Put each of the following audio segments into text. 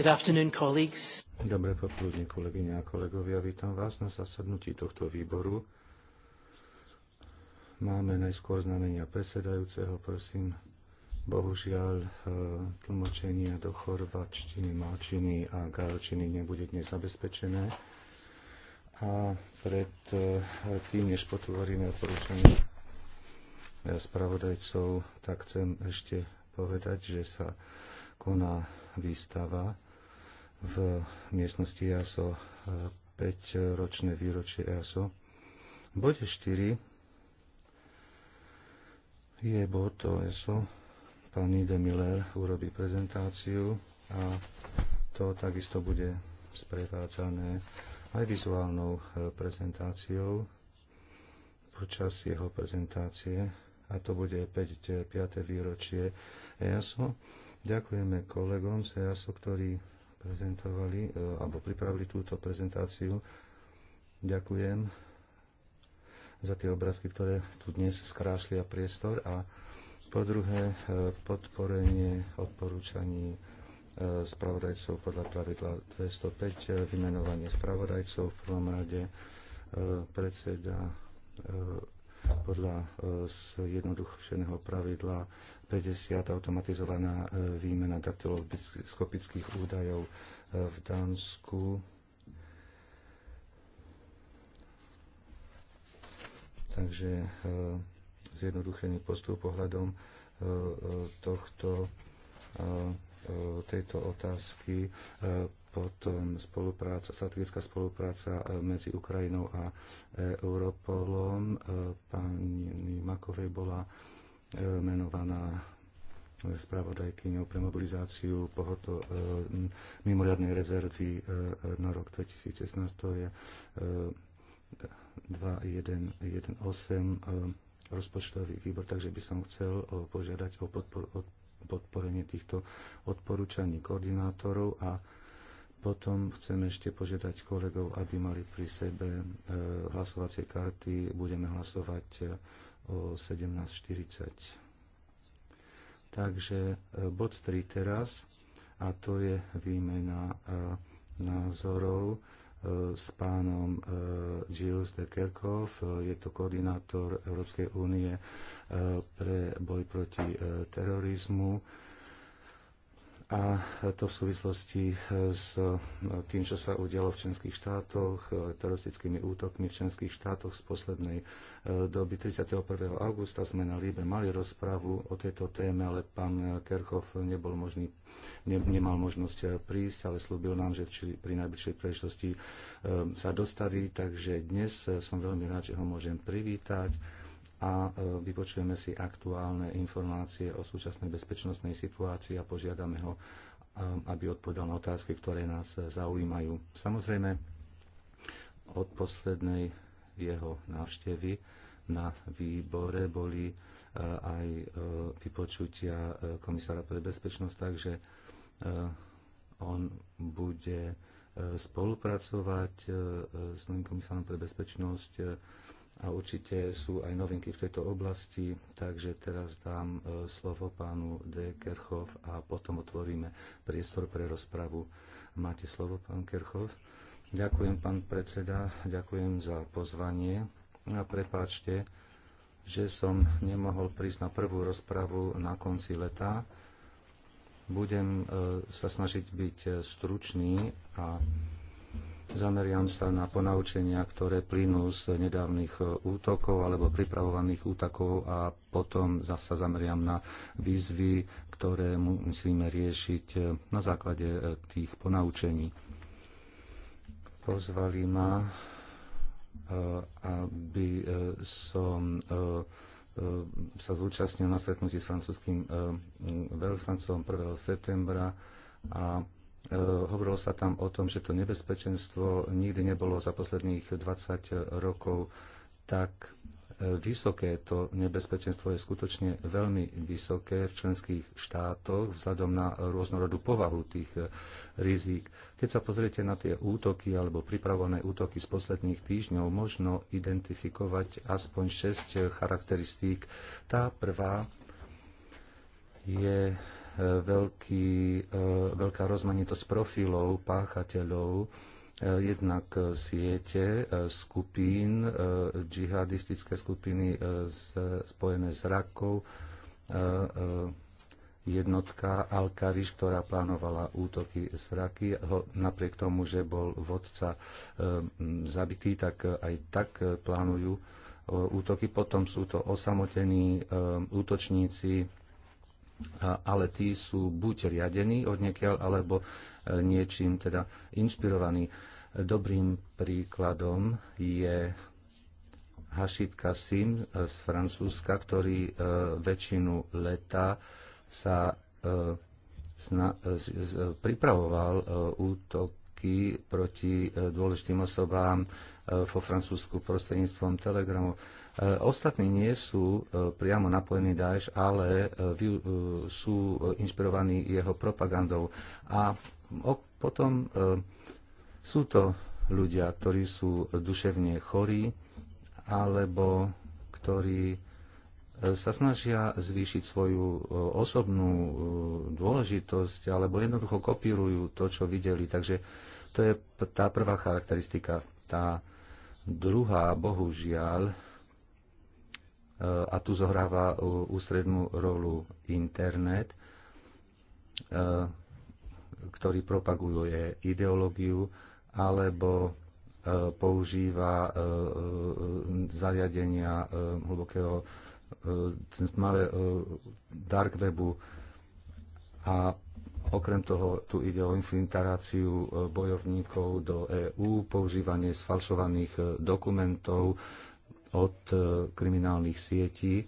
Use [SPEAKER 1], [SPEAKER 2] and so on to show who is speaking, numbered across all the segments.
[SPEAKER 1] Good afternoon,
[SPEAKER 2] colleagues. Dobré popoludne, kolegyne a kolegovia. Vítam vás na zasadnutí tohto výboru. Máme najskôr znamenia predsedajúceho, prosím. Bohužiaľ, e, tlmočenie do chorvačtiny, malčiny a galčiny nebude dnes zabezpečené. A pred e, tým, než potvoríme odporúčanie spravodajcov, tak chcem ešte povedať, že sa koná výstava v miestnosti EASO 5-ročné e, výročie EASO. V bode 4 je bod o ESO. Pán Ide Miller urobí prezentáciu a to takisto bude sprevádzané aj vizuálnou e, prezentáciou počas jeho prezentácie a to bude 5. 5. E, výročie EASO. Ďakujeme kolegom z EASO, ktorí prezentovali e, alebo pripravili túto prezentáciu. Ďakujem za tie obrázky, ktoré tu dnes skrášlia priestor a po druhé e, podporenie odporúčaní e, spravodajcov podľa pravidla 205, vymenovanie spravodajcov v prvom rade predseda podľa eh, jednoduchšeného pravidla 50 automatizovaná eh, výmena daktyloskopických údajov eh, v Dánsku. Takže zjednodušený postup ohľadom tohto tejto otázky potom spolupráca, strategická spolupráca e, medzi Ukrajinou a e, Europolom. E, pani Makovej bola menovaná spravodajkyňou pre mobilizáciu pohoto, mimoriadnej rezervy na rok 2016. To je 2118 rozpočtový výbor, takže by som chcel požiadať o podporenie týchto odporúčaní koordinátorov a potom chcem ešte požiadať kolegov, aby mali pri sebe e, hlasovacie karty. Budeme hlasovať e, o 17.40. Takže e, bod 3 teraz, a to je výmena názorov s pánom Gilles de Kerkhoff, je to koordinátor Európskej únie pre boj proti terorizmu a to v súvislosti s tým, čo sa udialo v členských štátoch, teroristickými útokmi v členských štátoch z poslednej e, doby. 31. augusta sme na Líbe mali rozpravu o tejto téme, ale pán Kerchov nebol možný, ne, nemal možnosť prísť, ale slúbil nám, že či, pri najbližšej príležitosti e, sa dostaví, takže dnes som veľmi rád, že ho môžem privítať a e, vypočujeme si aktuálne informácie o súčasnej bezpečnostnej situácii a požiadame ho, e, aby odpovedal na otázky, ktoré nás zaujímajú. Samozrejme, od poslednej jeho návštevy na výbore boli e, aj vypočutia komisára pre bezpečnosť, takže on bude spolupracovať s novým komisárom pre bezpečnosť a určite sú aj novinky v tejto oblasti, takže teraz dám e, slovo pánu D. Kerchov a potom otvoríme priestor pre rozpravu. Máte slovo, pán Kerchov? Ďakujem, pán predseda, ďakujem za pozvanie a prepáčte, že som nemohol prísť na prvú rozpravu na konci leta. Budem e, sa snažiť byť e, stručný a Zameriam sa na ponaučenia, ktoré plynú z nedávnych e, útokov alebo pripravovaných útokov a potom zasa zameriam na výzvy, ktoré musíme riešiť e, na základe e, tých ponaučení. Pozvali ma, aby som sa zúčastnil na stretnutí s francúzským veľvyslancom 1. septembra a E, hovorilo sa tam o tom, že to nebezpečenstvo nikdy nebolo za posledných 20 rokov tak e, vysoké. To nebezpečenstvo je skutočne veľmi vysoké v členských štátoch vzhľadom na rôznorodú povahu tých e, rizík. Keď sa pozriete na tie útoky alebo pripravované útoky z posledných týždňov, možno identifikovať aspoň 6 charakteristík. Tá prvá je E, veľký, e, veľká rozmanitosť profilov páchateľov, e, jednak siete skupín, džihadistické skupiny spojené s Rakou, jednotka al ktorá plánovala útoky z Raky. Napriek tomu, že bol vodca zabitý, tak aj tak plánujú útoky. Potom sú to osamotení útočníci ale tí sú buď riadení niekiaľ, alebo e, niečím teda inšpirovaní. Dobrým príkladom je Hašit Kasim z Francúzska, ktorý e, väčšinu leta sa e, pripravoval útoky proti dôležitým osobám vo Francúzsku prostredníctvom telegramov E, ostatní nie sú e, priamo napojení Daesh, ale e, sú inšpirovaní jeho propagandou. A potom sú to ľudia, ktorí sú duševne chorí alebo ktorí sa snažia zvýšiť svoju osobnú dôležitosť alebo jednoducho kopírujú to, čo videli. Takže to je tá prvá charakteristika. Tá druhá, bohužiaľ, a tu zohráva e, ústrednú rolu internet, e, ktorý propaguje ideológiu alebo e, používa zariadenia hlbokého tmavé dark webu a okrem toho tu ide o infiltráciu bojovníkov do EÚ, používanie sfalšovaných dokumentov, od e, kriminálnych sietí.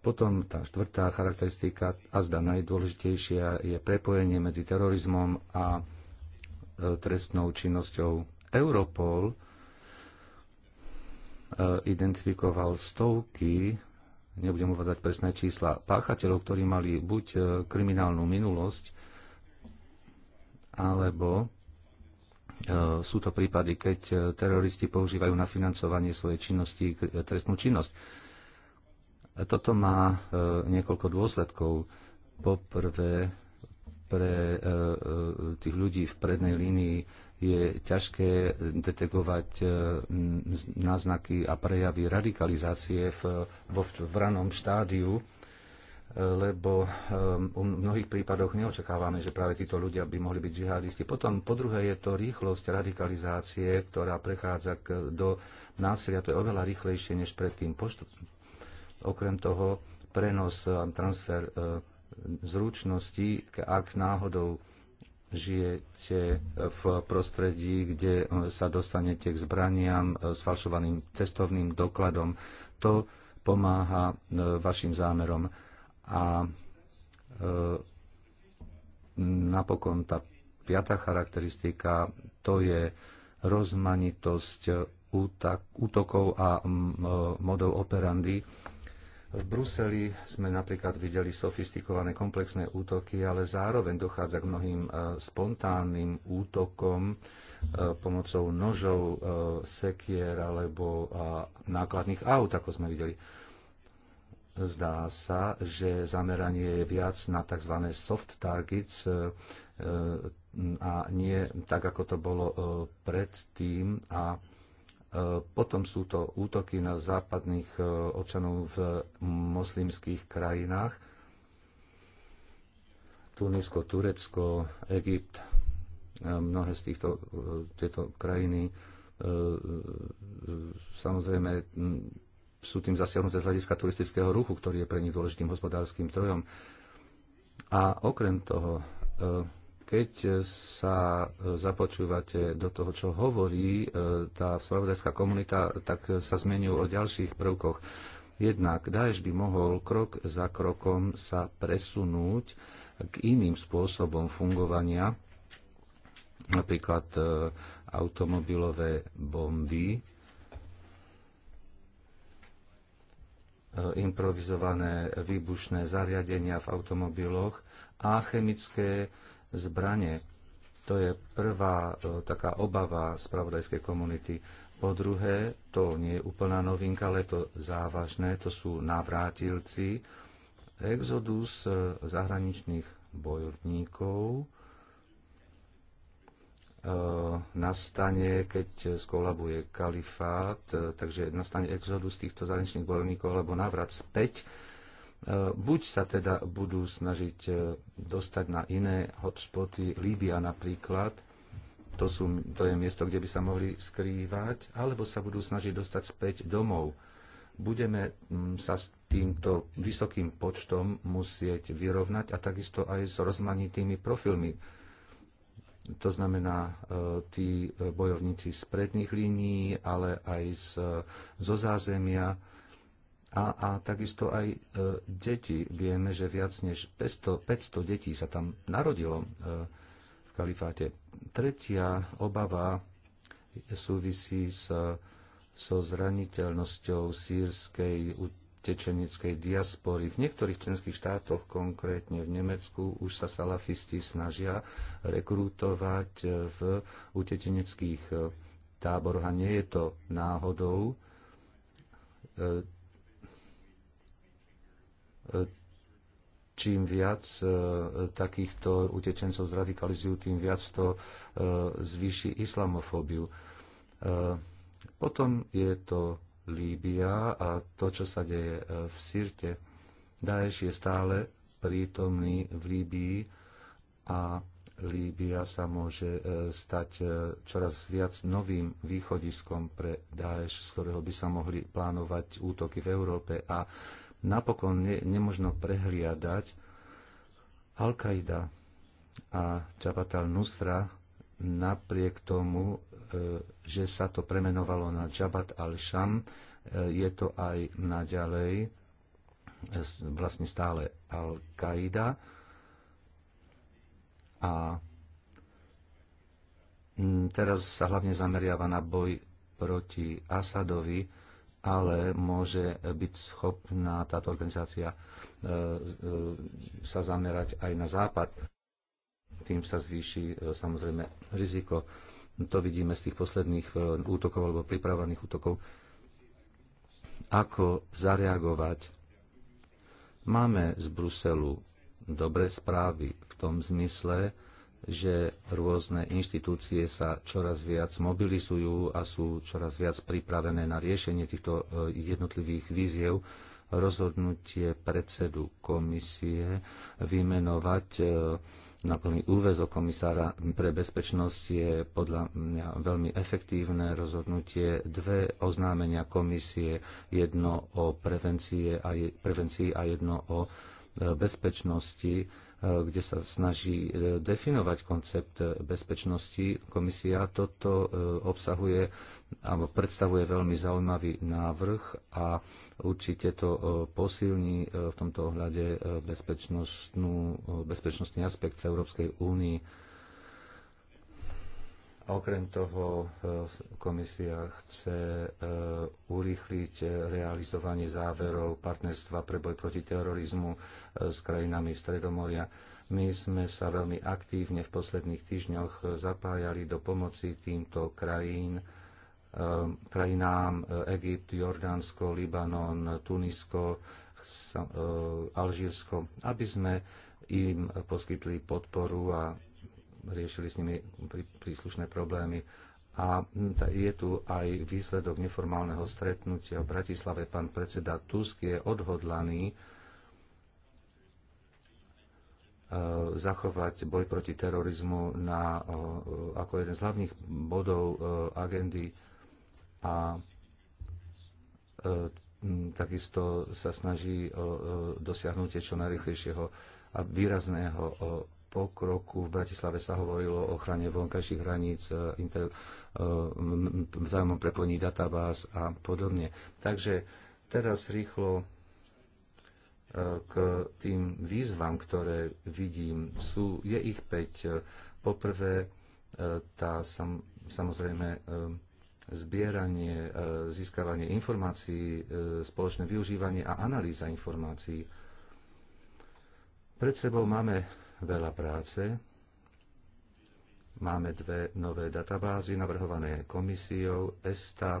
[SPEAKER 2] Potom tá štvrtá charakteristika, a zda najdôležitejšia, je prepojenie medzi terorizmom a e, trestnou činnosťou. Europol e, identifikoval stovky, nebudem uvádzať presné čísla, páchateľov, ktorí mali buď kriminálnu minulosť, alebo E, sú to prípady, keď e, teroristi používajú na financovanie svojej činnosti e, trestnú činnosť. Toto má niekoľko dôsledkov. Poprvé, pre tých ľudí v prednej línii je ťažké detekovať náznaky a prejavy radikalizácie v, v, v ranom štádiu lebo v um, mnohých prípadoch neočakávame, že práve títo ľudia by mohli byť džihadisti. Potom po druhé je to rýchlosť radikalizácie, ktorá prechádza do násilia. To je oveľa rýchlejšie než predtým. Okrem toho prenos a um, transfer uh, zručnosti, ak náhodou žijete v prostredí, kde uh, sa dostanete k zbraniam uh, s falšovaným cestovným dokladom. To pomáha vašim zámerom. A e, napokon tá piata charakteristika to je rozmanitosť útokov a e, modov operandy. V Bruseli sme napríklad videli sofistikované komplexné útoky, ale zároveň dochádza k mnohým e, spontánnym útokom pomocou nožov, sekier alebo nákladných aut, ako sme videli. Zdá sa, že zameranie je viac na tzv. soft targets e, e, a nie tak, ako to bolo e, predtým. A potom sú to útoky na západných občanov v moslimských krajinách. Tunisko, Turecko, Egypt, mnohé z týchto tieto krajiny samozrejme sú tým zasiahnuté z hľadiska turistického ruchu, ktorý je pre nich dôležitým hospodárskym trojom. A okrem toho, e, keď sa započúvate do toho, čo hovorí e, tá spravodajská komunita, tak sa zmenujú o ďalších prvkoch. Jednak Daesh by mohol krok za krokom sa presunúť k iným spôsobom fungovania, napríklad e, automobilové bomby, E, improvizované výbušné zariadenia v automobiloch a chemické zbranie. To je prvá e, taká obava spravodajskej komunity. Po druhé, to nie je úplná novinka, ale to závažné, to sú navrátilci, exodus e, zahraničných bojovníkov, E, nastane, keď skolabuje kalifát, e, takže nastane exodus týchto zahraničných bojovníkov alebo návrat späť. E, buď sa teda budú snažiť dostať na iné hotspoty, Líbia napríklad, to, sú, to je miesto, kde by sa mohli skrývať, alebo sa budú snažiť dostať späť domov. Budeme mm, sa s týmto vysokým počtom musieť vyrovnať a takisto aj s rozmanitými profilmi to znamená e, tí e, bojovníci z predných línií, ale aj z, e, zo zázemia a, a takisto aj deti. Vieme, že viac než 500, 500 detí sa tam narodilo v kalifáte. Tretia obava súvisí s, so zraniteľnosťou sírskej tečenickej diaspory. V niektorých členských štátoch, konkrétne v Nemecku, už sa salafisti snažia rekrutovať e, v uteteneckých e, táboroch a nie je to náhodou. E, čím viac takýchto utečencov zradikalizujú, tým viac to zvýši islamofóbiu. Potom je to Líbia a to, čo sa deje e, v Sirte. Daesh je stále prítomný v Líbii a Líbia sa môže e, stať e, čoraz viac novým východiskom pre Daesh, z ktorého by sa mohli plánovať útoky v Európe. A napokon ne, nemožno prehliadať Al-Qaida a Čabatal nusra napriek tomu, E, že sa to premenovalo na Jabat al-Sham. E, je to aj naďalej e, vlastne stále Al-Qaida a teraz sa hlavne zameriava na boj proti Asadovi, ale môže byť schopná táto organizácia sa zamerať aj na západ. Tým sa zvýši samozrejme riziko to vidíme z tých posledných eh, útokov alebo pripravených útokov. Ako zareagovať? Máme z Bruselu dobré správy v tom zmysle, že rôzne inštitúcie sa čoraz viac mobilizujú a sú čoraz viac pripravené na riešenie týchto eh, jednotlivých víziev. Rozhodnutie predsedu komisie vymenovať eh, na plný úvezok komisára pre bezpečnosť je podľa mňa veľmi efektívne rozhodnutie. Dve oznámenia komisie, jedno o prevencie a prevencii a jedno o e, bezpečnosti, e, kde sa snaží e, definovať koncept bezpečnosti. Komisia toto obsahuje alebo predstavuje veľmi zaujímavý návrh a určite to e, posilní e, v tomto ohľade e, bezpečnostný aspekt v Európskej únii. Okrem toho komisia chce urýchliť realizovanie záverov partnerstva pre boj proti terorizmu s krajinami Stredomoria. My sme sa veľmi aktívne v posledných týždňoch zapájali do pomoci týmto krajín Ehm, krajinám e, Egypt, Jordánsko, Libanon, Tunisko, e, Alžírsko, aby sme im poskytli podporu a riešili s nimi príslušné problémy. A je tu aj výsledok neformálneho stretnutia v Bratislave. Pán predseda Tusk je odhodlaný e, zachovať boj proti terorizmu na, ako jeden z hlavných bodov agendy a e, takisto sa snaží o dosiahnutie čo najrychlejšieho a výrazného pokroku. V Bratislave sa hovorilo o ochrane vonkajších hraníc, e, inter, e, vzájomom preplní databáz a podobne. Takže teraz rýchlo k tým výzvam, ktoré vidím, sú, je ich 5. Poprvé, tá sam, samozrejme zbieranie, e, získavanie informácií, e, spoločné využívanie a analýza informácií. Pred sebou máme veľa práce. Máme dve nové databázy navrhované komisiou ESTA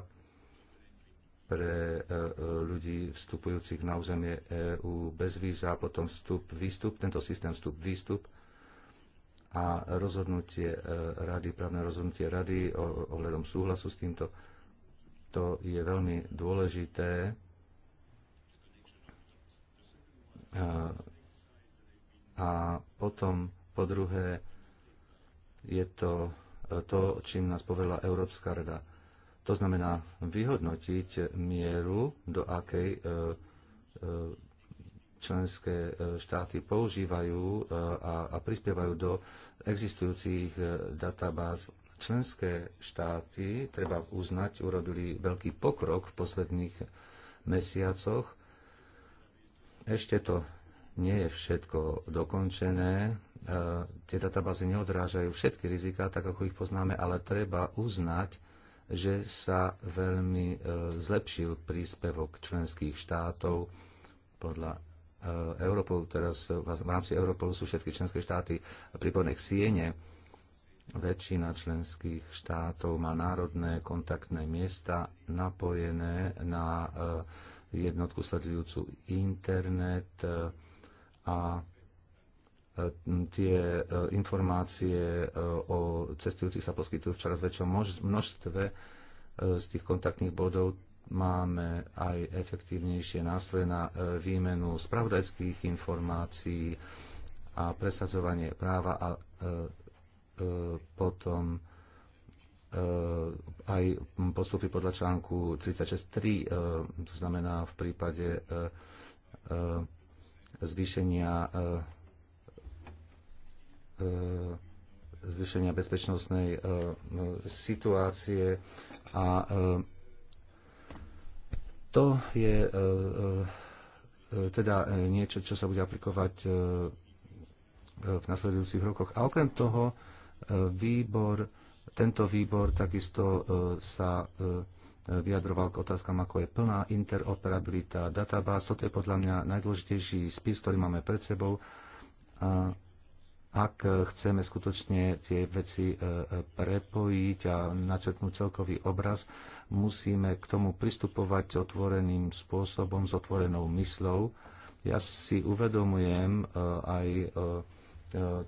[SPEAKER 2] pre e, ľudí vstupujúcich na územie EÚ bez víza, potom vstup, výstup, tento systém vstup, výstup a rozhodnutie e, rady, právne rozhodnutie rady ohľadom súhlasu s týmto, to je veľmi dôležité. E, a potom, po druhé, je to e, to, čím nás povedala Európska rada. To znamená vyhodnotiť mieru, do akej členské e, štáty používajú e, a, a prispievajú do existujúcich e, databáz. Členské štáty, treba uznať, urobili veľký pokrok v posledných mesiacoch. Ešte to nie je všetko dokončené. Tie databázy neodrážajú všetky riziká, tak ako ich poznáme, ale treba uznať, že sa veľmi zlepšil príspevok členských štátov podľa E, Europol, teraz e, v rámci Europolu sú všetky členské štáty pripojené k Siene. Väčšina členských štátov má národné kontaktné miesta napojené na e, jednotku sledujúcu internet a tie informácie o cestujúcich sa poskytujú v čoraz väčšom množstve z tých kontaktných bodov máme aj efektívnejšie nástroje na e, výmenu spravodajských informácií a presadzovanie práva a e, e, potom aj postupy podľa článku 36.3, to znamená v prípade zvýšenia zvýšenia bezpečnostnej situácie a to je e, e, e, teda niečo, čo sa bude aplikovať v nasledujúcich rokoch. A okrem toho výbor, tento výbor takisto sa vyjadroval k otázkam, ako je plná interoperabilita databáz. Toto je podľa mňa najdôležitejší spis, ktorý máme pred sebou ak e, chceme skutočne tie veci e, e, prepojiť a načrtnúť celkový obraz, musíme k tomu pristupovať otvoreným spôsobom, s otvorenou mysľou. Ja si uvedomujem aj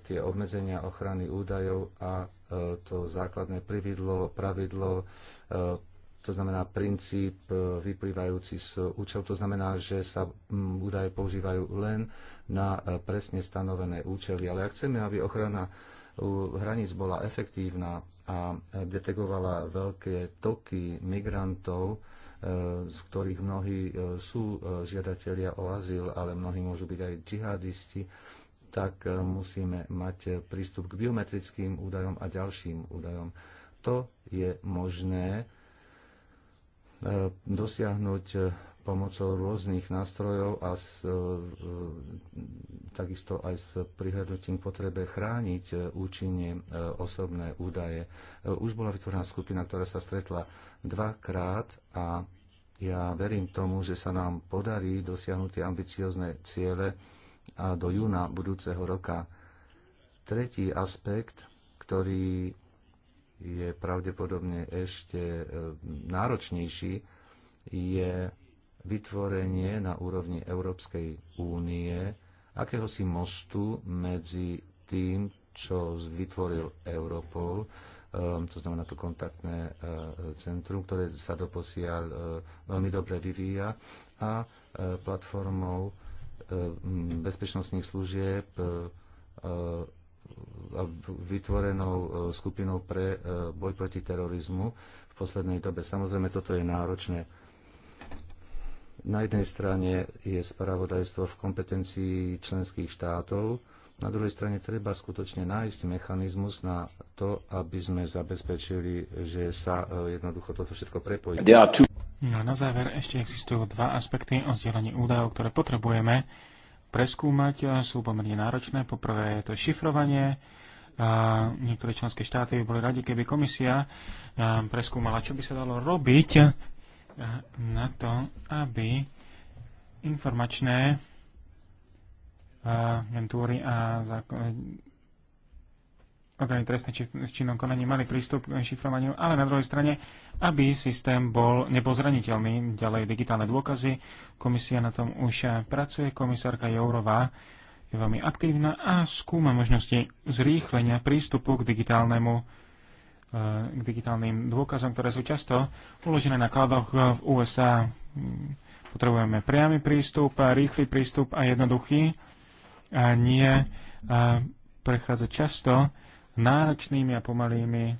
[SPEAKER 2] tie obmedzenia ochrany údajov a to základné prividlo, pravidlo, to znamená princíp vyplývajúci z účel, to znamená, že sa údaje používajú len na e, presne stanovené účely. Ale ak chceme, aby ochrana hraníc bola efektívna a e, detegovala veľké toky migrantov, e, z ktorých mnohí sú žiadatelia o azyl, ale mnohí môžu byť aj džihadisti, tak musíme mať prístup k biometrickým údajom a ďalším údajom. To je možné dosiahnuť pomocou rôznych nástrojov a s, e, e, takisto aj s prihľadnutím potrebe chrániť e, účinne osobné údaje. Už bola vytvorená skupina, ktorá sa stretla dvakrát a ja verím tomu, že sa nám podarí dosiahnuť tie ambiciozne ciele a do júna budúceho roka. Tretí aspekt, ktorý je pravdepodobne ešte náročnejší, je vytvorenie na úrovni Európskej únie akéhosi mostu medzi tým, čo vytvoril Europol, ehm, to znamená to kontaktné eh, centrum, ktoré sa doposiaľ eh, veľmi dobre vyvíja, a eh, platformou ehm, bezpečnostných služieb a vytvorenou skupinou pre boj proti terorizmu v poslednej dobe. Samozrejme, toto je náročné na jednej strane je spravodajstvo v kompetencii členských štátov, na druhej strane treba skutočne nájsť mechanizmus na to, aby sme zabezpečili, že sa e, jednoducho toto všetko prepojí.
[SPEAKER 3] No a na záver ešte existujú dva aspekty o zdieľaní údajov, ktoré potrebujeme preskúmať. E, sú pomerne náročné. Poprvé je to šifrovanie. E, niektoré členské štáty by boli radi, keby komisia preskúmala, čo by sa dalo robiť na to, aby informačné agentúry a orgány trestné s činnom konaní mali prístup k šifrovaniu, ale na druhej strane, aby systém bol nepozraniteľný Ďalej digitálne dôkazy. Komisia na tom už pracuje. Komisárka Jourová je veľmi aktívna a skúma možnosti zrýchlenia prístupu k digitálnemu k digitálnym dôkazom, ktoré sú často uložené na kladoch v USA. Potrebujeme priamy prístup, rýchly prístup a jednoduchý a nie a prechádza často náročnými a pomalými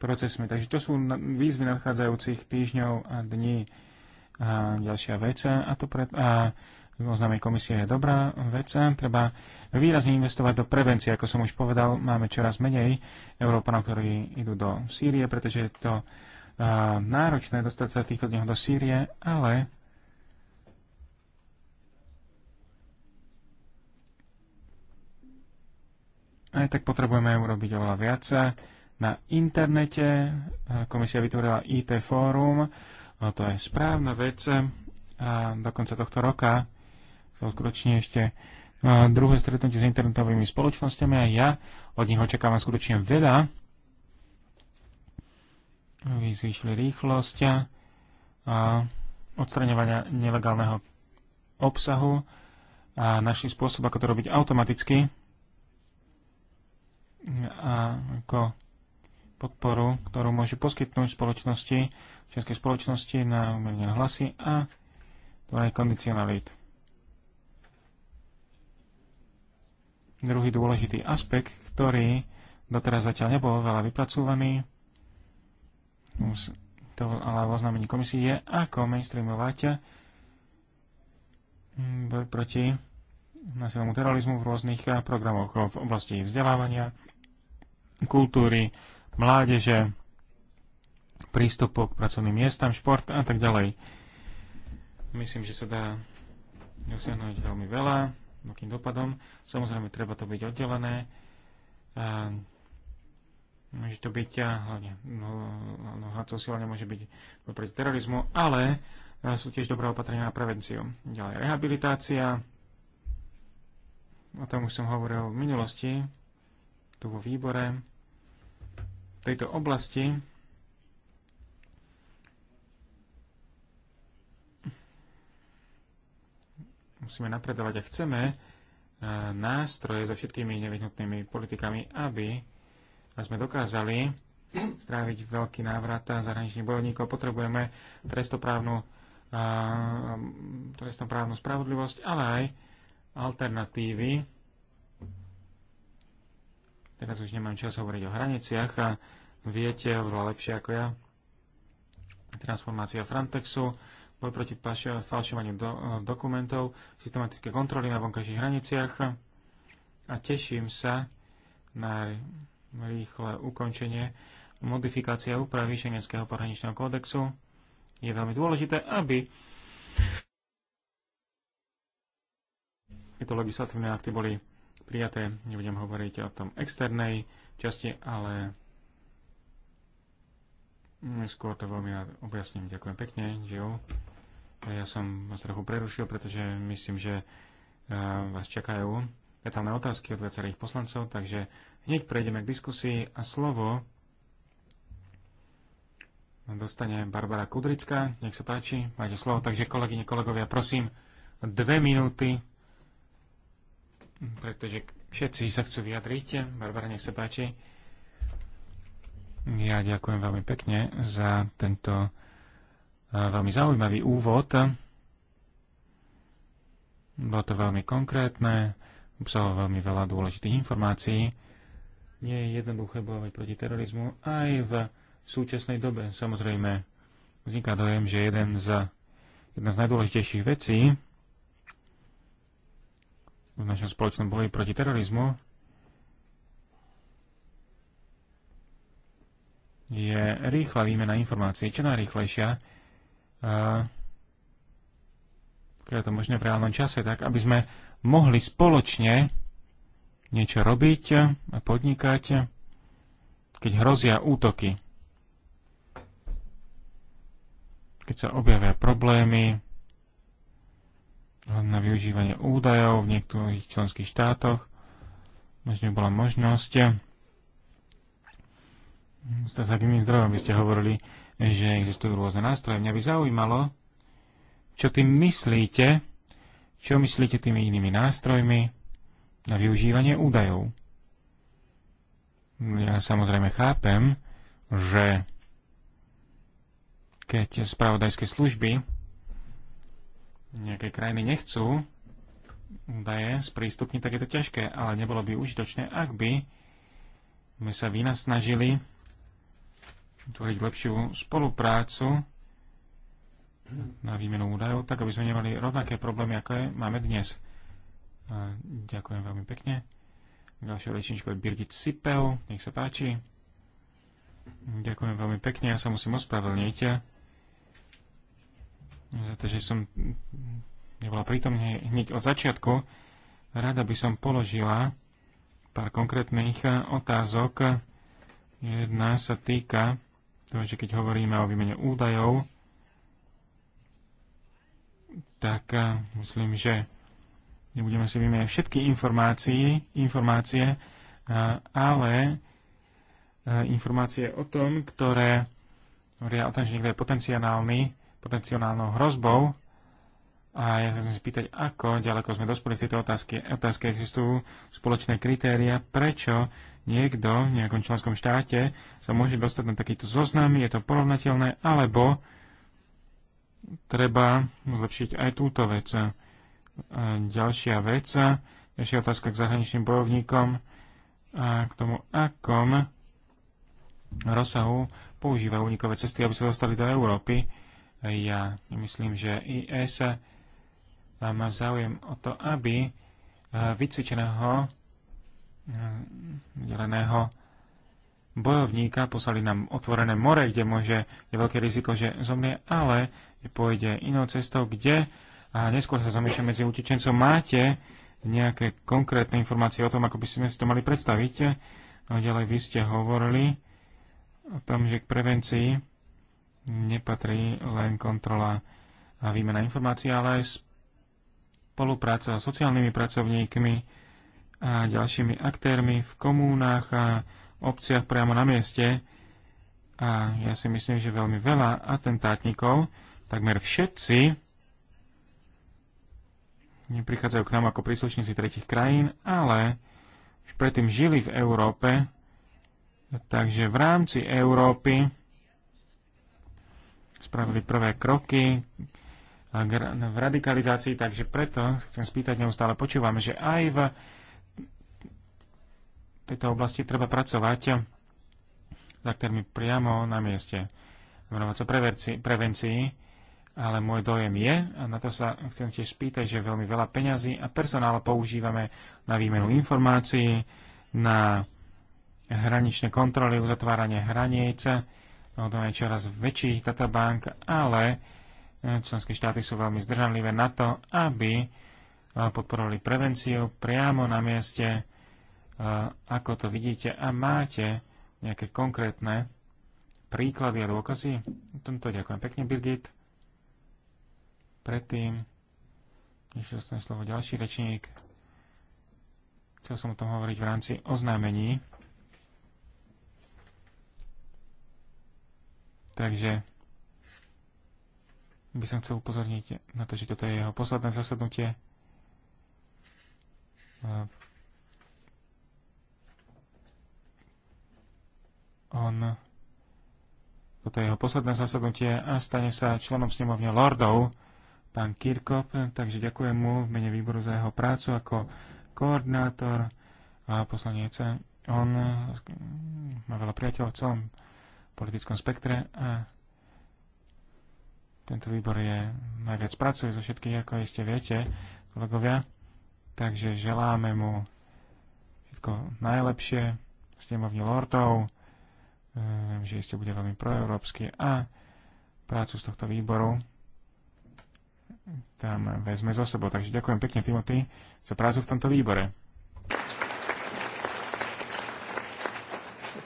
[SPEAKER 3] procesmi. Takže to sú výzvy nadchádzajúcich týždňov a dní. A ďalšia vec, a to pre, a oznámenie komisie je dobrá vec. Treba výrazne investovať do prevencie. Ako som už povedal, máme čoraz menej Európanov, ktorí idú do Sýrie, pretože je to uh, náročné dostať sa týchto dňoch do Sýrie, ale aj tak potrebujeme urobiť oveľa viac. Na internete komisia vytvorila IT fórum, to je správna vec, a do konca tohto roka sa skutočne ešte druhé stretnutie s internetovými spoločnosťami a ja od nich očakávam skutočne veľa. Vy zvýšili rýchlosť a odstraňovania nelegálneho obsahu a našli spôsob, ako to robiť automaticky a ako podporu, ktorú môže poskytnúť spoločnosti, českej spoločnosti na umenie hlasy a to je kondicionalit. Druhý dôležitý aspekt, ktorý doteraz zatiaľ nebol veľa vypracovaný, to ale v oznámení komisie je, ako mainstreamovať boj proti násilnému terorizmu v rôznych programoch v oblasti vzdelávania, kultúry, mládeže, prístupu k pracovným miestam, šport a tak ďalej. Myslím, že sa dá dosiahnuť veľmi veľa nejakým dopadom. Samozrejme, treba to byť oddelené. Môže to byť, hlavne, no, no hnacou silou nemôže byť proti terorizmu, ale e, sú tiež dobré opatrenia na prevenciu. Ďalej, rehabilitácia. O tom už som hovoril v minulosti, tu vo výbore. V tejto oblasti musíme napredovať a chceme eh, nástroje so všetkými nevyhnutnými politikami, aby sme dokázali stráviť veľký návrat zahraničných bojovníkov. Potrebujeme trestoprávnu, eh, trestoprávnu spravodlivosť, ale aj alternatívy. Teraz už nemám čas hovoriť o hraniciach a viete oveľa lepšie ako ja. Transformácia Frontexu boj proti falšovaniu do, e, dokumentov, systematické kontroly na vonkajších hraniciach a teším sa na rýchle ukončenie modifikácie úpravy Šengenského pohraničného kódexu. Je veľmi dôležité, aby tieto legislatívne akty boli prijaté. Nebudem hovoriť o tom externej časti, ale Skôr to veľmi rád objasním. Ďakujem pekne, Jo. Ja som vás trochu prerušil, pretože myslím, že eh, vás čakajú detálne otázky od viacerých poslancov, takže hneď prejdeme k diskusii a slovo dostane Barbara Kudrická. Nech sa páči, máte slovo. Takže kolegyne, kolegovia, prosím, dve minúty, pretože všetci sa chcú vyjadriť. Barbara, nech sa páči. Ja ďakujem veľmi pekne za tento eh, veľmi zaujímavý úvod. Bolo to veľmi konkrétne, obsahovalo veľmi veľa dôležitých informácií. Nie je jednoduché bojovať proti terorizmu aj v súčasnej dobe. Samozrejme, vzniká dojem, že jeden z, jedna z najdôležitejších vecí v našom spoločnom boji proti terorizmu je rýchla výmena informácií, čo najrýchlejšia, keď je to možné v reálnom čase, tak aby sme mohli spoločne niečo robiť a podnikať, keď hrozia útoky, keď sa objavia problémy, na využívanie údajov v niektorých členských štátoch, možno bola možnosť s takými zdrojom by ste hovorili, že existujú rôzne nástroje. Mňa by zaujímalo, čo tým myslíte, čo myslíte tými inými nástrojmi na využívanie údajov. Ja samozrejme chápem, že keď spravodajské služby nejaké krajiny nechcú údaje sprístupniť, tak je to ťažké, ale nebolo by užitočné, ak by sme sa vynasnažili vytvoriť lepšiu spoluprácu na výmenu údajov, tak aby sme nemali rovnaké problémy, ako je máme dnes. A ďakujem veľmi pekne. Ďalšia rečničkou je Birgit Sipel. Nech sa páči. Ďakujem veľmi pekne. Ja sa musím ospravedlniť za to, že som nebola prítomne hneď od začiatku. Rada by som položila pár konkrétnych otázok. Jedna sa týka že keď hovoríme o výmene údajov, tak eh, myslím, že nebudeme si vymeniať všetky informácie, informácie, eh, ale eh, informácie o tom, ktoré hovoria o tom, že niekto je potenciálny, potenciálnou hrozbou, a ja sa chcem spýtať, ako ďaleko sme dospeli v tejto otázke. Otázke existujú spoločné kritéria, prečo niekto v nejakom členskom štáte sa môže dostať na takýto zoznam, je to porovnateľné, alebo treba zlepšiť aj túto vec. A ďalšia vec, ďalšia otázka k zahraničným bojovníkom a k tomu, akom rozsahu používajú unikové cesty, aby sa dostali do Európy. Ja myslím, že IS má záujem o to, aby e, vycvičeného e, deleného bojovníka poslali nám otvorené more, kde môže, je veľké riziko, že zomrie, ale že pôjde inou cestou, kde a neskôr sa zamýšľa medzi utečencov. Máte nejaké konkrétne informácie o tom, ako by sme si to mali predstaviť? A no, ďalej vy ste hovorili o tom, že k prevencii nepatrí len kontrola a výmena informácií, ale aj spolupráca s sociálnymi pracovníkmi a ďalšími aktérmi v komunách a obciach priamo na mieste. A ja si myslím, že veľmi veľa atentátnikov, takmer všetci, neprichádzajú k nám ako príslušníci tretich krajín, ale už predtým žili v Európe, takže v rámci Európy spravili prvé kroky, v radikalizácii, takže preto chcem spýtať, neustále počúvame, že aj v tejto oblasti treba pracovať s aktérmi priamo na mieste. Venovať sa prevencii, ale môj dojem je, a na to sa chcem tiež spýtať, že veľmi veľa peňazí a personála používame na výmenu informácií, na hraničné kontroly, uzatváranie hraníc, je čoraz väčších databank, ale Členské štáty sú veľmi zdržanlivé na to, aby e, podporovali prevenciu priamo na mieste, e, ako to vidíte a máte nejaké konkrétne príklady a dôkazy. Tomto ďakujem pekne, Birgit. Predtým, než dostane slovo ďalší rečník, chcel som o tom hovoriť v rámci oznámení. Takže by som chcel upozorniť na to, že toto je jeho posledné zasadnutie. On toto je jeho posledné zasadnutie a stane sa členom snemovne lordov pán Kirkop, takže ďakujem mu v mene výboru za jeho prácu ako koordinátor a poslanec. On má veľa priateľov v celom politickom spektre a tento výbor je najviac pracuje zo všetkých, ako ešte viete, kolegovia. Takže želáme mu všetko najlepšie s temovní lordov. E, viem, že ešte bude veľmi proeurópsky a prácu z tohto výboru tam vezme zo sebou. Takže ďakujem pekne, Timothy, za prácu v tomto výbore.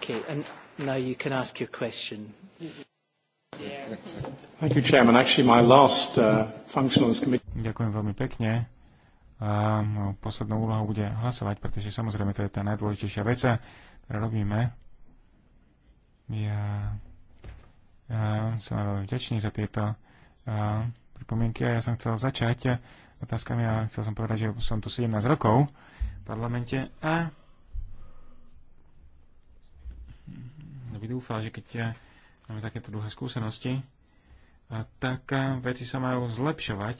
[SPEAKER 1] Okay, and now you can ask your question. Uh,
[SPEAKER 3] Ďakujem veľmi pekne. A poslednou úlohou bude hlasovať, pretože samozrejme to je tá najdôležitejšia vec, ktorú robíme. Ja, ja som veľmi vďačný za tieto a, pripomienky a ja som chcel začať otázkami a chcel som povedať, že som tu 17 rokov v parlamente a by no, dúfal, že keď ja, máme takéto dlhé skúsenosti, a tak eh, veci sa majú zlepšovať.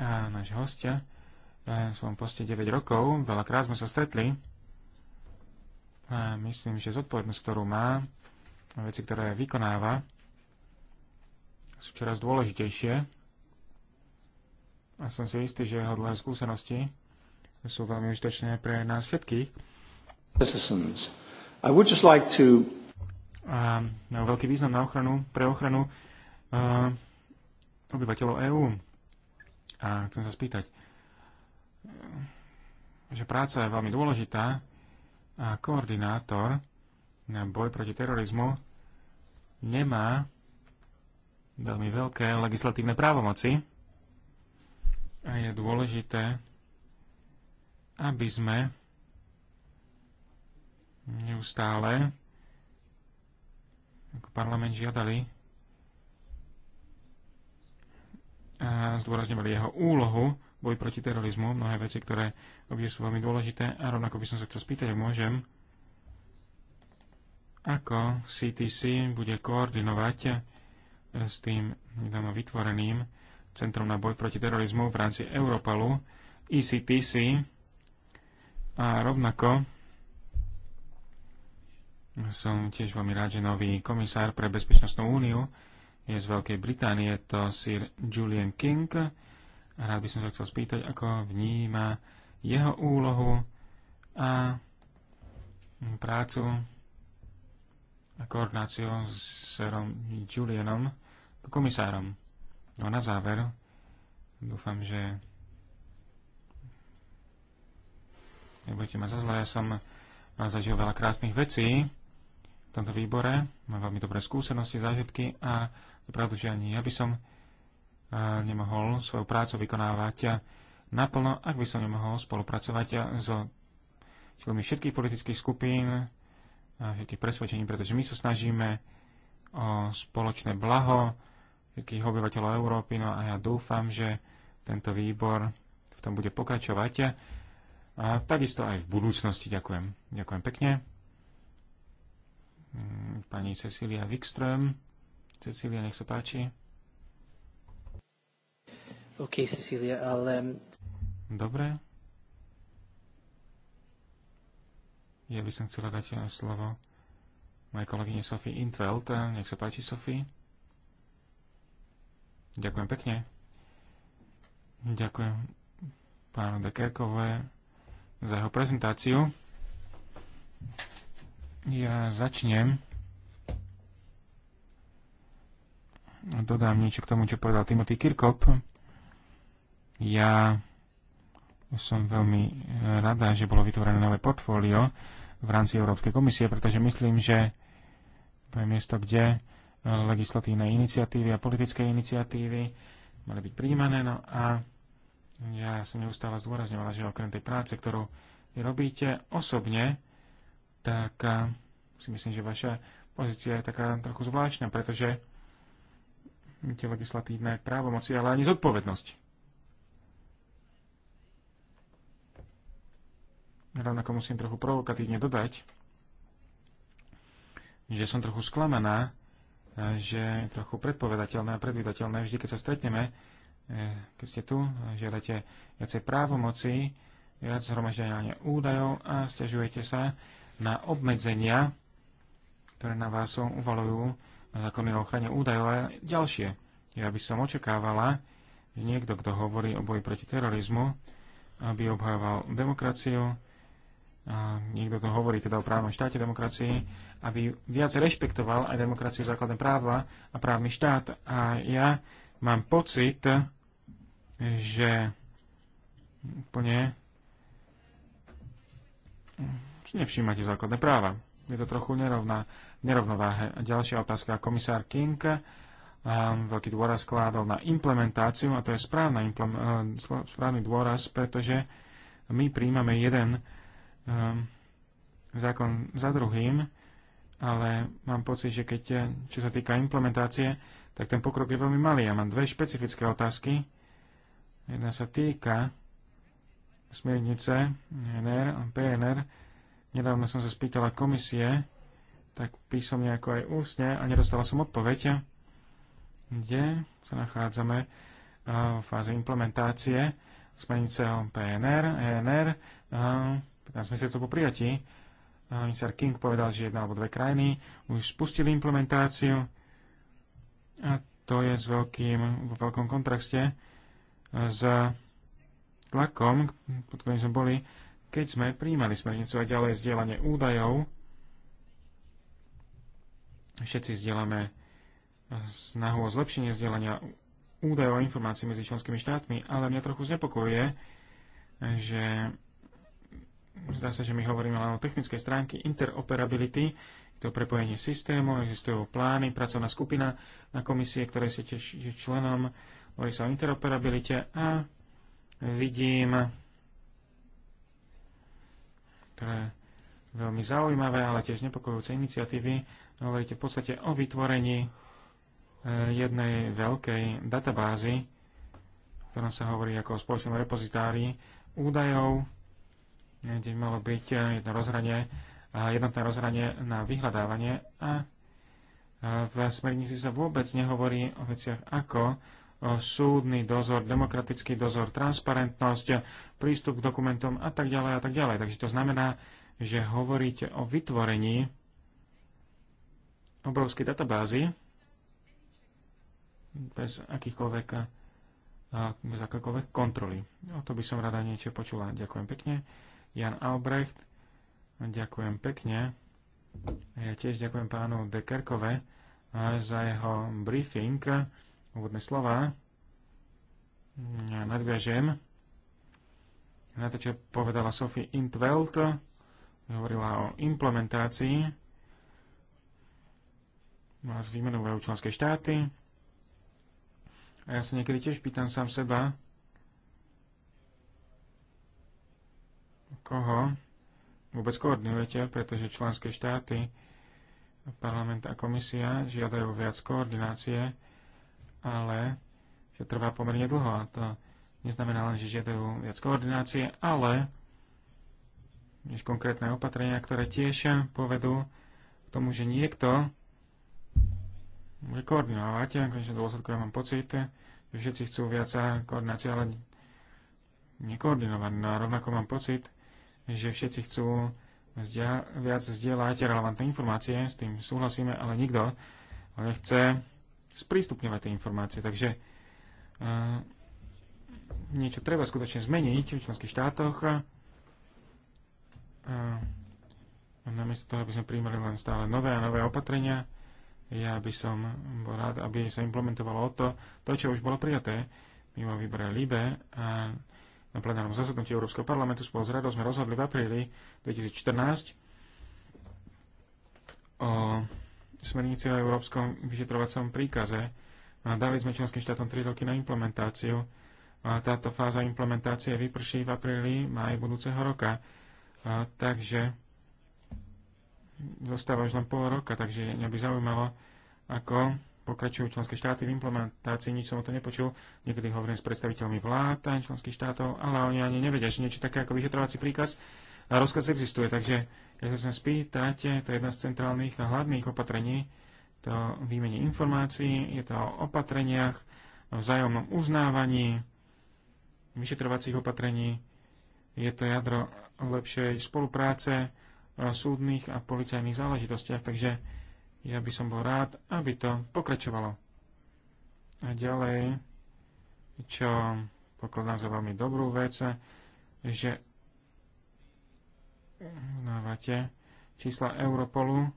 [SPEAKER 3] A náš hostia eh, v svojom poste 9 rokov, veľakrát sme sa stretli. A myslím, že zodpovednosť, ktorú má, a veci, ktoré vykonáva, sú čoraz dôležitejšie. A som si istý, že jeho dlhé skúsenosti sú veľmi užitočné pre nás všetkých. I would just like to... A veľký význam na ochranu, pre ochranu uh, obyvateľov EÚ. A chcem sa spýtať, eh, že práca je veľmi dôležitá a koordinátor na boj proti terorizmu nemá veľmi veľké legislatívne právomoci a je dôležité aby sme neustále ako parlament žiadali a zdôrazňovali jeho úlohu boj proti terorizmu, mnohé veci, ktoré obie sú veľmi dôležité a rovnako by som sa chcel spýtať, ak môžem, ako CTC bude koordinovať s tým nedávno vytvoreným Centrom na boj proti terorizmu v rámci Europalu, ECTC, a rovnako som tiež veľmi rád, že nový komisár pre bezpečnostnú úniu je z Veľkej Británie, to Sir Julian King. rád by som sa chcel spýtať, ako vníma jeho úlohu a prácu a koordináciu s Sirom Julianom, komisárom. No a na záver, dúfam, že nebudete ma za ja som zažil veľa krásnych vecí v tomto výbore, mám veľmi dobré skúsenosti, zážitky a pravdu, že ani ja by som eh, nemohol svoju prácu vykonávať naplno, ak by som nemohol spolupracovať s členmi všetkých politických skupín a všetkých presvedčení, pretože my sa snažíme o spoločné blaho všetkých obyvateľov Európy, no a ja dúfam, že tento výbor v tom bude pokračovať a takisto aj v budúcnosti. Ďakujem. Ďakujem pekne. Mm, pani Cecilia Wikström. Cecília, nech sa páči.
[SPEAKER 1] OK, Cecilia, ale...
[SPEAKER 3] Dobre. Ja by som chcela dať eh, slovo mojej kolegyne Sofie Intveld. Nech sa páči, Sofie. Ďakujem pekne. Ďakujem pánu Dekerkové za jeho prezentáciu. Ja začnem. a Dodám niečo k tomu, čo povedal Timothy Kirkop. Ja som veľmi e, rada, že bolo vytvorené nové portfólio v rámci Európskej komisie, pretože myslím, že to je miesto, kde legislatívne iniciatívy a politické iniciatívy mali byť príjmané. No a ja som neustále zdôrazňovala, že okrem tej práce, ktorú robíte osobne, tak si myslím, že vaša pozícia je taká trochu zvláštna, pretože tie legislatívne právomoci, ale ani zodpovednosť. Rovnako musím trochu provokatívne dodať, že som trochu sklamaná, že je trochu predpovedateľné a predvydateľné vždy, keď sa stretneme, Eh, keď ste tu, eh, žiadate viacej právomoci, viac zhromažďania údajov a stiažujete sa na obmedzenia, ktoré na vás uvalujú zákony o ochrane údajov a ďalšie. Ja by som očakávala, že niekto, kto hovorí o boji proti terorizmu, aby obhajoval demokraciu, a niekto to hovorí teda o právnom štáte demokracii, aby viac rešpektoval aj demokraciu základné práva a právny štát. A ja mám pocit, že úplne nevšímate základné práva. Je to trochu nerovná, nerovnováhe. A ďalšia otázka. Komisár King um, veľký dôraz kládol na implementáciu a to je správna eh, správny dôraz, pretože my príjmame jeden um, zákon za druhým, ale mám pocit, že keď, čo sa týka implementácie, tak ten pokrok je veľmi malý. Ja mám dve špecifické otázky Jedna sa týka smernice NR, PNR. Nedávno som sa spýtala komisie, tak písomne ako aj ústne a nedostala som odpoveď, kde sa nachádzame v fáze implementácie smernice PNR, ENR, 15 mesiacov po prijatí. Minister King povedal, že jedna alebo dve krajiny už spustili implementáciu a to je s veľkým, vo veľkom kontraste za tlakom, pod ktorým sme boli, keď sme prijímali smernicu a ďalej zdieľanie údajov. Všetci zdieľame snahu o zlepšenie zdieľania údajov a informácií medzi členskými štátmi, ale mňa trochu znepokojuje, že zdá sa, že my hovoríme len o technickej stránke interoperability, to prepojenie systémov, existujú plány, pracovná skupina na komisie, ktoré si tiež členom, hovorí sa o interoperabilite a vidím, ktoré veľmi zaujímavé, ale tiež nepokojujúce iniciatívy. Hovoríte v podstate o vytvorení e, jednej veľkej databázy, ktorá sa hovorí ako o spoločnom repozitárii údajov, kde malo byť jedno rozhranie, jednotné rozhranie na vyhľadávanie a e, v smernici sa vôbec nehovorí o veciach ako súdny dozor, demokratický dozor, transparentnosť, prístup k dokumentom a tak ďalej a tak ďalej. Takže to znamená, že hovoríte o vytvorení obrovskej databázy bez akýchkoľvek bez akékoľvek kontroly. O to by som rada niečo počula. Ďakujem pekne. Jan Albrecht, ďakujem pekne. Ja tiež ďakujem pánu Dekerkove za jeho briefing úvodné slova. Ja nadviažem na to, čo povedala Sophie Intveld. Hovorila o implementácii. Vás no vymenujú členské štáty. A ja sa niekedy tiež pýtam sám seba, koho vôbec koordinujete, pretože členské štáty, parlament a komisia žiadajú viac koordinácie ale to trvá pomerne dlho a to neznamená len, že žiadajú viac koordinácie, ale než konkrétne opatrenia, ktoré tiež povedú k tomu, že niekto bude koordinovať. akože konečnom dôsledku ja mám pocit, že všetci chcú viac koordinácie, ale nekoordinovať. No a rovnako mám pocit, že všetci chcú viac zdieľať relevantné informácie, s tým súhlasíme, ale nikto nechce sprístupňovať tie informácie. Takže uh, niečo treba skutočne zmeniť v členských štátoch. A, a namiesto toho, aby sme príjmali len stále nové a nové opatrenia, ja by som bol rád, aby sa implementovalo to, to čo už bolo prijaté mimo výbore Libe a na plenárnom zasadnutí Európskeho parlamentu spolu s radou sme rozhodli v apríli 2014 o smernici o Európskom vyšetrovacom príkaze. A dali sme členským štátom 3 roky na implementáciu. A táto fáza implementácie vyprší v apríli, maj budúceho roka. A, takže zostáva už len pol roka, takže mňa by zaujímalo, ako pokračujú členské štáty v implementácii, nič som o to nepočul. Niekedy hovorím s predstaviteľmi vlád a členských štátov, ale oni ani nevedia, že niečo také ako vyšetrovací príkaz a rozkaz existuje. Takže ja sa chcem spýtať, to je jedna z centrálnych a hlavných opatrení, to výmene informácií, je to o opatreniach, o vzájomnom uznávaní, vyšetrovacích opatrení, je to jadro lepšej spolupráce o e, súdnych a policajných záležitostiach, takže ja by som bol rád, aby to pokračovalo. A ďalej, čo pokladám za veľmi dobrú vec, že dávate čísla Europolu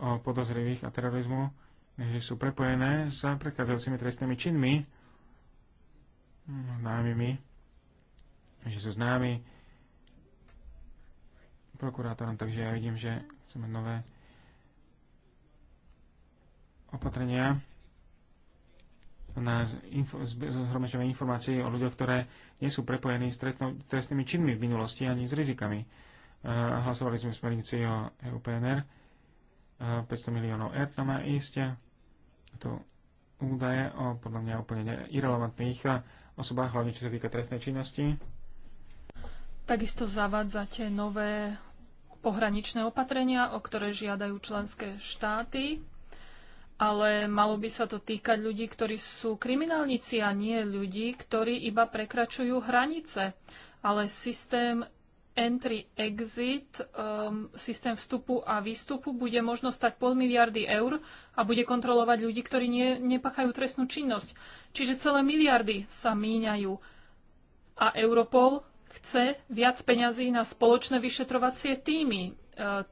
[SPEAKER 3] o podozrivých a terorizmu, že sú prepojené s predchádzajúcimi trestnými činmi mm, známymi, že sú známi prokurátorom, takže ja vidím, že chceme nové opatrenia na zhromažďovanie informácií o ľuďoch, ktoré nie sú prepojení s trestnými činmi v minulosti ani s rizikami. Eh, hlasovali sme v smernici o EUPNR, 500 eh, miliónov eur tam má ísť. To údaje o podľa mňa úplne irrelevantných eh, osobách, hlavne čo sa týka trestnej činnosti.
[SPEAKER 4] Takisto zavádzate nové pohraničné opatrenia, o ktoré žiadajú členské štáty, ale malo by sa to týkať ľudí, ktorí sú kriminálnici a nie ľudí, ktorí iba prekračujú hranice. Ale systém entry-exit um, systém vstupu a výstupu bude možno stať pol miliardy eur a bude kontrolovať ľudí, ktorí nie, nepachajú trestnú činnosť. Čiže celé miliardy sa míňajú. A Europol chce viac peňazí na spoločné vyšetrovacie týmy. E,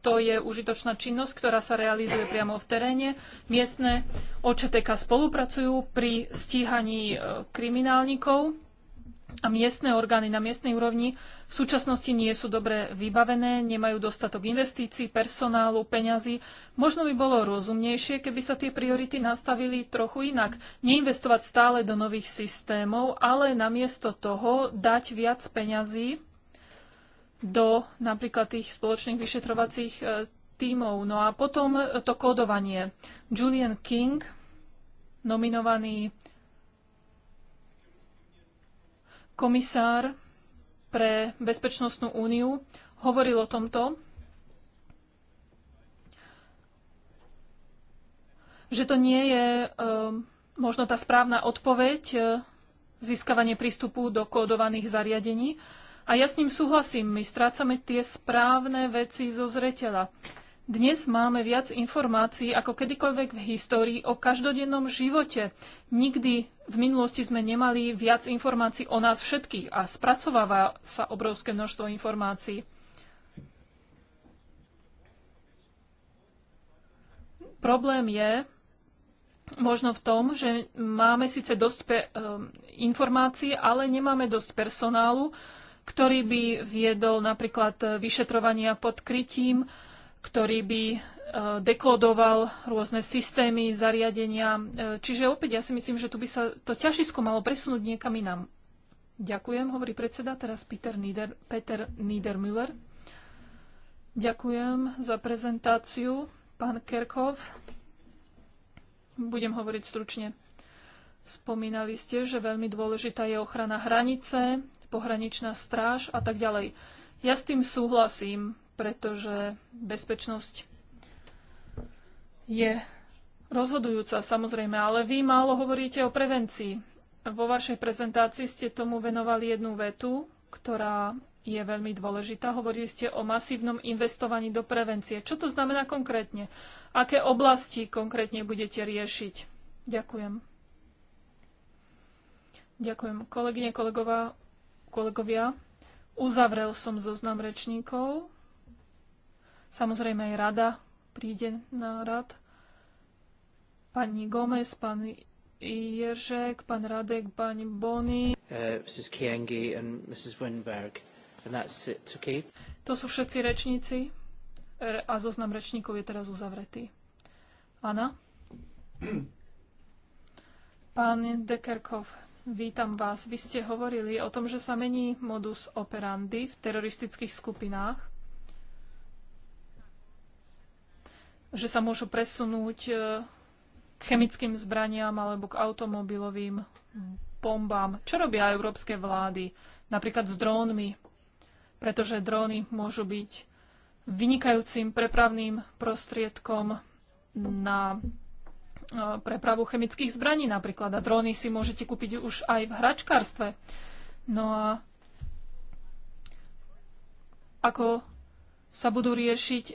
[SPEAKER 4] to je užitočná činnosť, ktorá sa realizuje priamo v teréne. Miestne OČTK spolupracujú pri stíhaní e, kriminálnikov a miestne orgány na miestnej úrovni v súčasnosti nie sú dobre vybavené, nemajú dostatok investícií, personálu, peňazí. Možno by bolo rozumnejšie, keby sa tie priority nastavili trochu inak. Neinvestovať stále do nových systémov, ale namiesto toho dať viac peňazí do napríklad tých spoločných vyšetrovacích e, tímov. No a potom to kódovanie. Julian King, nominovaný komisár pre bezpečnostnú úniu hovoril o tomto, že to nie je ehm, možno tá správna odpoveď e, získavanie prístupu do kódovaných zariadení. A ja s ním súhlasím, my strácame tie správne veci zo zreteľa. Dnes máme viac informácií ako kedykoľvek v histórii o každodennom živote. Nikdy v minulosti sme nemali viac informácií o nás všetkých a spracováva sa obrovské množstvo informácií. Problém je možno v tom, že máme síce dosť pe- ehm, informácií, ale nemáme dosť personálu, ktorý by viedol napríklad vyšetrovania pod krytím, ktorý by Eh, dekodoval rôzne systémy, zariadenia. Eh, čiže opäť ja si myslím, že tu by sa to ťažisko malo presunúť niekam inám. Ďakujem, hovorí predseda, teraz Peter, Nieder, Peter Niedermüller. Ďakujem za prezentáciu, pán Kerkov. Budem hovoriť stručne. Spomínali ste, že veľmi dôležitá je ochrana hranice, pohraničná stráž a tak ďalej. Ja s tým súhlasím, pretože bezpečnosť je rozhodujúca samozrejme, ale vy málo hovoríte o prevencii. Vo vašej prezentácii ste tomu venovali jednu vetu, ktorá je veľmi dôležitá. Hovorili ste o masívnom investovaní do prevencie. Čo to znamená konkrétne? Aké oblasti konkrétne budete riešiť? Ďakujem. Ďakujem. Kolegyne, kolegova, kolegovia, uzavrel som zoznam rečníkov. Samozrejme aj rada príde na rad. Pani Gomez, pán Ježek, pán Radek, pani Bony.
[SPEAKER 1] Uh, Mrs. and Mrs. Winberg. And that's it, okay?
[SPEAKER 4] To sú všetci rečníci er, a zoznam rečníkov je teraz uzavretý. Anna? Pán Dekerkov, vítam vás. Vy ste hovorili o tom, že sa mení modus operandi v teroristických skupinách že sa môžu presunúť e, k chemickým zbraniam alebo k automobilovým bombám, čo robia európske vlády, napríklad s drónmi, pretože dróny môžu byť vynikajúcim prepravným prostriedkom na e, prepravu chemických zbraní napríklad. A dróny si môžete kúpiť už aj v hračkárstve. No a ako sa budú riešiť e,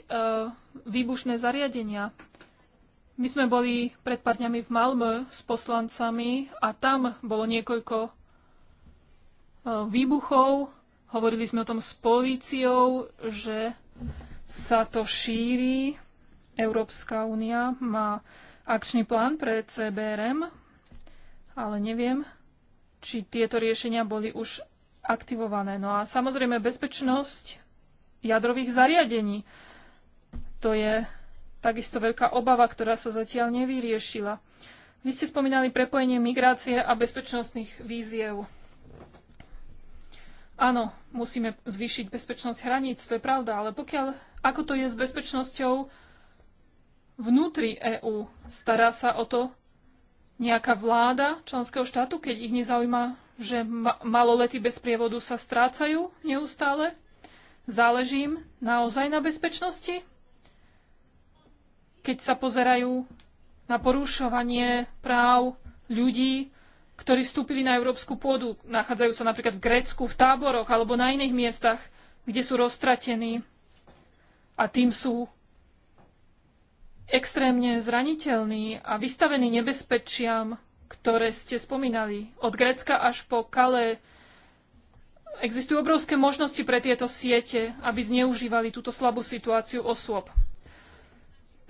[SPEAKER 4] výbušné zariadenia. My sme boli pred pár dňami v Malmö s poslancami a tam bolo niekoľko e, výbuchov. Hovorili sme o tom s políciou, že sa to šíri. Európska únia má akčný plán pre CBRM, ale neviem, či tieto riešenia boli už aktivované. No a samozrejme bezpečnosť jadrových zariadení. To je takisto veľká obava, ktorá sa zatiaľ nevyriešila. Vy ste spomínali prepojenie migrácie a bezpečnostných víziev. Áno, musíme zvýšiť bezpečnosť hraníc, to je pravda, ale pokiaľ, ako to je s bezpečnosťou vnútri EÚ? Stará sa o to nejaká vláda členského štátu, keď ich nezaujíma, že ma- maloletí bez prievodu sa strácajú neustále? Záleží im naozaj na bezpečnosti? Keď sa pozerajú na porušovanie práv ľudí, ktorí vstúpili na európsku pôdu, nachádzajú sa napríklad v Grécku, v táboroch alebo na iných miestach, kde sú roztratení a tým sú extrémne zraniteľní a vystavení nebezpečiam, ktoré ste spomínali, od Grécka až po Kale, Existujú obrovské možnosti pre tieto siete, aby zneužívali túto slabú situáciu osôb.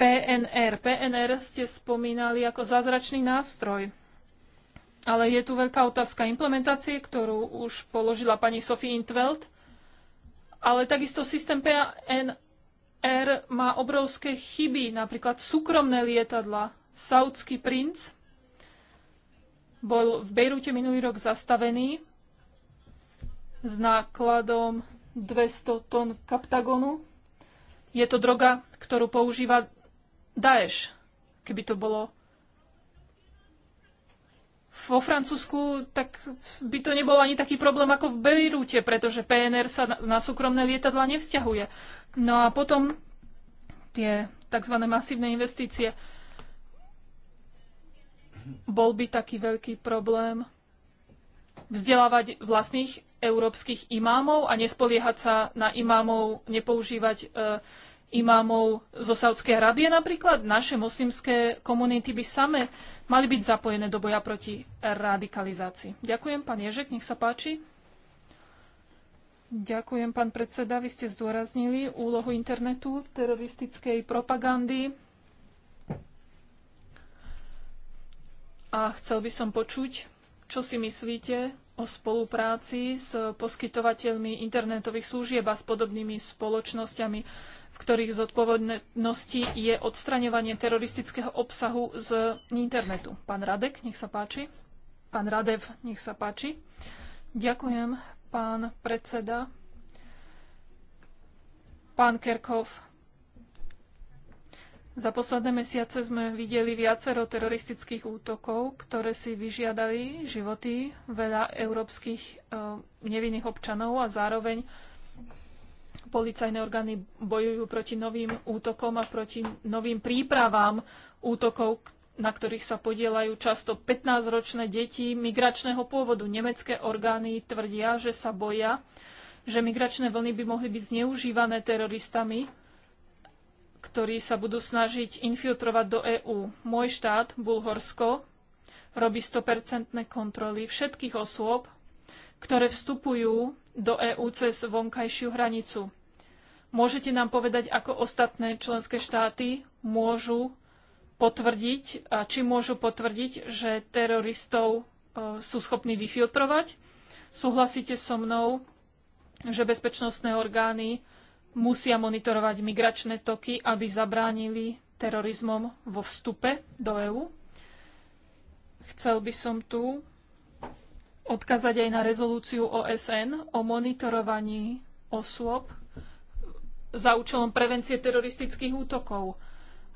[SPEAKER 4] PNR. PNR ste spomínali ako zázračný nástroj. Ale je tu veľká otázka implementácie, ktorú už položila pani Sophie Intveld. Ale takisto systém PNR má obrovské chyby, napríklad súkromné lietadla. Saudský princ bol v Bejrúte minulý rok zastavený s nákladom 200 tón kaptagonu. Je to droga, ktorú používa Daesh. Keby to bolo vo Francúzsku, tak by to nebol ani taký problém ako v Bejrúte, pretože PNR sa na, na súkromné lietadla nevzťahuje. No a potom tie tzv. masívne investície. Bol by taký veľký problém vzdelávať vlastných európskych imámov a nespoliehať sa na imámov, nepoužívať e, imámov zo Saudskej Arábie napríklad. Naše moslimské komunity by same mali byť zapojené do boja proti radikalizácii. Ďakujem, pán Ježek, nech sa páči. Ďakujem, pán predseda. Vy ste zdôraznili úlohu internetu, teroristickej propagandy. A chcel by som počuť, čo si myslíte o spolupráci s poskytovateľmi internetových služieb a s podobnými spoločnosťami, v ktorých zodpovednosti je odstraňovanie teroristického obsahu z internetu. Pán Radek, nech sa páči. Pán Radev, nech sa páči. Ďakujem, pán predseda. Pán Kerkov, za posledné mesiace sme videli viacero teroristických útokov, ktoré si vyžiadali životy veľa európskych e, nevinných občanov a zároveň policajné orgány bojujú proti novým útokom a proti novým prípravám útokov, na ktorých sa podielajú často 15-ročné deti migračného pôvodu. Nemecké orgány tvrdia, že sa boja, že migračné vlny by mohli byť zneužívané teroristami ktorí sa budú snažiť infiltrovať do EÚ. Môj štát, Bulhorsko, robí 100% kontroly všetkých osôb, ktoré vstupujú do EÚ cez vonkajšiu hranicu. Môžete nám povedať, ako ostatné členské štáty môžu potvrdiť, a či môžu potvrdiť, že teroristov e, sú schopní vyfiltrovať? Súhlasíte so mnou, že bezpečnostné orgány musia monitorovať migračné toky, aby zabránili terorizmom vo vstupe do EÚ. Chcel by som tu odkazať aj na rezolúciu OSN o monitorovaní osôb za účelom prevencie teroristických útokov.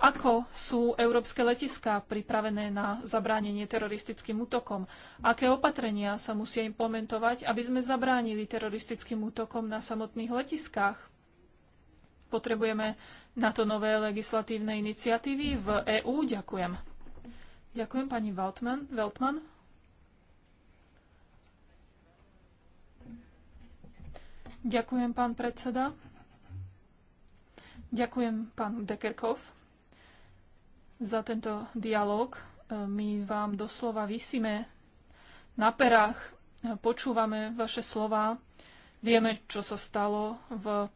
[SPEAKER 4] Ako sú európske letiská pripravené na zabránenie teroristickým útokom? Aké opatrenia sa musia implementovať, aby sme zabránili teroristickým útokom na samotných letiskách? Potrebujeme na to nové legislatívne iniciatívy v EÚ? Ďakujem. Ďakujem pani Weltman. Weltman. Ďakujem, pán predseda. Ďakujem, pán Dekerkov, za tento dialog. E, my vám doslova vysíme na perách, e, počúvame vaše slova, vieme, čo sa stalo v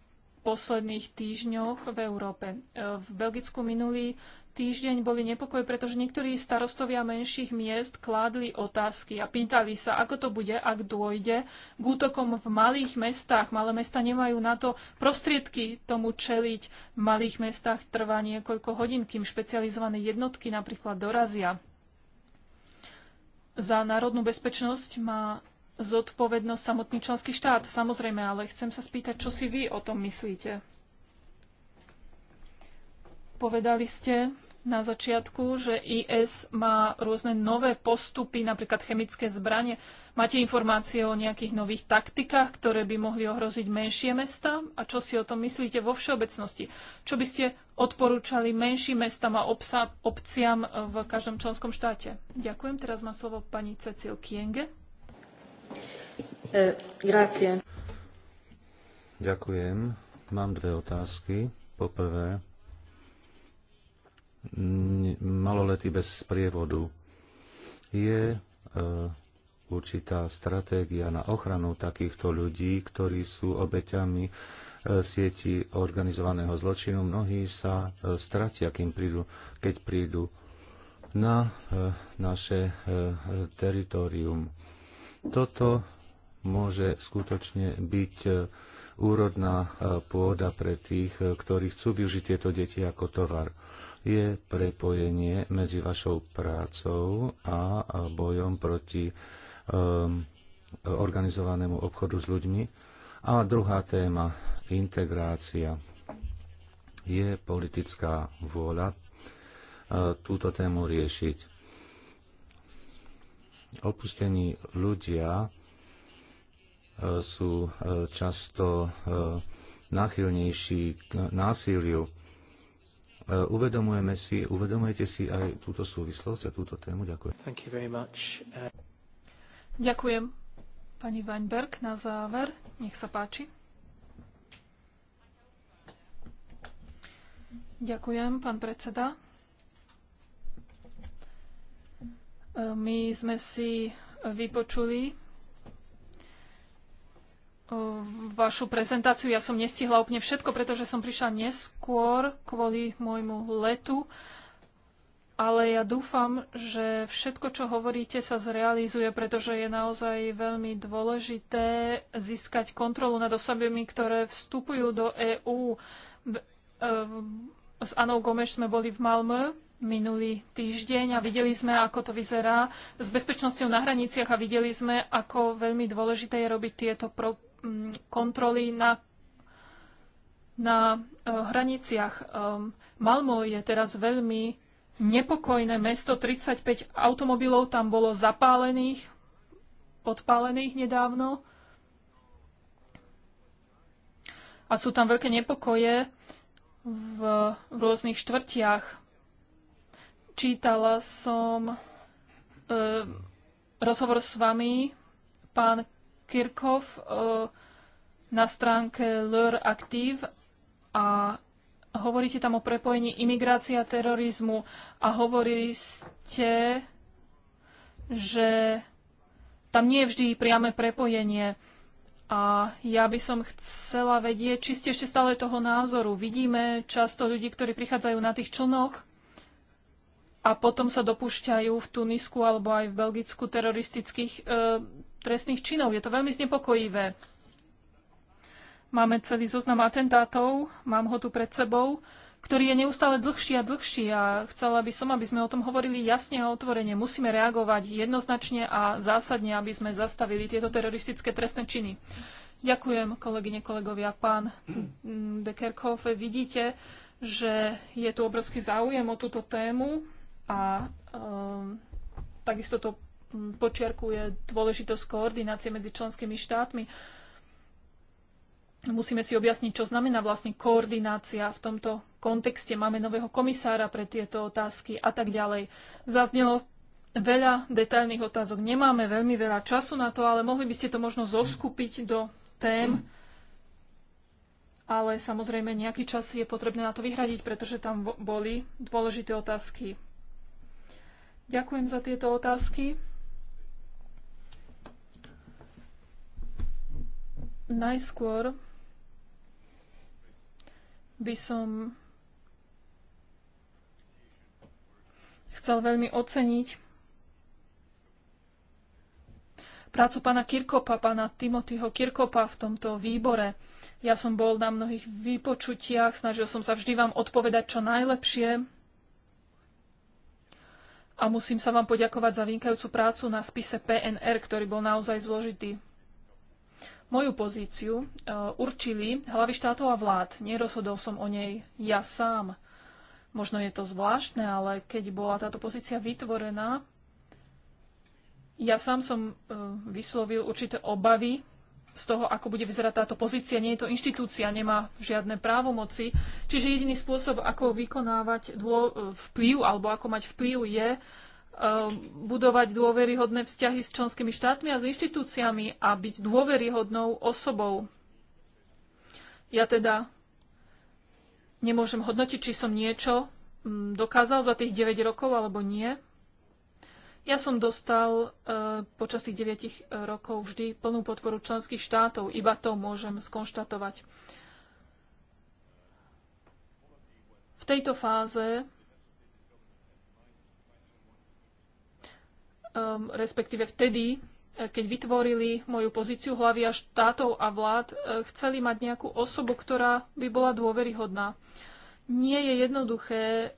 [SPEAKER 4] posledných týždňoch v Európe. E, v Belgicku minulý týždeň boli nepokoje, pretože niektorí starostovia menších miest kládli otázky a pýtali sa, ako to bude, ak dôjde k útokom v malých mestách. Malé mesta nemajú na to prostriedky tomu čeliť. V malých mestách trvá niekoľko hodín, kým špecializované jednotky napríklad dorazia. Za národnú bezpečnosť má zodpovednosť samotný členský štát, samozrejme, ale chcem sa spýtať, čo si vy o tom myslíte. Povedali ste na začiatku, že IS má rôzne nové postupy, napríklad chemické zbranie. Máte informácie o nejakých nových taktikách, ktoré by mohli ohroziť menšie mesta? A čo si o tom myslíte vo všeobecnosti? Čo by ste odporúčali menším mestám a obsa, obciam v každom členskom štáte? Ďakujem. Teraz má slovo pani Cecil Kienge. E,
[SPEAKER 2] Ďakujem. Mám dve otázky. Poprvé, malolety bez sprievodu. Je e, určitá stratégia na ochranu takýchto ľudí, ktorí sú obeťami e, sieti organizovaného zločinu. Mnohí sa e, stratia, kým prídu, keď prídu na e, naše e, teritorium toto môže skutočne byť e, úrodná e, pôda pre tých, e, ktorí chcú využiť tieto deti ako tovar. Je prepojenie medzi vašou prácou a bojom proti um, organizovanému obchodu s ľuďmi. A druhá téma, integrácia. Je politická vôľa túto tému riešiť opustení ľudia e, sú e, často e, náchylnejší k násiliu. Uvedomujeme si, uvedomujete si aj túto súvislosť a túto tému. Ďakujem. Thank you very much.
[SPEAKER 4] Ďakujem. Pani Weinberg, na záver, nech sa páči. Ďakujem, pán predseda. My sme si vypočuli vašu prezentáciu. Ja som nestihla úplne všetko, pretože som prišla neskôr kvôli môjmu letu. Ale ja dúfam, že všetko, čo hovoríte, sa zrealizuje, pretože je naozaj veľmi dôležité získať kontrolu nad osobami, ktoré vstupujú do EÚ. E, s Anou Gomeš sme boli v Malmö minulý týždeň a videli sme, ako to vyzerá s bezpečnosťou na hraniciach a videli sme, ako veľmi dôležité je robiť tieto pro, m, mm, kontroly na, na e, hraniciach. E, Malmo je teraz veľmi nepokojné mesto, 35 automobilov tam bolo zapálených, podpálených nedávno. A sú tam veľké nepokoje v, v rôznych štvrtiach Čítala som e, rozhovor s vami, pán Kirkov, e, na stránke Leur Active a hovoríte tam o prepojení imigrácia a terorizmu a hovorili ste, že tam nie je vždy priame prepojenie. A ja by som chcela vedieť, či ste ešte stále toho názoru. Vidíme často ľudí, ktorí prichádzajú na tých člnoch a potom sa dopúšťajú v Tunisku alebo aj v Belgicku teroristických e, trestných činov. Je to veľmi znepokojivé. Máme celý zoznam atentátov, mám ho tu pred sebou, ktorý je neustále dlhší a dlhší a chcela by som, aby sme o tom hovorili jasne a otvorene. Musíme reagovať jednoznačne a zásadne, aby sme zastavili tieto teroristické trestné činy. Ďakujem, kolegyne, kolegovia. Pán mm, Dekerkov, vidíte, že je tu obrovský záujem o túto tému a um, takisto to počiarkuje dôležitosť koordinácie medzi členskými štátmi. Musíme si objasniť, čo znamená vlastne koordinácia v tomto kontexte. Máme nového komisára pre tieto otázky a tak ďalej. Zaznelo veľa detailných otázok. Nemáme veľmi veľa času na to, ale mohli by ste to možno zoskupiť do tém, ale samozrejme nejaký čas je potrebné na to vyhradiť, pretože tam boli dôležité otázky. Ďakujem za tieto otázky. Najskôr by som chcel veľmi oceniť prácu pána Kirkopa, pána Timothyho Kirkopa v tomto výbore. Ja som bol na mnohých výpočutiach, snažil som sa vždy vám odpovedať čo najlepšie, a musím sa vám poďakovať za vynikajúcu prácu na spise PNR, ktorý bol naozaj zložitý. Moju pozíciu e, určili hlavy štátov a vlád. Nerozhodol som o nej ja sám. Možno je to zvláštne, ale keď bola táto pozícia vytvorená, ja sám som e, vyslovil určité obavy z toho, ako bude vyzerať táto pozícia. Nie je to inštitúcia, nemá žiadne právomoci. Čiže jediný spôsob, ako vykonávať e, vplyv alebo ako mať vplyv je e, budovať dôveryhodné vzťahy s členskými štátmi a s inštitúciami a byť dôveryhodnou osobou. Ja teda nemôžem hodnotiť, či som niečo mm, dokázal za tých 9 rokov alebo nie. Ja som dostal uh, počas tých 9 eh, rokov vždy plnú podporu členských štátov, iba to môžem skonštatovať. V tejto fáze, um, respektíve vtedy, eh, keď vytvorili moju pozíciu hlavia štátov a vlád, chceli mať nejakú osobu, ktorá by bola dôveryhodná. Nie je jednoduché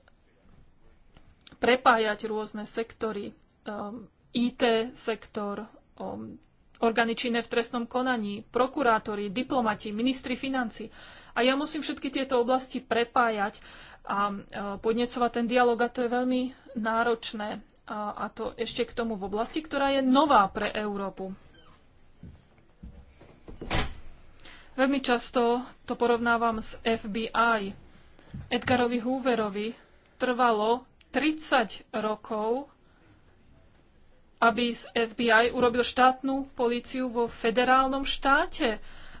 [SPEAKER 4] prepájať rôzne sektory um, IT sektor, um, orgány činné v trestnom konaní, prokurátori, diplomati, ministri financí. A ja musím všetky tieto oblasti prepájať a uh, podnecovať ten dialog a to je veľmi náročné. A, a to ešte k tomu v oblasti, ktorá je nová pre Európu. Veľmi často to porovnávam s FBI. Edgarovi Hooverovi trvalo 30 rokov aby z FBI urobil štátnu políciu vo federálnom štáte.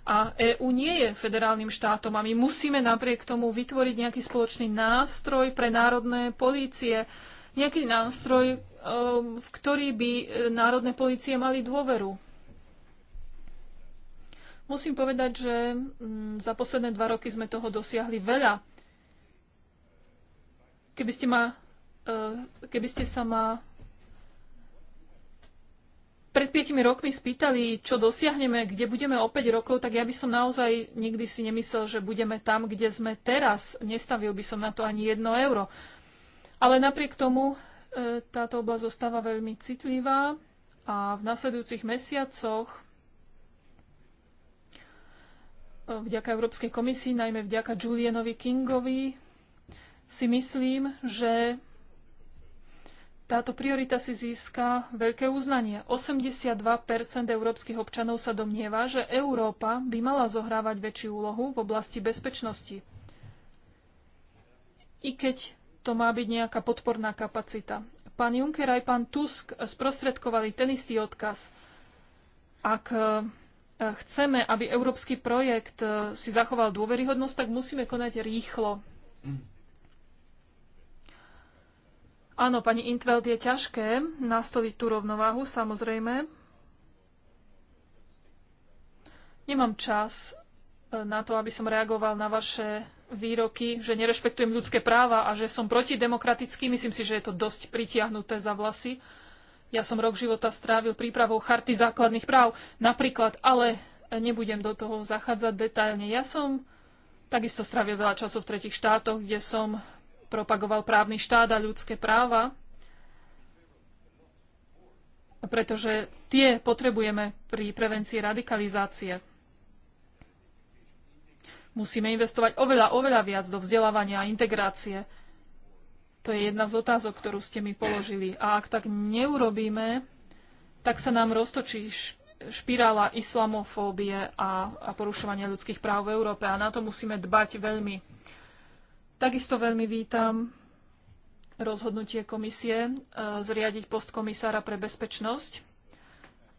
[SPEAKER 4] A EÚ nie je federálnym štátom a my musíme napriek tomu vytvoriť nejaký spoločný nástroj pre národné polície, nejaký nástroj, um, v ktorý by e, národné polície mali dôveru. Musím povedať, že mm, za posledné dva roky sme toho dosiahli veľa. Keby ste, ma, e, keby ste sa ma pred 5 rokmi spýtali, čo dosiahneme, kde budeme o 5 rokov, tak ja by som naozaj nikdy si nemyslel, že budeme tam, kde sme teraz. Nestavil by som na to ani jedno euro. Ale napriek tomu e, táto oblasť zostáva veľmi citlivá a v nasledujúcich mesiacoch e, vďaka Európskej komisii, najmä vďaka Julianovi Kingovi, si myslím, že táto priorita si získa veľké uznanie. 82 európskych občanov sa domnieva, že Európa by mala zohrávať väčšiu úlohu v oblasti bezpečnosti. I keď to má byť nejaká podporná kapacita. Pán Juncker aj pán Tusk sprostredkovali ten istý odkaz. Ak e, chceme, aby európsky projekt e, si zachoval dôveryhodnosť, tak musíme konať rýchlo. Mm. Áno, pani Intveld, je ťažké nastoliť tú rovnováhu, samozrejme. Nemám čas e, na to, aby som reagoval na vaše výroky, že nerešpektujem ľudské práva a že som protidemokratický. Myslím si, že je to dosť pritiahnuté za vlasy. Ja som rok života strávil prípravou charty základných práv napríklad, ale nebudem do toho zachádzať detailne. Ja som takisto strávil veľa času v tretich štátoch, kde som propagoval právny štát a ľudské práva, pretože tie potrebujeme pri prevencii radikalizácie. Musíme investovať oveľa, oveľa viac do vzdelávania a integrácie. To je jedna z otázok, ktorú ste mi položili. A ak tak neurobíme, tak sa nám roztočí špirála islamofóbie a, a porušovania ľudských práv v Európe. A na to musíme dbať veľmi. Takisto veľmi vítam rozhodnutie komisie e, zriadiť post komisára pre bezpečnosť.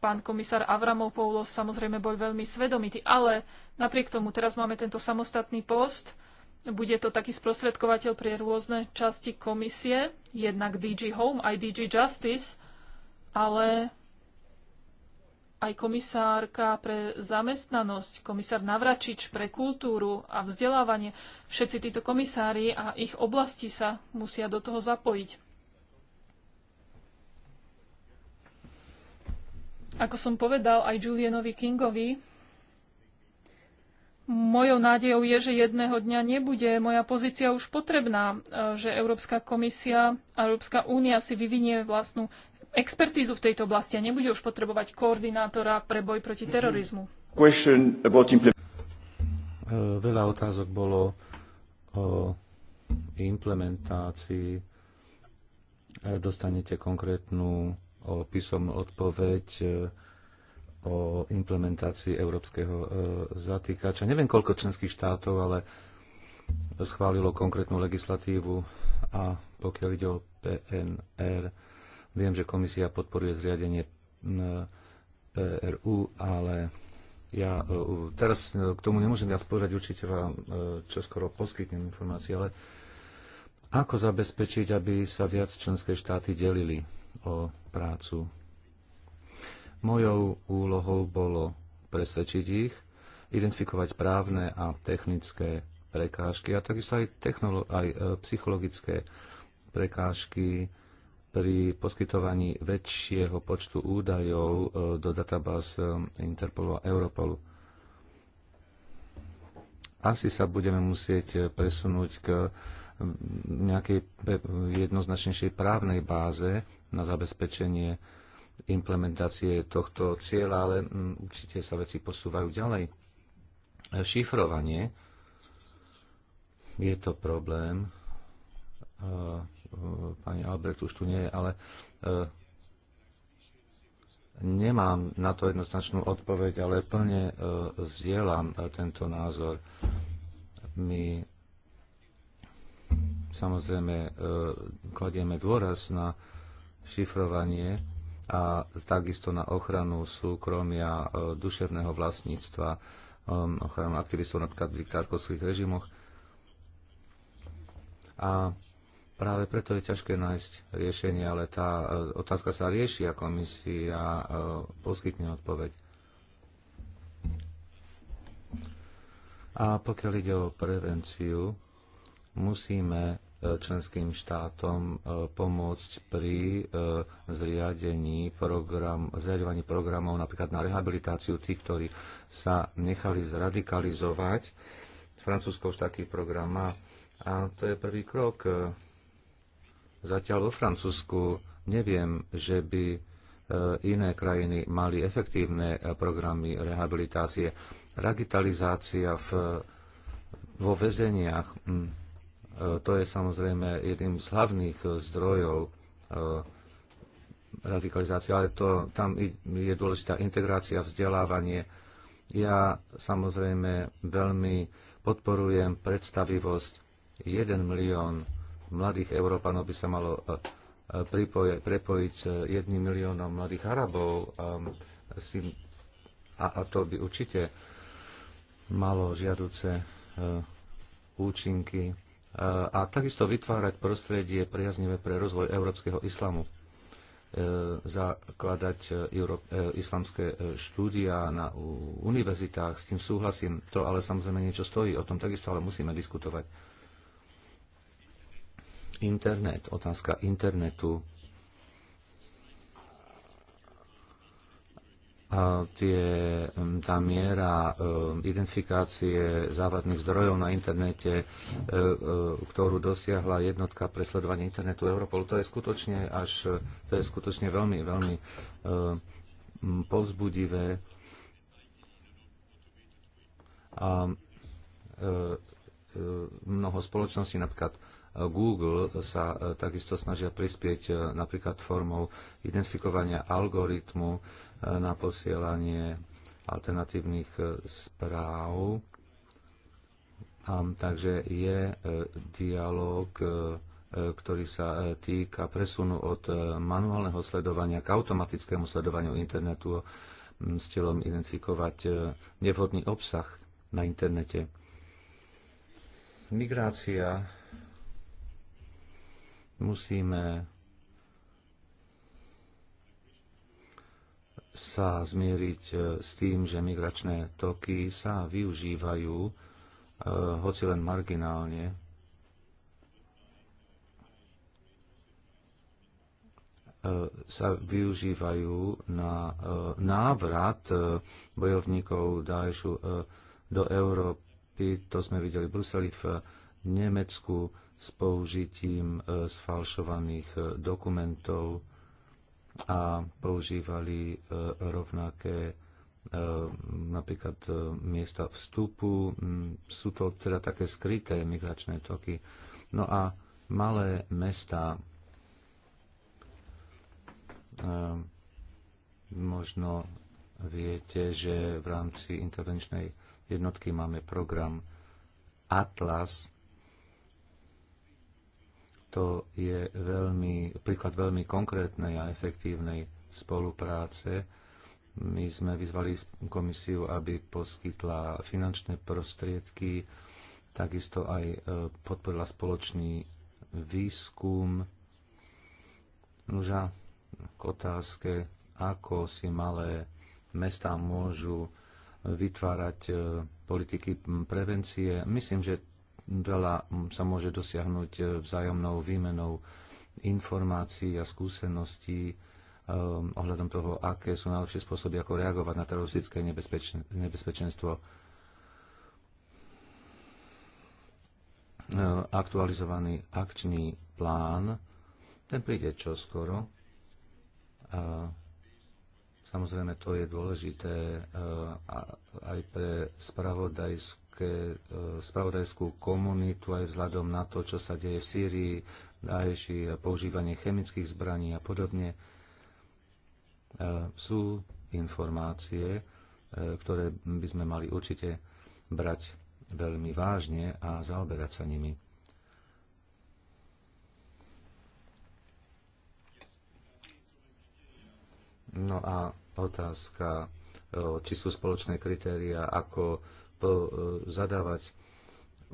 [SPEAKER 4] Pán komisár Avramopoulos samozrejme bol veľmi svedomitý, ale napriek tomu teraz máme tento samostatný post. Bude to taký sprostredkovateľ pre rôzne časti komisie, jednak DG Home aj DG Justice, ale aj komisárka pre zamestnanosť, komisár Navračič pre kultúru a vzdelávanie. Všetci títo komisári a ich oblasti sa musia do toho zapojiť. Ako som povedal aj Julianovi Kingovi, mojou nádejou je, že jedného dňa nebude moja pozícia už potrebná, e, že Európska komisia a Európska únia si vyvinie vlastnú expertízu v tejto oblasti a nebude už potrebovať koordinátora pre boj proti mhm. terorizmu.
[SPEAKER 2] Eh, veľa otázok bolo o implementácii. Eh, dostanete konkrétnu písomnú odpoveď eh, o implementácii európskeho zatýkača. Neviem, koľko členských štátov, ale schválilo konkrétnu legislatívu a pokiaľ ide o PNR, Viem, že komisia podporuje zriadenie PRU, ale ja e, teraz e, k tomu nemôžem viac povedať, určite vám e, čo skoro poskytnem informácie, ale ako zabezpečiť, aby sa viac členské štáty delili o prácu? Mojou úlohou bolo presvedčiť ich, identifikovať právne a technické prekážky a takisto aj, aj psychologické prekážky, pri poskytovaní väčšieho počtu údajov e, do databáz e, Interpolu a Europolu. Asi sa budeme musieť e, presunúť k nejakej jednoznačnejšej právnej báze na zabezpečenie implementácie tohto cieľa, ale určite sa veci posúvajú ďalej. Šifrovanie je to problém E, pani Albrecht už tu nie je, ale e, nemám na to jednoznačnú odpoveď, ale plne e, zdieľam tento názor. My samozrejme kladieme dôraz na šifrovanie a takisto na ochranu súkromia duševného vlastníctva, um, ochranu aktivistov napríklad v diktárkovských režimoch. A Práve preto je ťažké nájsť riešenie, ale tá e, otázka sa rieši a komisia e, poskytne odpoveď. A pokiaľ ide o prevenciu, musíme e, členským štátom pomôcť pri zriadení program, zriadovaní programov napríklad na rehabilitáciu tých, ktorí sa nechali zradikalizovať. Francúzsko už taký program má a to je prvý krok Zatiaľ vo Francúzsku neviem, že by e, iné krajiny mali efektívne e, programy rehabilitácie. Ragitalizácia v, vo väzeniach, mm, e, to je samozrejme jedným z hlavných zdrojov radikalizácie, ale to, tam je dôležitá integrácia, vzdelávanie. Ja samozrejme veľmi podporujem predstavivosť 1 milión mladých Európanov by sa malo e, pripoje, prepojiť s e, jedným miliónom mladých Arabov. A, um, s tým, a, a to by určite malo žiaduce e, účinky a takisto vytvárať prostredie priaznivé pre rozvoj európskeho islamu zakladať islamské štúdia na univerzitách, s tým súhlasím, to ale samozrejme niečo stojí, o tom takisto ale musíme diskutovať. Internet, otázka internetu. A tie, tá miera e, identifikácie závadných zdrojov na internete, e, e, ktorú dosiahla jednotka pre sledovanie internetu Europolu, to je skutočne až, to je skutočne veľmi, veľmi povzbudivé. A mnoho spoločností, napríklad Google sa e, takisto snažia prispieť e, napríklad formou identifikovania algoritmu e, na posielanie alternatívnych správ. Takže je dialog, ktorý sa týka presunu od manuálneho sledovania k automatickému sledovaniu internetu s cieľom identifikovať nevhodný obsah na internete. Migrácia Musíme sa zmieriť e, s tým, že migračné toky sa využívajú, e, hoci len marginálne, e, sa využívajú na návrat bojovníkov Daešu do Európy. To sme videli v Bruseli, v Nemecku, s použitím e, sfalšovaných e, dokumentov a používali e, rovnaké napríklad miesta vstupu. Mm, sú to teda také skryté migračné toky. No a malé mesta možno viete, že v rámci intervenčnej jednotky máme program Atlas, to je veľmi, príklad veľmi konkrétnej a efektívnej spolupráce. My sme vyzvali komisiu, aby poskytla finančné prostriedky, takisto aj e, podporila spoločný výskum. Nuža k otázke, ako si malé mesta môžu vytvárať e, politiky prevencie. Myslím, že Veľa sa môže dosiahnuť e, vzájomnou výmenou informácií a skúseností um, ohľadom toho, aké sú najlepšie spôsoby, ako reagovať na teroristické nebezpečen nebezpečenstvo. E, aktualizovaný akčný plán, ten príde čoskoro. A samozrejme, to je dôležité aj pre spravodajskú také e, spravodajskú komunitu aj vzhľadom na to, čo sa deje v Sýrii, Daeši, používanie chemických zbraní a podobne. E, sú informácie, e, ktoré by sme mali určite brať veľmi vážne a zaoberať sa nimi. No a otázka, či sú spoločné kritéria, ako E, zadávať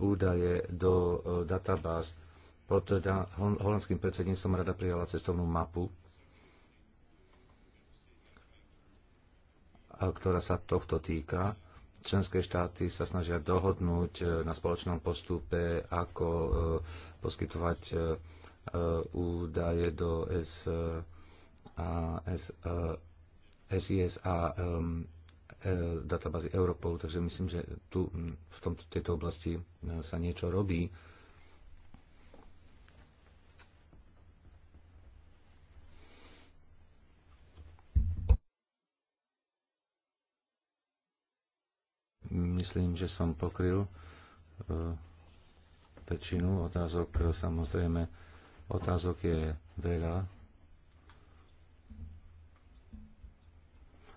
[SPEAKER 2] údaje do e, databáz. Pod teda holandským predsedníctvom rada prijala cestovnú mapu, ktorá sa tohto týka. Členské štáty sa snažia dohodnúť e, na spoločnom postupe, ako poskytovať údaje do SIS a E, databázy Europolu, takže myslím, že tu v tomto, tejto oblasti e, sa niečo robí. Myslím, že som pokryl e, väčšinu otázok. Samozrejme, otázok je veľa.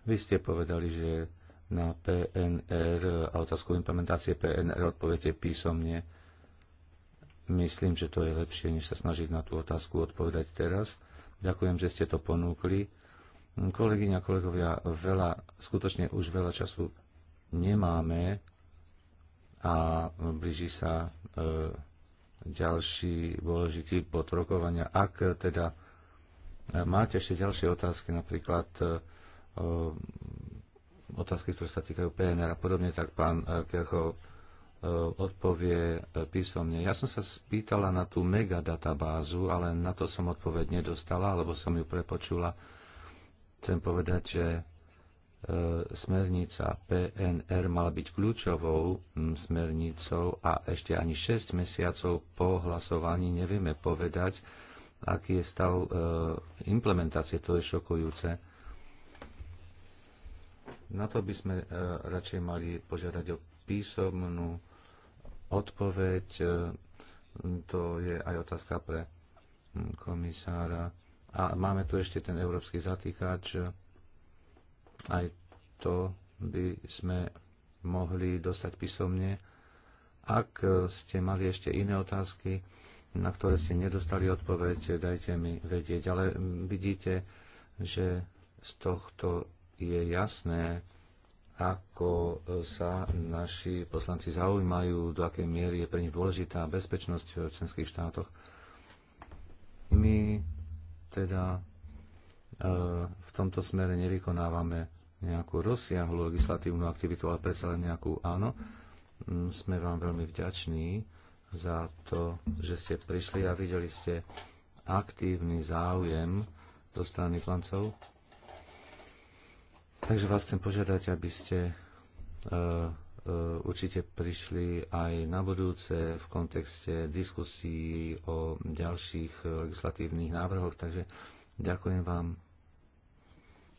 [SPEAKER 2] Vy ste povedali, že na PNR a otázku implementácie PNR odpoviete písomne. Myslím, že to je lepšie, než sa snažiť na tú otázku odpovedať teraz. Ďakujem, že ste to ponúkli. Kolegyňa, kolegovia, veľa, skutočne už veľa času nemáme a blíži sa e, ďalší dôležitý bod rokovania. Ak teda máte ešte ďalšie otázky, napríklad e, otázky, ktoré sa týkajú PNR a podobne, tak pán eh, Kerchov eh, odpovie eh, písomne. Ja som sa spýtala na tú megadatabázu, ale na to som odpoveď nedostala, alebo som ju prepočula. Chcem povedať, že smernica PNR mala byť kľúčovou hm, smernicou a ešte ani 6 mesiacov po hlasovaní nevieme povedať, aký je stav implementácie. To je šokujúce na to by sme e, radšej mali požiadať o písomnú odpoveď. E, to je aj otázka pre mm, komisára. A máme tu ešte ten európsky zatýkač. Aj to by sme mohli dostať písomne. Ak e, ste mali ešte iné otázky, na ktoré ste nedostali odpoveď, dajte mi vedieť. Ale vidíte, že z tohto je jasné, ako sa naši poslanci zaujímajú, do akej miery je pre nich dôležitá bezpečnosť v členských štátoch. My teda e, v tomto smere nevykonávame nejakú rozsiahlu legislatívnu aktivitu, ale predsa len nejakú áno. Mm, sme vám veľmi vďační za to, že ste prišli a videli ste aktívny záujem zo strany flancov Takže vás chcem požiadať, aby ste e, e, určite prišli aj na budúce v kontexte diskusí o ďalších legislatívnych návrhoch. Takže ďakujem vám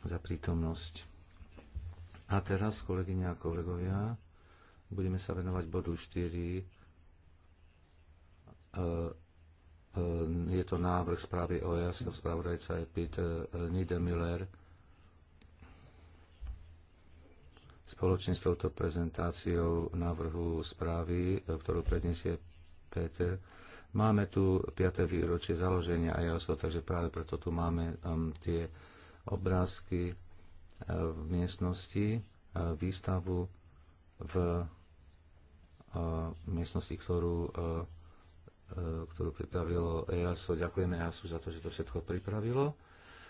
[SPEAKER 2] za prítomnosť. A teraz, kolegyne a kolegovia, budeme sa venovať bodu 4. E, je to návrh správy o spravodajca je Peter Niedermüller Spoločne s touto prezentáciou návrhu správy, ktorú predniesie Peter, máme tu 5. výročie založenia IASO, takže práve preto tu máme um, tie obrázky uh, v miestnosti, uh, výstavu v uh, miestnosti, ktorú, ktorú pripravilo EASO. Ďakujeme EASO za to, že to všetko pripravilo.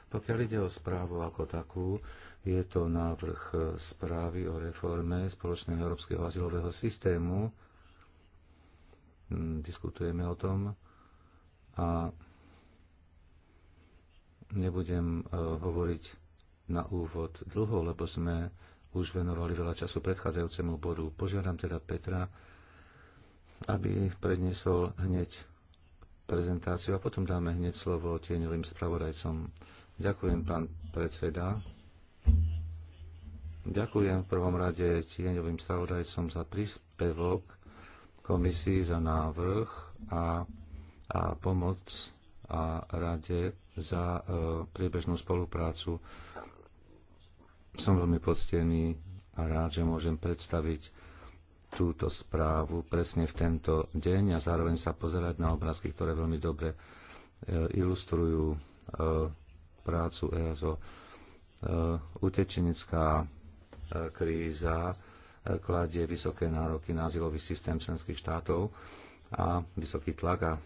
[SPEAKER 2] Pokiaľ ide o správu ako takú, je to návrh správy o reforme spoločného európskeho azylového systému. Hm, diskutujeme o tom a nebudem e, hovoriť na úvod dlho, lebo sme už venovali veľa času predchádzajúcemu bodu. Požiadam teda Petra, aby predniesol hneď prezentáciu a potom dáme hneď slovo tieňovým spravodajcom. Ďakujem, pán predseda. Ďakujem v prvom rade tieňovým spravodajcom za príspevok komisii za návrh a, a pomoc a rade za e, priebežnú spoluprácu. Som veľmi poctený a rád, že môžem predstaviť túto správu presne v tento deň a zároveň sa pozerať na obrázky, ktoré veľmi dobre e, ilustrujú e, prácu EASO. E, utečenecká e, kríza e, kladie vysoké nároky na azylový systém členských štátov a vysoký tlak a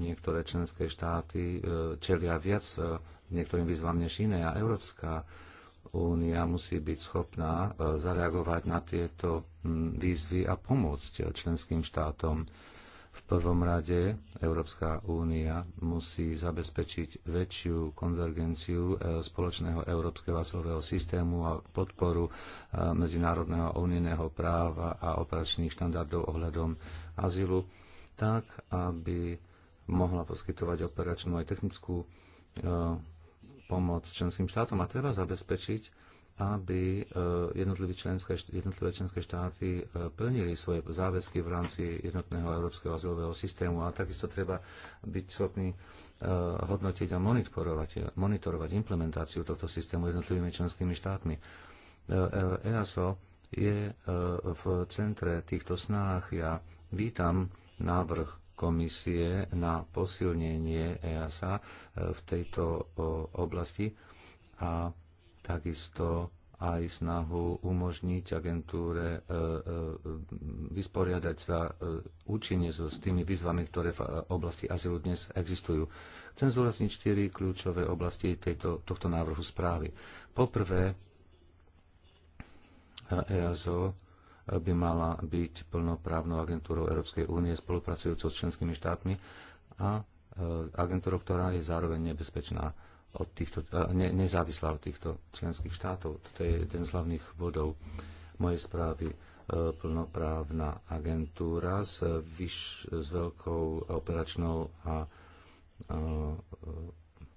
[SPEAKER 2] niektoré členské štáty čelia viac niektorým výzvam než iné a Európska únia musí byť schopná zareagovať na tieto výzvy a pomôcť členským štátom v prvom rade Európska únia musí zabezpečiť väčšiu konvergenciu e, spoločného európskeho azylového systému a podporu e, medzinárodného unijného práva a operačných štandardov ohľadom azylu, tak aby mohla poskytovať operačnú aj technickú e, pomoc členským štátom a treba zabezpečiť, aby eh, jednotlivé členské, jednotlivé členské štáty eh, plnili svoje záväzky v rámci jednotného európskeho azylového systému a takisto treba byť schopný eh, hodnotiť a monitorovať, monitorovať implementáciu tohto systému jednotlivými členskými štátmi. EASO je v centre týchto snách. Ja vítam návrh komisie na posilnenie EASA v tejto oblasti a takisto aj snahu umožniť agentúre e, e, vysporiadať sa e, účinne so, s tými výzvami, ktoré v oblasti azylu dnes existujú. Chcem zúrazniť štyri kľúčové oblasti tejto, tohto návrhu správy. Poprvé, EASO by mala byť plnoprávnou agentúrou Európskej únie spolupracujúcou s členskými štátmi a agentúrou, ktorá je zároveň nebezpečná od týchto, ne, nezávislá od týchto členských štátov. Toto je jeden z hlavných bodov mojej správy. E, plnoprávna agentúra s, vyš, s veľkou operačnou a, a e,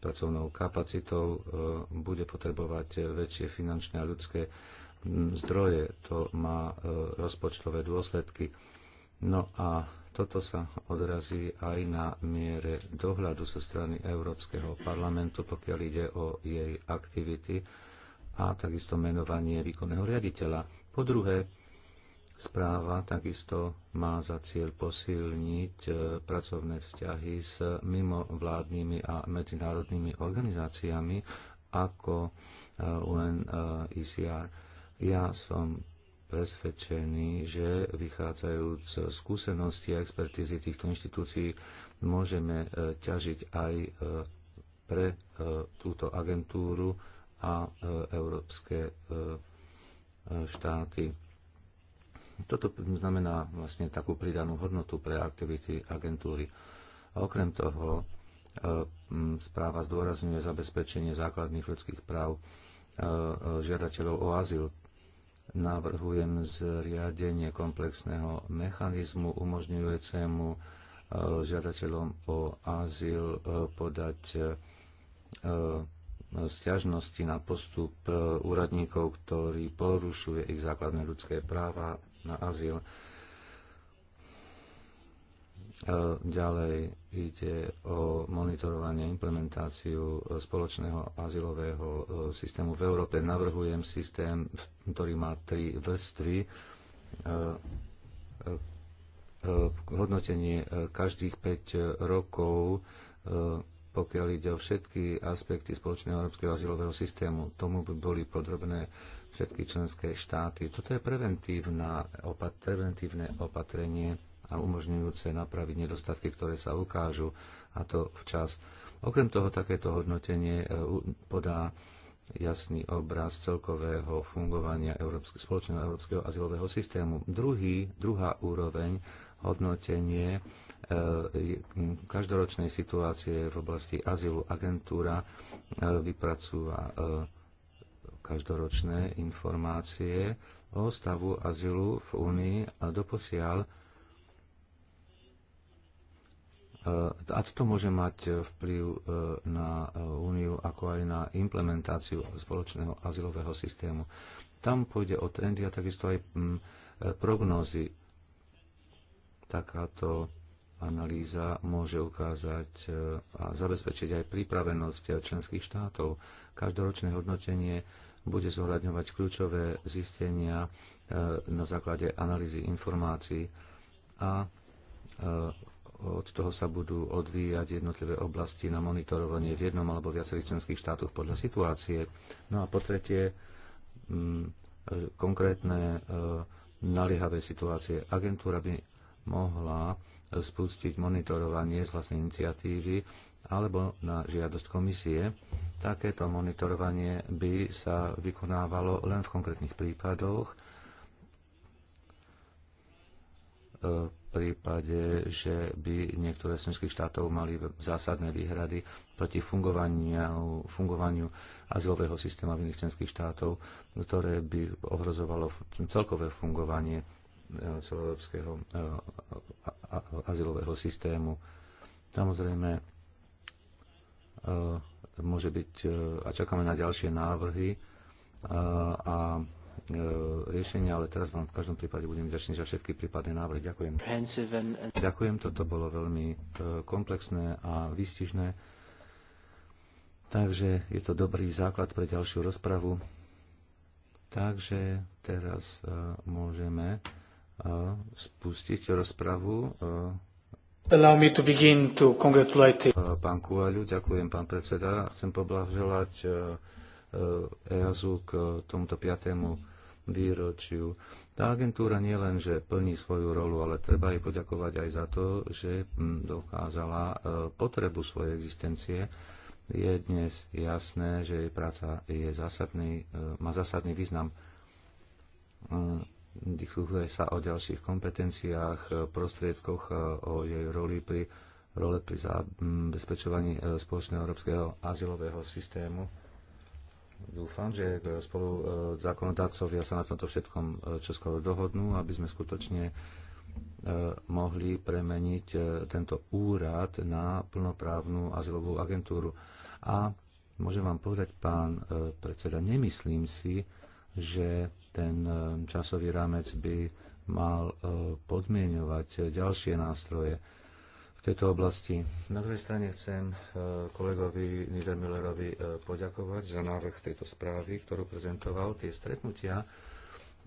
[SPEAKER 2] pracovnou kapacitou e, bude potrebovať väčšie finančné a ľudské zdroje. To má rozpočtové dôsledky. No a toto sa odrazí aj na miere dohľadu zo so strany Európskeho parlamentu, pokiaľ ide o jej aktivity a takisto menovanie výkonného riaditeľa. Po druhé, správa takisto má za cieľ posilniť e, pracovné vzťahy s mimovládnymi a medzinárodnými organizáciami ako e, UNICR. E ja som presvedčení, že vychádzajúc z skúsenosti a expertízy týchto inštitúcií môžeme e, ťažiť aj e, pre e, túto agentúru a európske štáty. Toto znamená vlastne takú pridanú hodnotu pre aktivity agentúry. A okrem toho správa zdôrazňuje zabezpečenie základných ľudských práv žiadateľov o azyl. Navrhujem zriadenie komplexného mechanizmu umožňujúcemu e, žiadateľom o azyl e, podať e, stiažnosti na postup úradníkov, ktorý porušuje ich základné ľudské práva na azyl. Ďalej ide o monitorovanie implementáciu spoločného azylového e, systému v Európe. Navrhujem systém, ktorý má tri vrstvy. E, e, hodnotenie každých 5 rokov, pokiaľ ide o všetky aspekty spoločného európskeho azylového systému. Tomu by boli podrobné všetky členské štáty. Toto je preventívne opatrenie a umožňujúce napraviť nedostatky, ktoré sa ukážu a to včas. Okrem toho takéto hodnotenie e, podá jasný obraz celkového fungovania Európske, spoločného európskeho azylového systému. Druhý, druhá úroveň hodnotenie e, každoročnej situácie v oblasti azylu agentúra e, vypracúva každoročné informácie o stavu azylu v Únii a doposiaľ E, a to môže mať e, vplyv e, na úniu, ako aj na implementáciu spoločného azylového systému. Tam pôjde o trendy a takisto aj mm, prognózy. Takáto analýza môže ukázať a zabezpečiť aj pripravenosť členských štátov. Každoročné hodnotenie bude zohľadňovať kľúčové zistenia na základe analýzy informácií a od toho sa budú odvíjať jednotlivé oblasti na monitorovanie v jednom alebo viacerých členských štátoch podľa situácie. No a po tretie, mm, e, konkrétne e, naliehavé situácie. Agentúra by mohla spustiť monitorovanie z vlastnej iniciatívy alebo na žiadosť komisie. Takéto monitorovanie by sa vykonávalo len v konkrétnych prípadoch e, prípade, že by niektoré z členských štátov mali zásadné výhrady proti fungovaniu, fungovaniu azylového systému iných členských štátov, ktoré by ohrozovalo celkové fungovanie e, celoeurópskeho e, azylového systému. Samozrejme, e, môže byť, a čakáme na ďalšie návrhy, a E, riešenia, ale teraz vám v každom prípade budem vďačný za všetky prípadné návrhy. Ďakujem. Ďakujem, toto bolo veľmi e, komplexné a výstižné. Takže je to dobrý základ pre ďalšiu rozpravu. Takže teraz e, môžeme spustiť rozpravu. Allow me to begin to congratulate. Pán Kuaľu, ďakujem, pán predseda. Chcem poblahoželať E, EASu k tomuto piatému výročiu. Tá agentúra nie len, že plní svoju rolu, ale treba jej poďakovať aj za to, že dokázala e, potrebu svojej existencie. Je dnes jasné, že jej práca je zásadný, e, má zásadný význam. Diskutuje sa o ďalších kompetenciách, prostriedkoch, o jej roli pri, role pri zabezpečovaní spoločného európskeho azylového systému dúfam, že spolu e, zákonodácovia sa na tomto všetkom e, čoskoro dohodnú, aby sme skutočne e, mohli premeniť tento úrad na plnoprávnu azylovú agentúru. A môžem vám povedať, pán predseda, nemyslím si, že ten časový rámec by mal podmienovať ďalšie nástroje v tejto oblasti. Na druhej strane chcem e, kolegovi Millerovi e, poďakovať za návrh tejto správy, ktorú prezentoval. Tie stretnutia,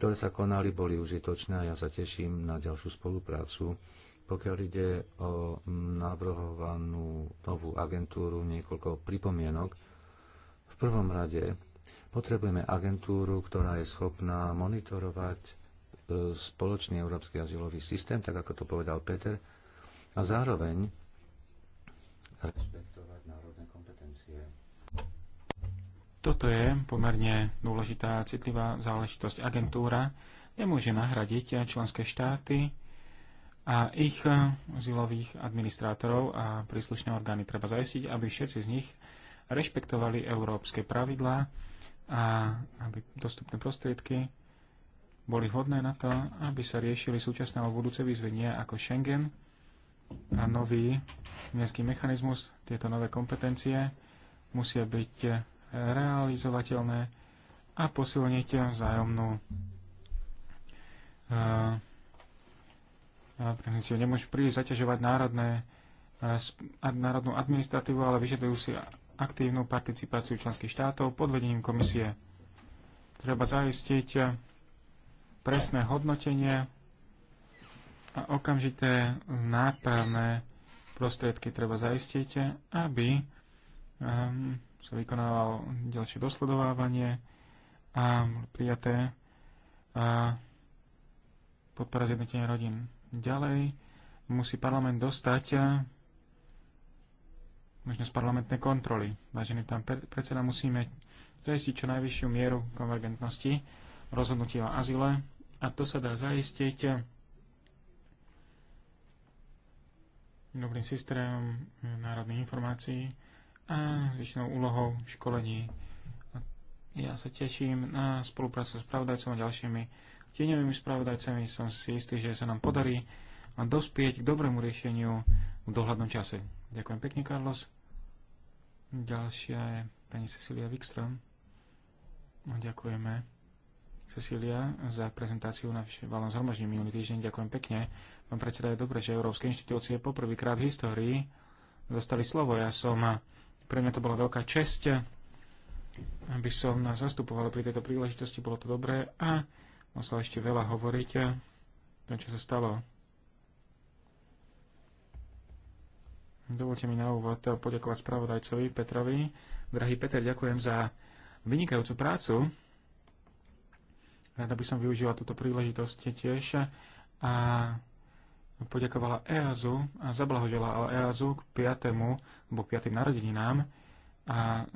[SPEAKER 2] ktoré sa konali, boli užitočné a ja sa teším na ďalšiu spoluprácu. Pokiaľ ide o navrhovanú novú agentúru, niekoľko pripomienok. V prvom rade potrebujeme agentúru, ktorá je schopná monitorovať e, spoločný európsky azylový systém, tak ako to povedal Peter,
[SPEAKER 3] a zároveň
[SPEAKER 2] rešpektovať národné kompetencie.
[SPEAKER 3] Toto je pomerne dôležitá, citlivá záležitosť. Agentúra nemôže nahradiť členské štáty a ich zilových administrátorov a príslušné orgány. Treba zajistiť, aby všetci z nich rešpektovali európske pravidlá a aby dostupné prostriedky boli vhodné na to, aby sa riešili súčasné alebo budúce výzvy, nie ako Schengen, a nový mierský mechanizmus, tieto nové kompetencie musia byť realizovateľné a posilniť vzájomnú e, prezenciu. Nemôžu príliš zaťažovať národné, e, národnú administratívu, ale vyžadujú si aktívnu participáciu členských štátov pod vedením komisie. Treba zaistiť presné hodnotenie a okamžité nápravné prostriedky treba zaistiť, aby um, sa vykonávalo ďalšie dosledovávanie a prijaté a podpora zjednotenia rodín. Ďalej musí parlament dostať e, možnosť parlamentnej kontroly. Vážený pán predseda, musíme zaistiť čo najvyššiu mieru konvergentnosti rozhodnutia o azyle a to sa dá zaistiť dobrým systémom eh, národných informácií a väčšinou úlohou školení. Ja sa teším na spoluprácu s pravodajcom a ďalšími tieňovými spravodajcami. Som si istý, že sa nám podarí dospieť k dobrému riešeniu v dohľadnom čase. Ďakujem pekne, Carlos. Ďalšia je pani Cecilia Wikström. Ďakujeme Cecília, za prezentáciu na valnom zhromaždení minulý týždeň. Ďakujem pekne. Pán predseda, je dobré, že európske inštitúcie poprvýkrát v histórii dostali slovo. Ja som, pre mňa to bola veľká česť, aby som nás zastupoval pri tejto príležitosti. Bolo to dobré a musel ešte veľa hovoriť o tom, čo sa stalo. Dovolte mi na úvod poďakovať spravodajcovi Petrovi. Drahý Peter, ďakujem za vynikajúcu prácu Rada by som využila túto príležitosť tiež a poďakovala EASu a zablahožila EASu k 5. alebo 5. narodeninám a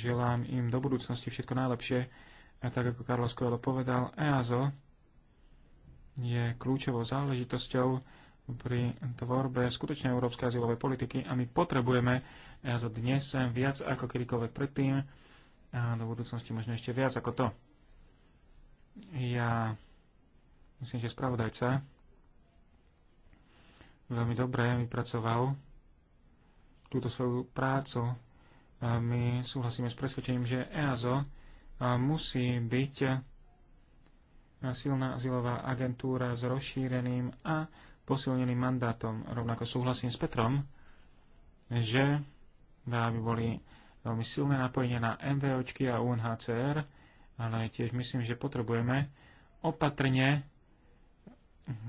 [SPEAKER 3] želám im do budúcnosti všetko najlepšie. A tak ako Carlos Coelho povedal, EASO je kľúčovou záležitosťou pri tvorbe skutočnej európskej azylovej politiky a my potrebujeme EASO dnes viac ako kedykoľvek predtým a do budúcnosti možno ešte viac ako to. Ja myslím, že spravodajca veľmi dobre vypracoval túto svoju prácu. My súhlasíme s presvedčením, že EASO musí byť silná azylová agentúra s rozšíreným a posilneným mandátom. Rovnako súhlasím s Petrom, že aby boli veľmi silné napojenie na MVOčky a UNHCR, ale tiež myslím, že potrebujeme opatrne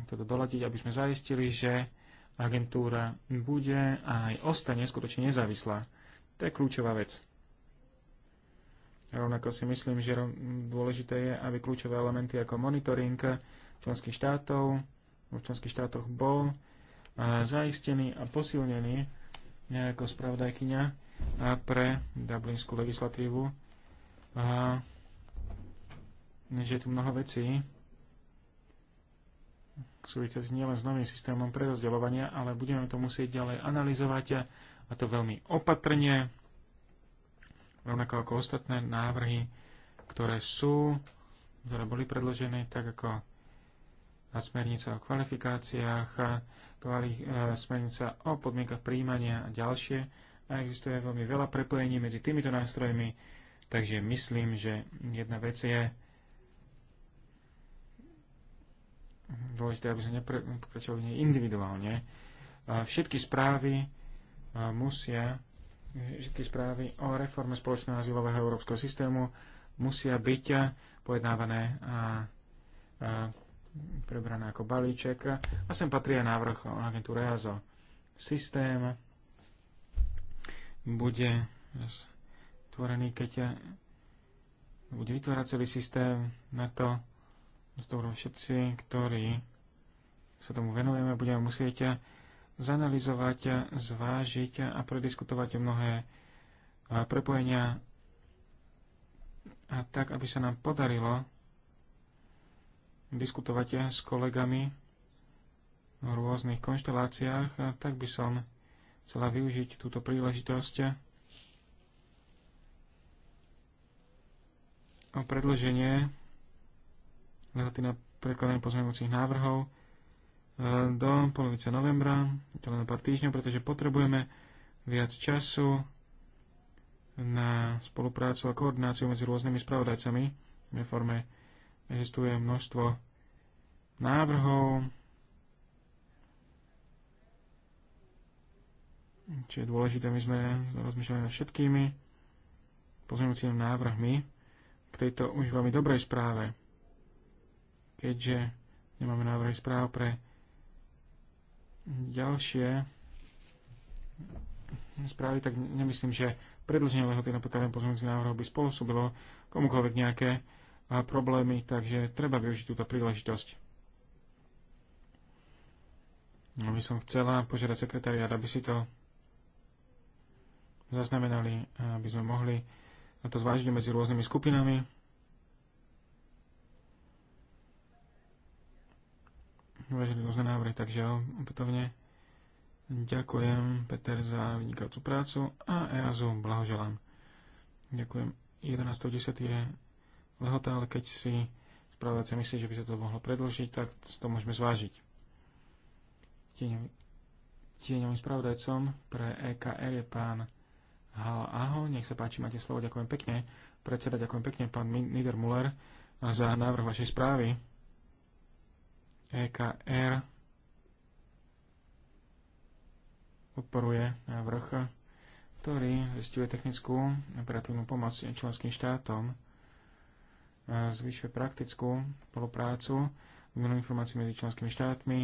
[SPEAKER 3] toto doladiť, aby sme zaistili, že agentúra bude a aj ostane skutočne nezávislá. To je kľúčová vec. Rovnako si myslím, že dôležité je, aby kľúčové elementy ako monitoring členských štátov v členských štátoch bol e, zaistený a posilnený ako spravodajkyňa pre dublinskú legislatívu. A než je tu mnoho vecí, súvisiaci nielen s novým systémom prerozdeľovania, ale budeme to musieť ďalej analyzovať a to veľmi opatrne, rovnako ako ostatné návrhy, ktoré sú, ktoré boli predložené, tak ako a smernica o kvalifikáciách, a kvali, a e, smernica o podmienkach príjmania a ďalšie. A existuje veľmi veľa prepojení medzi týmito nástrojmi, takže myslím, že jedna vec je, dôležité, aby sme nepokračovali individuálne. Všetky správy musia, všetky správy o reforme spoločného azylového európskeho systému musia byť pojednávané a, a prebrané ako balíček. A sem patrí aj návrh o agentúre AZO. Systém bude tvorený, keď bude vytvárať celý systém na to, z toho všetci, ktorí sa tomu venujeme, budeme musieť zanalizovať, zvážiť a prediskutovať mnohé e, prepojenia a tak, aby sa nám podarilo diskutovať s kolegami v rôznych konšteláciách, a tak by som chcela využiť túto príležitosť o predloženie lehoty na prekladanie pozmeňujúcich návrhov e, do polovice novembra, to len pár týždňov, pretože potrebujeme viac času na spoluprácu a koordináciu medzi rôznymi spravodajcami. V forme existuje množstvo návrhov, čo je dôležité, my sme rozmýšľali nad všetkými pozmeňujúcimi návrhmi k tejto už veľmi dobrej správe keďže nemáme návrhy správ pre ďalšie správy, tak nemyslím, že predlženie lehoty na podkladanie pozornosti návrhov by spôsobilo komukoľvek nejaké problémy, takže treba využiť túto príležitosť. No by som chcela požiadať sekretariat, aby si to zaznamenali, aby sme mohli na to zvážiť medzi rôznymi skupinami. Vážené rôzne návrhy, takže opätovne ďakujem Peter za vynikajúcu prácu
[SPEAKER 4] a EASu blahoželám.
[SPEAKER 3] Ďakujem. 11.10 je lehota, ale keď si spravodajca myslí, že by sa to mohlo predlžiť, tak to môžeme zvážiť. Tieňový, tieňovým spravodajcom pre EKR je pán Hala Aho. Nech sa páči, máte slovo. Ďakujem pekne. Predseda, ďakujem pekne, pán Niedermuller, za návrh vašej správy. EKR podporuje návrh, ktorý zistuje technickú operatívnu pomoc členským štátom, zvyšuje praktickú spoluprácu, výmenu informácií medzi členskými štátmi,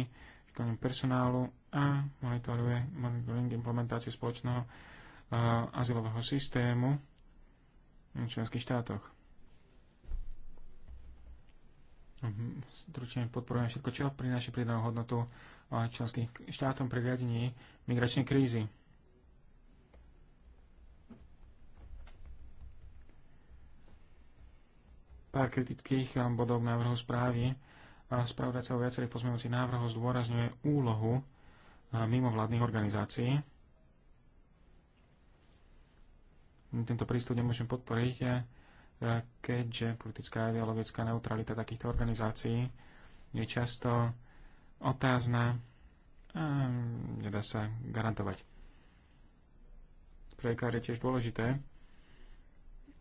[SPEAKER 3] školním personálu a monitoruje monitoring implementácie spoločného azylového systému v členských štátoch Mhm. stručne podporujem všetko, čo prináša pridanú hodnotu členským štátom pri riadení migračnej krízy. Pár kritických bodov návrhu správy. Spravodajca o viacerých pozmeňujúcich návrhov zdôrazňuje úlohu mimovládnych organizácií. Tento prístup nemôžem podporiť keďže politická a ideologická neutralita takýchto organizácií je často otázna a nedá sa garantovať. Pre je tiež dôležité,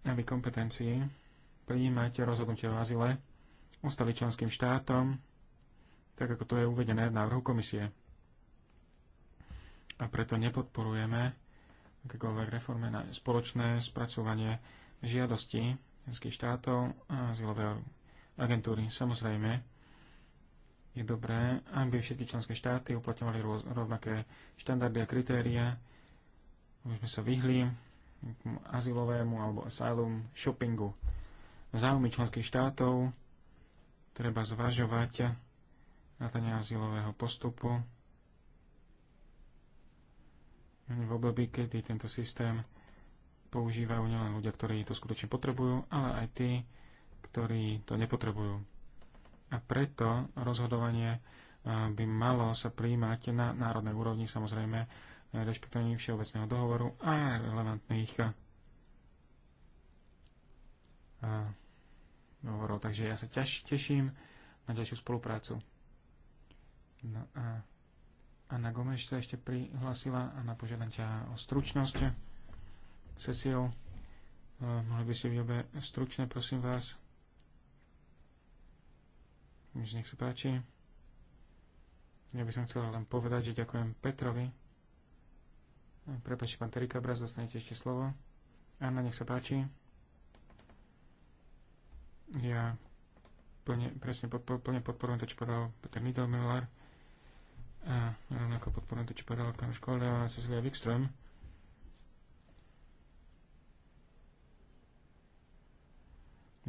[SPEAKER 3] aby kompetencii prijímať rozhodnutie o azile ostali členským štátom, tak ako to je uvedené v návrhu komisie. A preto nepodporujeme akékoľvek reforme na spoločné spracovanie žiadosti členských štátov a azylovej agentúry. Samozrejme, je dobré, aby všetky členské štáty uplatňovali rôz, rovnaké štandardy a kritéria, aby sme sa vyhli azylovému alebo asylum shoppingu. Záujmy členských štátov treba zvažovať vrátanie azylového postupu v období, kedy tento systém používajú nielen ľudia, ktorí to skutočne potrebujú, ale aj tí, ktorí to nepotrebujú. A preto rozhodovanie e, by malo sa príjmať na národnej úrovni, samozrejme, e, rešpektovaním Všeobecného dohovoru a relevantných e, dohovorov. Takže ja sa ťaž, teším na ďalšiu spoluprácu. No a Anna Gomeš sa ešte prihlasila a na požiadam ťa o stručnosť sesiou. mohli by ste byť obe stručné, prosím vás. Takže nech sa páči. Ja by som chcel len povedať, že ďakujem Petrovi. Prepačte, pán Terika, obraz, dostanete ešte slovo. Anna, nech sa páči. Ja plne, presne plne podporujem to, čo povedal Peter Niedermüller. A rovnako podporujem to, čo povedal pán Škole a Cecilia Wikström.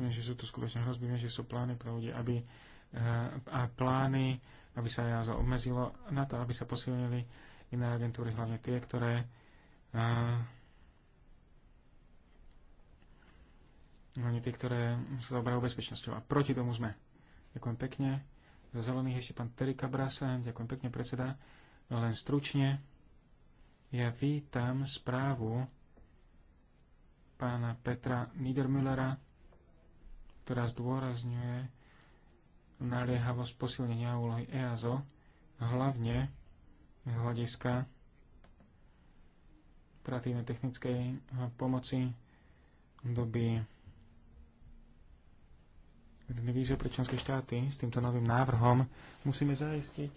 [SPEAKER 3] že sú to skutočne hrozby, že sú plány pre ľudí, aby eh, a plány, aby sa EASO obmedzilo na to, aby sa posilnili iné agentúry, hlavne tie, ktoré a, eh, hlavne tie, ktoré sa zaoberajú bezpečnosťou. A proti tomu sme. Ďakujem pekne. Za zelených ešte pán Terry Brasa. Ďakujem pekne, predseda. Len stručne. Ja vítam správu pána Petra Niedermüllera, ktorá zdôrazňuje naliehavosť posilnenia úlohy EASO, hlavne z hľadiska operatívnej technickej pomoci doby vízie pre členské štáty s týmto novým návrhom musíme zaistiť,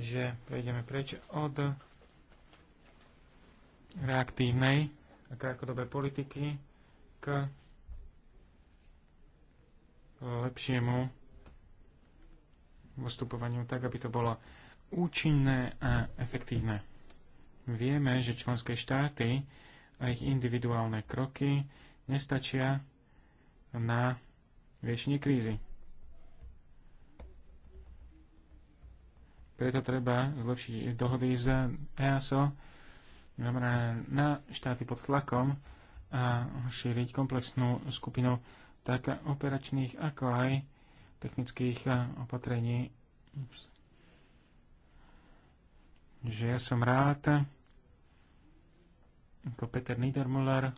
[SPEAKER 3] že prejdeme preč od reaktívnej a krátkodobej politiky k lepšiemu postupovaniu tak, aby to bolo účinné a efektívne. Vieme, že členské štáty a ich individuálne kroky nestačia na riešenie krízy. Preto treba zlepšiť dohody z EASO, znamená na štáty pod tlakom a šíriť komplexnú skupinu tak operačných, ako aj technických eh, opatrení. Že ja som rád, ako Peter Niedermuller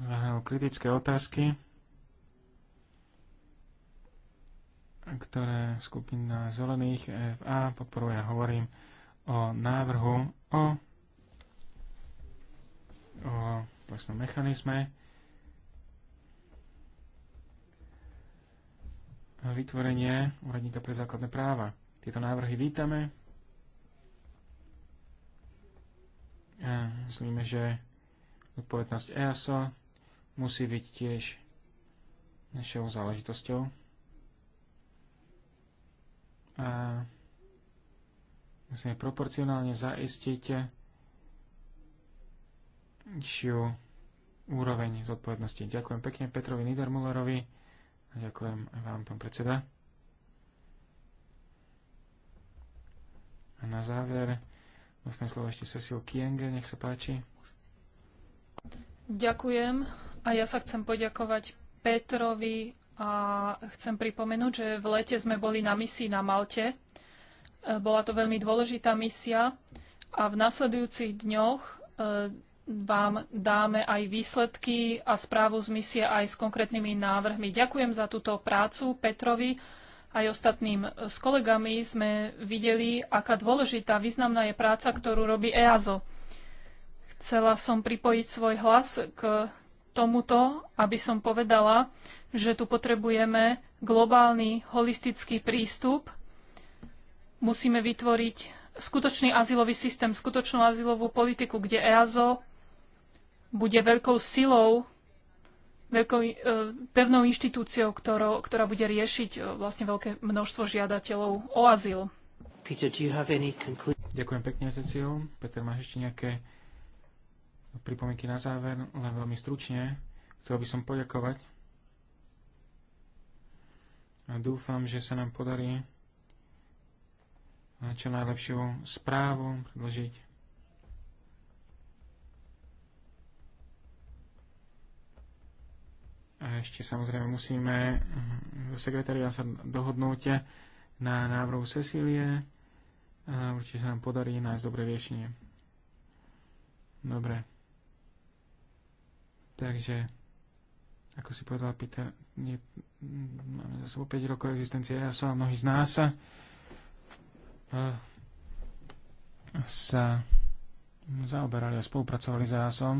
[SPEAKER 3] zahral kritické otázky, ktoré skupina zelených FA podporuje. Hovorím o návrhu o, o vlastnom mechanizme, vytvorenie úradníka pre základné práva. Tieto návrhy vítame. A myslíme, že odpovednosť EASO musí byť tiež našou záležitosťou. A musíme proporcionálne zaistiť nižšiu úroveň zodpovednosti. Ďakujem pekne Petrovi Niedermullerovi Ďakujem vám, pán predseda. A na záver vlastne slovo ešte Cecil Kienge, nech sa páči.
[SPEAKER 4] Ďakujem a ja sa chcem poďakovať Petrovi a chcem pripomenúť, že v lete sme boli na misii na Malte. E, bola to veľmi dôležitá misia a v nasledujúcich dňoch e, vám dáme aj výsledky a správu z misie aj s konkrétnymi návrhmi. Ďakujem za túto prácu Petrovi aj ostatným s kolegami sme videli, aká dôležitá, významná je práca, ktorú robí EASO. Chcela som pripojiť svoj hlas k tomuto, aby som povedala, že tu potrebujeme globálny, holistický prístup. Musíme vytvoriť skutočný azylový systém, skutočnú azylovú politiku, kde EASO bude veľkou silou, veľkou, e, pevnou inštitúciou, ktorou, ktorá bude riešiť e, vlastne veľké množstvo žiadateľov o azyl.
[SPEAKER 3] Peter, do you have any Ďakujem pekne, Cecil. Peter, máš ešte nejaké pripomienky na záver? Len veľmi stručne. Chcel by som poďakovať. A dúfam, že sa nám podarí čo najlepšiu správu predložiť A ešte samozrejme musíme mm, so sekretariám sa dohodnúť na návrhu Cecílie a určite sa nám podarí nájsť dobre riešenie. Dobre. Takže, ako si povedal Peter, nie, máme za sebou 5 rokov existencie EASO a mnohí z nás sa, sa zaoberali a spolupracovali s EASom.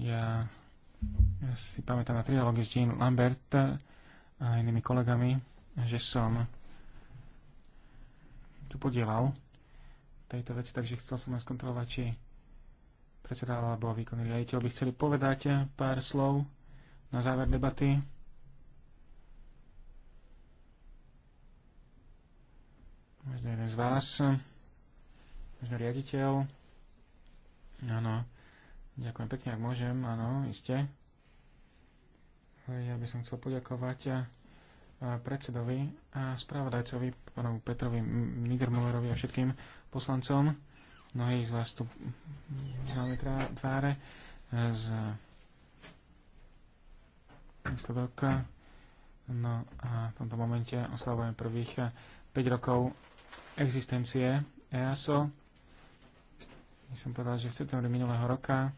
[SPEAKER 3] Ja ja si pamätám na trialógy s Jean Lambert a inými kolegami, že som tu podielal tejto veci, takže chcel som len skontrolovať, či predseda alebo výkonný riaditeľ by chceli povedať pár slov na záver debaty. Možno jeden z vás, možno riaditeľ. Áno. Ďakujem pekne, ak môžem, áno, iste. Ja by som chcel poďakovať eh, predsedovi a spravodajcovi, pánovi Petrovi Niedermüllerovi a všetkým poslancom. Mnohí z vás tu máme tváre eh, z výsledok. No a v tomto momente oslavujem prvých 5 eh, rokov existencie EASO. Ja som povedal, že v septembri minulého roka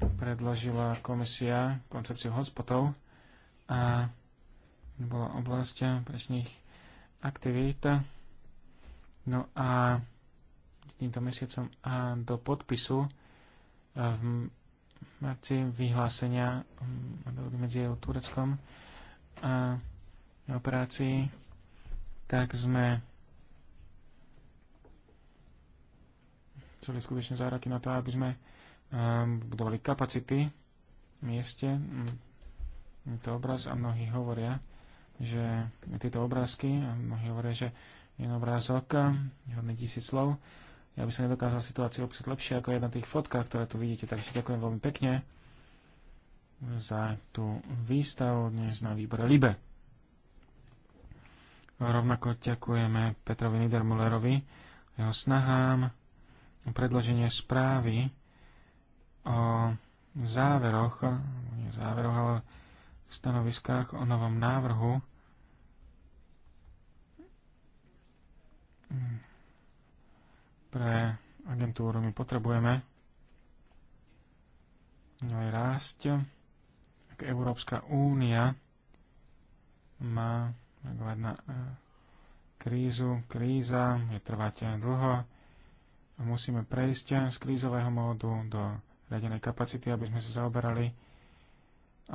[SPEAKER 3] predložila komisia koncepciu hotspotov a bola oblasť prečných aktivít. No a s týmto mesiacom a do podpisu eh, v marci vyhlásenia mm, medzi EU Tureckom a operácii, tak sme chceli skutočne zároky na to, aby sme Ehm, budovali kapacity v mieste. Hm, to obraz a mnohí hovoria, že tieto obrázky, a mnohí hovoria, že jeden obrázok, hodný tisíc slov. Ja by som nedokázal situáciu opísať lepšie ako jedna tých fotkách, ktoré tu vidíte, takže ďakujem veľmi pekne za tú výstavu dnes na výbore Libe. Rovnako ďakujeme Petrovi Niedermullerovi, jeho snahám o predloženie správy o záveroch, nie záveroch, ale v stanoviskách o novom návrhu. Pre agentúru my potrebujeme aj rásť. Ak Európska únia má reagovať na e, krízu, kríza je trvať dlho, musíme prejsť z krízového módu do riadené kapacity, aby sme sa zaoberali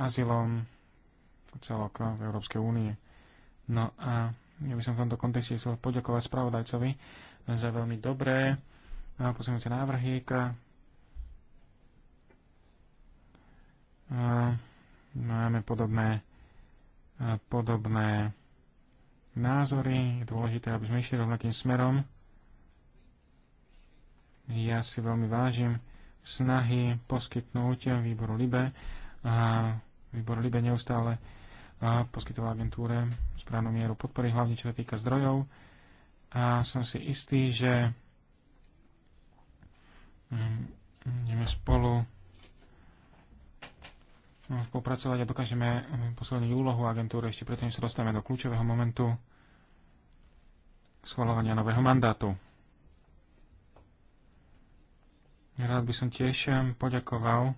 [SPEAKER 3] azylom celok v Európskej únie. No a ja by som v tomto kontexte chcel poďakovať spravodajcovi za veľmi dobré posunúce návrhy k máme podobné podobné názory. Je dôležité, aby sme išli rovnakým smerom. Ja si veľmi vážim snahy poskytnúť výboru LIBE. A výbor LIBE neustále poskytoval agentúre správnu mieru podpory, hlavne čo sa týka zdrojov. A som si istý, že mm, ideme spolu mm, spolupracovať a dokážeme mm, posilniť úlohu agentúry ešte predtým, sa dostaneme do kľúčového momentu schvalovania nového mandátu. Rád by som tiež poďakoval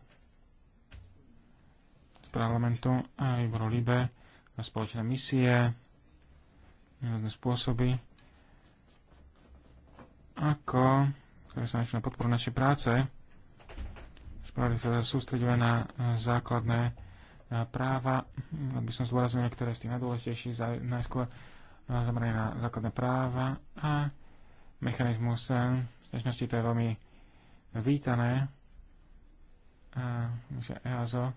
[SPEAKER 3] parlamentu a výboru Libe na spoločné misie, rôzne spôsoby, ako ktoré sa na podporu našej práce. spravili sa sústreduje na e, základné e, práva. Rád by som zdôraznil niektoré z tých najdôležitejších, najskôr e, zameranie na základné práva a mechanizmus stažnosti, to je veľmi vítané. že EASO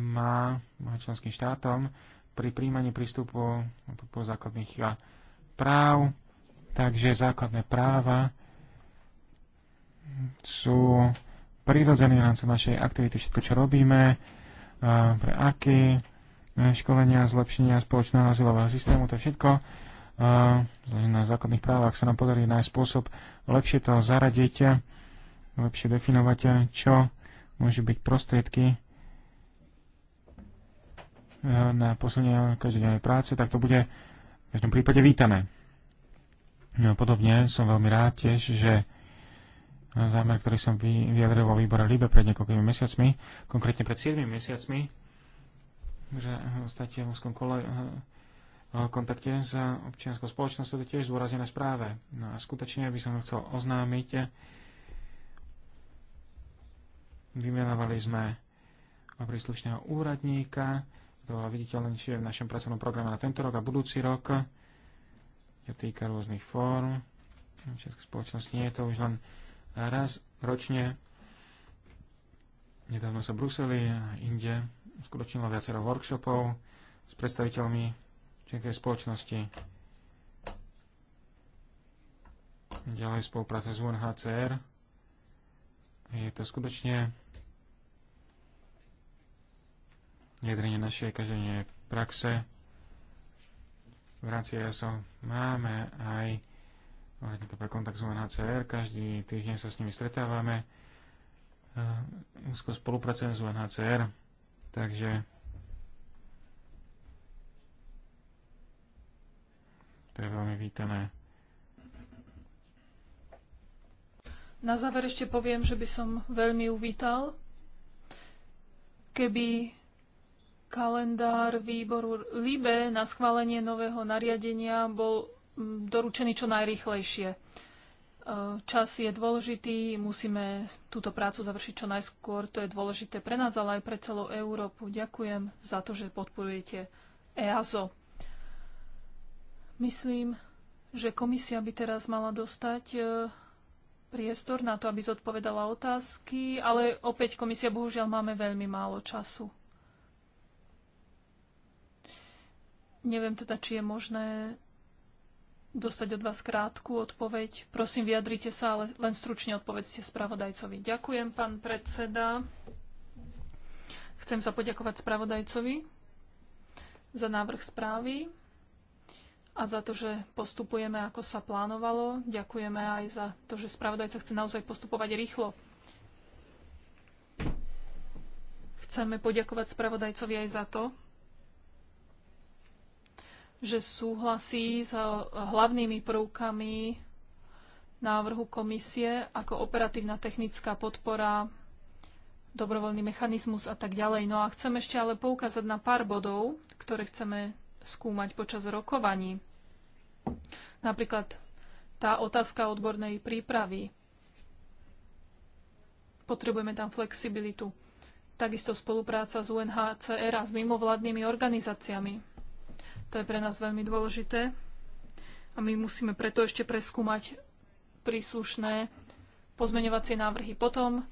[SPEAKER 3] má členským štátom pri príjmaní prístupu po základných práv, takže základné práva sú prirodzené na našej aktivity, všetko, čo robíme, pre aky, e, školenia, zlepšenia spoločného azylového systému, to je všetko na základných právach sa nám podarí nájsť spôsob lepšie to zaradiť lepšie definovať, čo môžu byť prostriedky e, na posunie každodennej práce, tak to bude v každom prípade vítané. No, podobne som veľmi rád tiež, že zámer, ktorý som vyjadril vo výbore LIBE pred niekoľkými mesiacmi, konkrétne pred 7 mesiacmi, že ostate v úzkom kole, e, kontakte s občianskou spoločnosťou to tiež zdôraznené správe. No a skutočne by som chcel oznámiť, Vymenovali sme príslušného úradníka, to bolo viditeľnejšie v našom pracovnom programe na tento rok a budúci rok. Čo týka rôznych fórm, všetkých spoločnosti nie je to už len raz ročne. Nedávno sa Bruseli a inde skutočnilo viacero workshopov s predstaviteľmi všetkej spoločnosti. Ďalej spolupráca s UNHCR. Je to skutočne jedrenie našej každodennej praxe. V rámci ESO máme aj pre kontakt s UNHCR, každý týždeň sa s nimi stretávame, úzko spolupracujem s UNHCR, takže to je veľmi vítané.
[SPEAKER 4] Na záver ešte poviem, že by som veľmi uvítal, keby kalendár výboru LIBE na schválenie nového nariadenia bol doručený čo najrychlejšie. E, čas je dôležitý, musíme túto prácu završiť čo najskôr. To je dôležité pre nás, ale aj pre celú Európu. Ďakujem za to, že podporujete EASO. Myslím, že komisia by teraz mala dostať e, priestor na to, aby zodpovedala otázky, ale opäť komisia bohužiaľ máme veľmi málo času. Neviem teda, či je možné dostať od vás krátku odpoveď. Prosím, vyjadrite sa, ale len stručne odpovedzte spravodajcovi. Ďakujem, pán predseda. Chcem sa poďakovať spravodajcovi za návrh správy a za to, že postupujeme, ako sa plánovalo. Ďakujeme aj za to, že spravodajca chce naozaj postupovať rýchlo. Chceme poďakovať spravodajcovi aj za to, že súhlasí s eh, hlavnými prvkami návrhu komisie ako operatívna technická podpora, dobrovoľný mechanizmus a tak ďalej. No a chcem ešte ale poukázať na pár bodov, ktoré chceme skúmať počas rokovaní. Napríklad tá otázka odbornej prípravy. Potrebujeme tam flexibilitu. Takisto spolupráca s UNHCR a s mimovládnymi organizáciami to je pre nás veľmi dôležité. A my musíme preto ešte preskúmať príslušné pozmeňovacie návrhy. Potom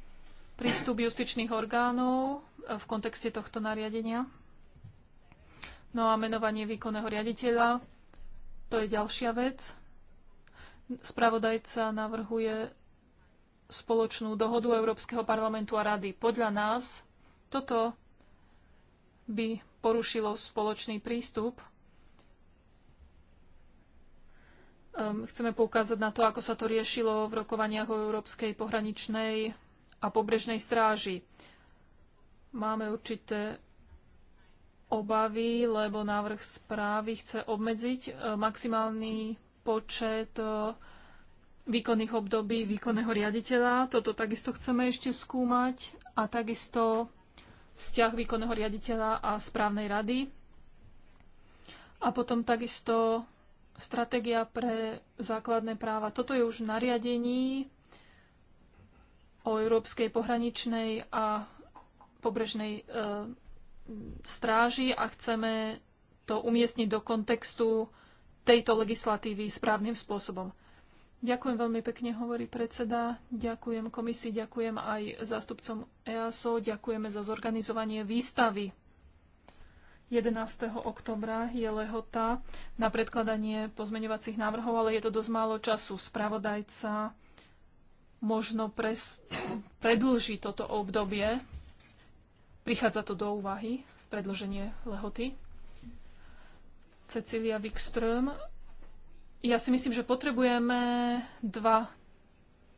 [SPEAKER 4] prístup justičných orgánov e, v kontexte tohto nariadenia. No a menovanie výkonného riaditeľa, to je ďalšia vec. Spravodajca navrhuje spoločnú dohodu Európskeho parlamentu a rady. Podľa nás toto by porušilo spoločný prístup Ehm, chceme poukázať na to, ako sa to riešilo v rokovaniach o Európskej pohraničnej a pobrežnej stráži. Máme určité obavy, lebo návrh správy chce obmedziť ehm, maximálny počet ehm, výkonných období výkonného riaditeľa. Toto takisto chceme ešte skúmať a takisto vzťah výkonného riaditeľa a správnej rady. A potom takisto stratégia pre základné práva. Toto je už v nariadení o Európskej pohraničnej a pobrežnej e, stráži a chceme to umiestniť do kontextu tejto legislatívy správnym spôsobom. Ďakujem veľmi pekne, hovorí predseda. Ďakujem komisii, ďakujem aj zástupcom EASO, ďakujeme za zorganizovanie výstavy. 11. oktobra je lehota na predkladanie pozmeňovacích návrhov, ale je to dosť málo času. Spravodajca možno pres, predlží toto obdobie. Prichádza to do úvahy, predloženie lehoty. Cecília Wikström. Ja si myslím, že potrebujeme dva,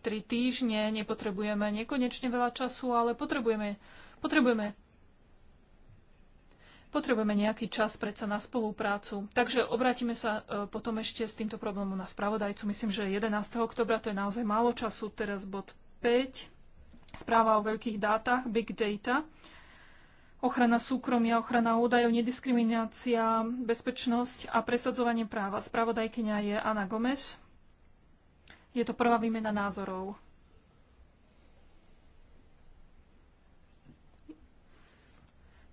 [SPEAKER 4] tri týždne, nepotrebujeme nekonečne veľa času, ale potrebujeme, potrebujeme potrebujeme nejaký čas predsa na spoluprácu. Takže obrátime sa e, potom ešte s týmto problémom na spravodajcu. Myslím, že 11. oktobra to je naozaj málo času. Teraz bod 5. Správa o veľkých dátach, big data. Ochrana súkromia, ochrana údajov, nediskriminácia, bezpečnosť a presadzovanie práva. Spravodajkyňa je Ana Gomes. Je to prvá výmena názorov.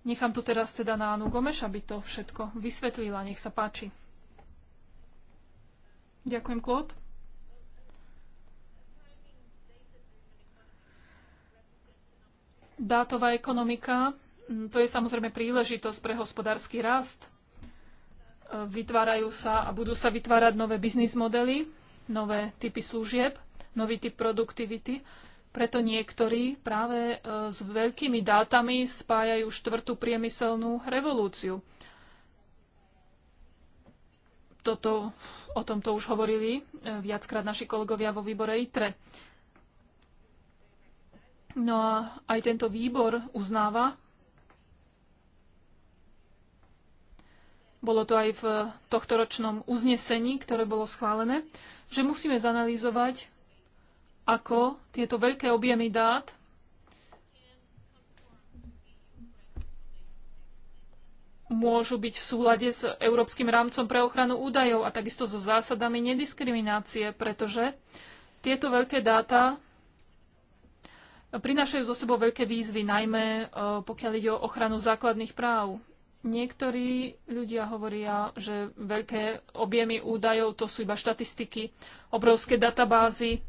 [SPEAKER 4] Nechám to teraz teda na Anu Gomeš, aby to všetko vysvetlila. Nech sa páči. Ďakujem, Klód. Dátová ekonomika, mm, to je samozrejme príležitosť pre hospodársky rast. Vytvárajú sa a budú sa vytvárať nové biznis modely, nové typy služieb, nový typ produktivity preto niektorí práve e, s veľkými dátami spájajú štvrtú priemyselnú revolúciu. Toto, o tomto už hovorili e, viackrát naši kolegovia vo výbore ITRE. No a aj tento výbor uznáva, bolo to aj v tohtoročnom uznesení, ktoré bolo schválené, že musíme zanalýzovať ako tieto veľké objemy dát môžu byť v súhľade s Európskym rámcom pre ochranu údajov a takisto so zásadami nediskriminácie, pretože tieto veľké dáta prinášajú zo sebou veľké výzvy, najmä e, pokiaľ ide o ochranu základných práv. Niektorí ľudia hovoria, že veľké objemy údajov to sú iba štatistiky, obrovské databázy,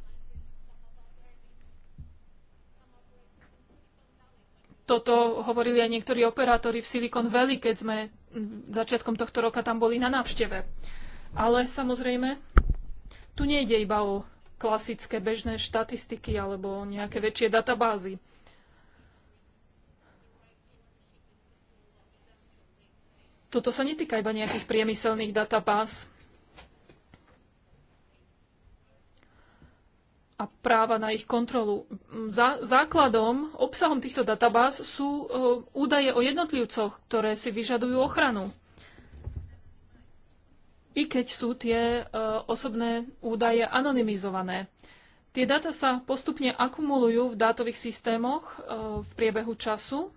[SPEAKER 4] Toto hovorili aj niektorí operátori v Silicon Valley, keď sme začiatkom tohto roka tam boli na návšteve. Ale samozrejme, tu nejde iba o klasické bežné štatistiky alebo nejaké väčšie databázy. Toto sa netýka iba nejakých priemyselných databáz. a práva na ich kontrolu. Mm, za, základom, obsahom týchto databáz sú e, údaje o jednotlivcoch, ktoré si vyžadujú ochranu. I keď sú tie e, osobné údaje anonymizované. Tie dáta sa postupne akumulujú v dátových systémoch e, v priebehu času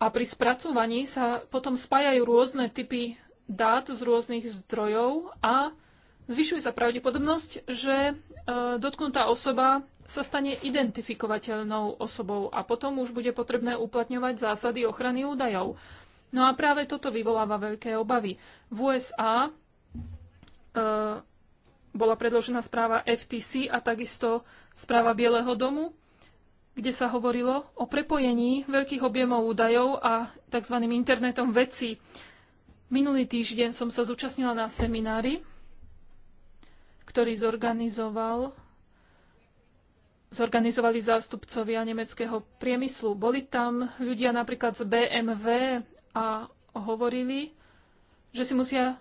[SPEAKER 4] a pri spracovaní sa potom spájajú rôzne typy dát z rôznych zdrojov a zvyšuje sa pravdepodobnosť, že e, dotknutá osoba sa stane identifikovateľnou osobou a potom už bude potrebné uplatňovať zásady ochrany údajov. No a práve toto vyvoláva veľké obavy. V USA e, bola predložená správa FTC a takisto správa Bieleho domu, kde sa hovorilo o prepojení veľkých objemov údajov a tzv. internetom vecí. Minulý týždeň som sa zúčastnila na seminári ktorý zorganizoval zorganizovali zástupcovia nemeckého priemyslu. Boli tam ľudia napríklad z BMW a hovorili, že si musia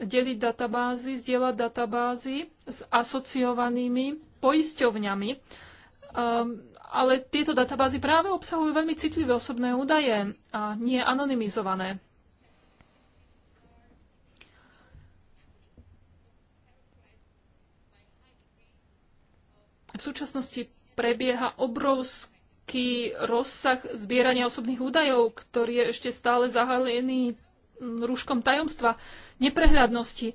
[SPEAKER 4] deliť databázy, zdieľať databázy s asociovanými poisťovňami. Um, ale tieto databázy práve obsahujú veľmi citlivé osobné údaje a nie anonymizované. V súčasnosti prebieha obrovský rozsah zbierania osobných údajov, ktorý je ešte stále zahalený rúškom tajomstva, neprehľadnosti.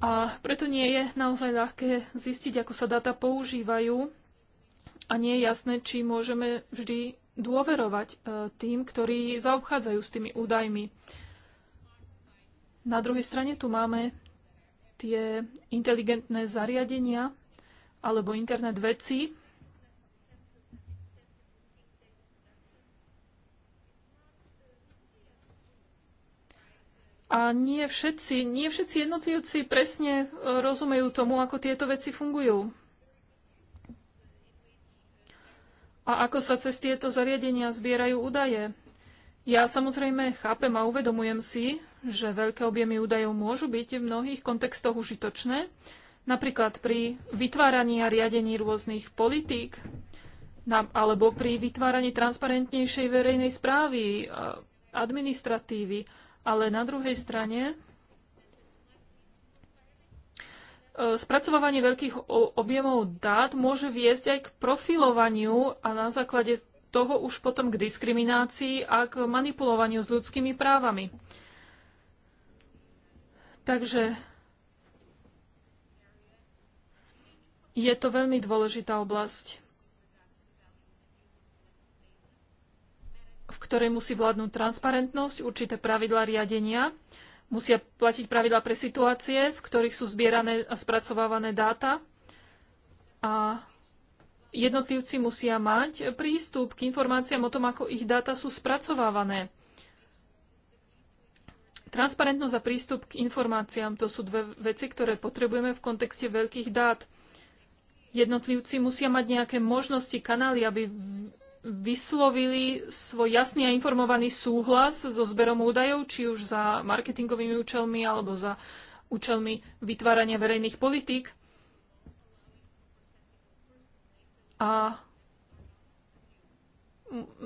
[SPEAKER 4] A preto nie je naozaj ľahké zistiť, ako sa dáta používajú a nie je jasné, či môžeme vždy dôverovať e, tým, ktorí zaobchádzajú s tými údajmi. Na druhej strane tu máme tie inteligentné zariadenia, alebo internet veci. A nie všetci, nie všetci jednotlivci presne e, rozumejú tomu, ako tieto veci fungujú. A ako sa cez tieto zariadenia zbierajú údaje. Ja samozrejme chápem a uvedomujem si, že veľké objemy údajov môžu byť v mnohých kontextoch užitočné, Napríklad pri vytváraní a riadení rôznych politík, alebo pri vytváraní transparentnejšej verejnej správy, e, administratívy. Ale na druhej strane e, spracovávanie veľkých objemov dát môže viesť aj k profilovaniu a na základe toho už potom k diskriminácii a k manipulovaniu s ľudskými právami. Takže Je to veľmi dôležitá oblasť, v ktorej musí vládnuť transparentnosť, určité pravidlá riadenia, musia platiť pravidlá pre situácie, v ktorých sú zbierané a spracovávané dáta a jednotlivci musia mať prístup k informáciám o tom, ako ich dáta sú spracovávané. Transparentnosť a prístup k informáciám to sú dve veci, ktoré potrebujeme v kontexte veľkých dát. Jednotlivci musia mať nejaké možnosti, kanály, aby vyslovili svoj jasný a informovaný súhlas so zberom údajov, či už za marketingovými účelmi alebo za účelmi vytvárania verejných politík. A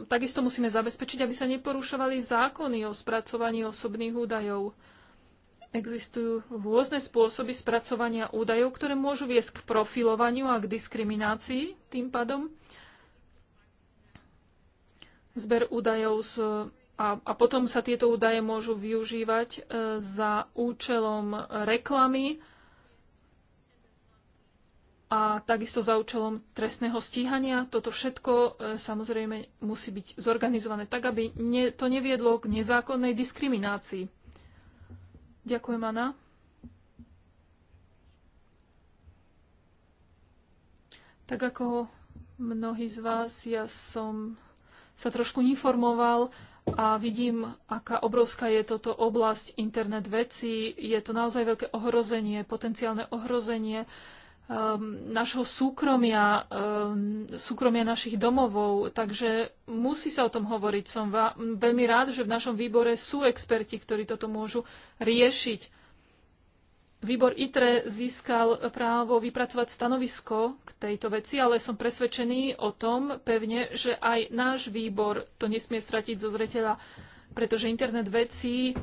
[SPEAKER 4] takisto musíme zabezpečiť, aby sa neporušovali zákony o spracovaní osobných údajov. Existujú rôzne spôsoby spracovania údajov, ktoré môžu viesť k profilovaniu a k diskriminácii tým pádom. Zber údajov z, a, a potom sa tieto údaje môžu využívať e, za účelom reklamy a takisto za účelom trestného stíhania. Toto všetko e, samozrejme musí byť zorganizované tak, aby ne, to neviedlo k nezákonnej diskriminácii. Ďakujem, Ana. Tak ako mnohí z vás, ja som sa trošku informoval a vidím, aká obrovská je toto oblasť internet veci. Je to naozaj veľké ohrozenie, potenciálne ohrozenie Ehm, našho súkromia, ehm, súkromia našich domovov. Takže musí sa o tom hovoriť. Som veľmi rád, že v našom výbore sú experti, ktorí toto môžu riešiť. Výbor ITRE získal právo vypracovať stanovisko k tejto veci, ale som presvedčený o tom pevne, že aj náš výbor to nesmie stratiť zo zreteľa, pretože internet vecí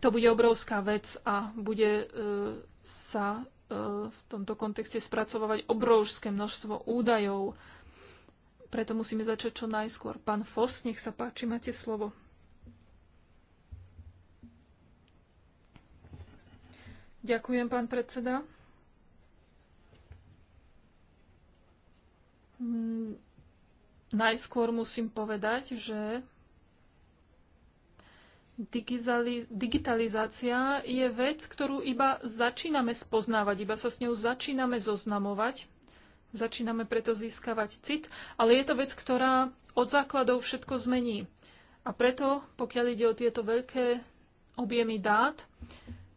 [SPEAKER 4] to bude obrovská vec a bude e, sa Eh, v tomto kontexte spracovávať obrovské množstvo údajov. Preto musíme začať čo najskôr. Pán Fos, nech sa páči, máte slovo. Ďakujem, pán predseda. Mm, najskôr musím povedať, že digitalizácia je vec, ktorú iba začíname spoznávať, iba sa s ňou začíname zoznamovať, začíname preto získavať cit, ale je to vec, ktorá od základov všetko zmení. A preto, pokiaľ ide o tieto veľké objemy dát,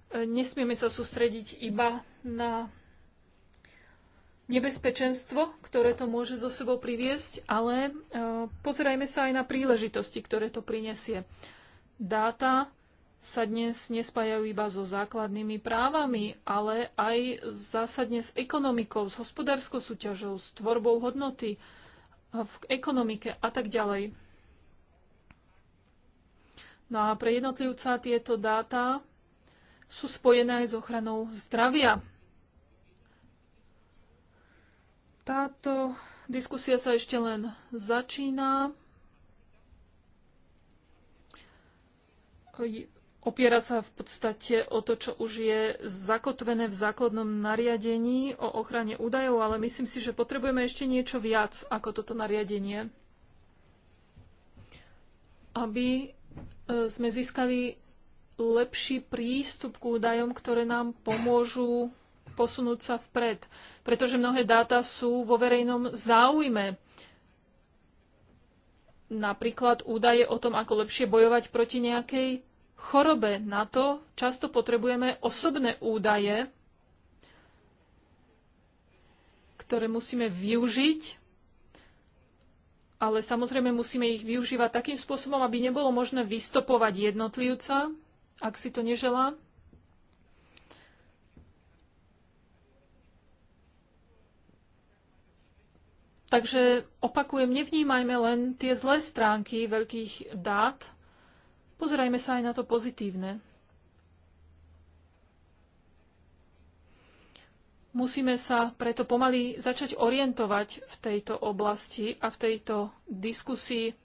[SPEAKER 4] e, nesmieme sa sústrediť iba na nebezpečenstvo, ktoré to môže zo sebou priviesť, ale e, pozerajme sa aj na príležitosti, ktoré to prinesie dáta sa dnes nespájajú iba so základnými právami, ale aj zásadne s ekonomikou, s hospodárskou súťažou, s tvorbou hodnoty v ekonomike a tak ďalej. No a pre jednotlivca tieto dáta sú spojené aj s ochranou zdravia. Táto diskusia sa ešte len začína. opiera sa v podstate o to, čo už je zakotvené v základnom nariadení o ochrane údajov, ale myslím si, že potrebujeme ešte niečo viac ako toto nariadenie, aby e, sme získali lepší prístup k údajom, ktoré nám pomôžu posunúť sa vpred. Pretože mnohé dáta sú vo verejnom záujme napríklad údaje o tom, ako lepšie bojovať proti nejakej chorobe na to často potrebujeme osobné údaje, ktoré musíme využiť, ale samozrejme musíme ich využívať takým spôsobom, aby nebolo možné vystopovať jednotlivca, ak si to neželá. Takže opakujem, nevnímajme len tie zlé stránky veľkých dát, Pozerajme sa aj na to pozitívne. Musíme sa preto pomaly začať orientovať v tejto oblasti a v tejto diskusii,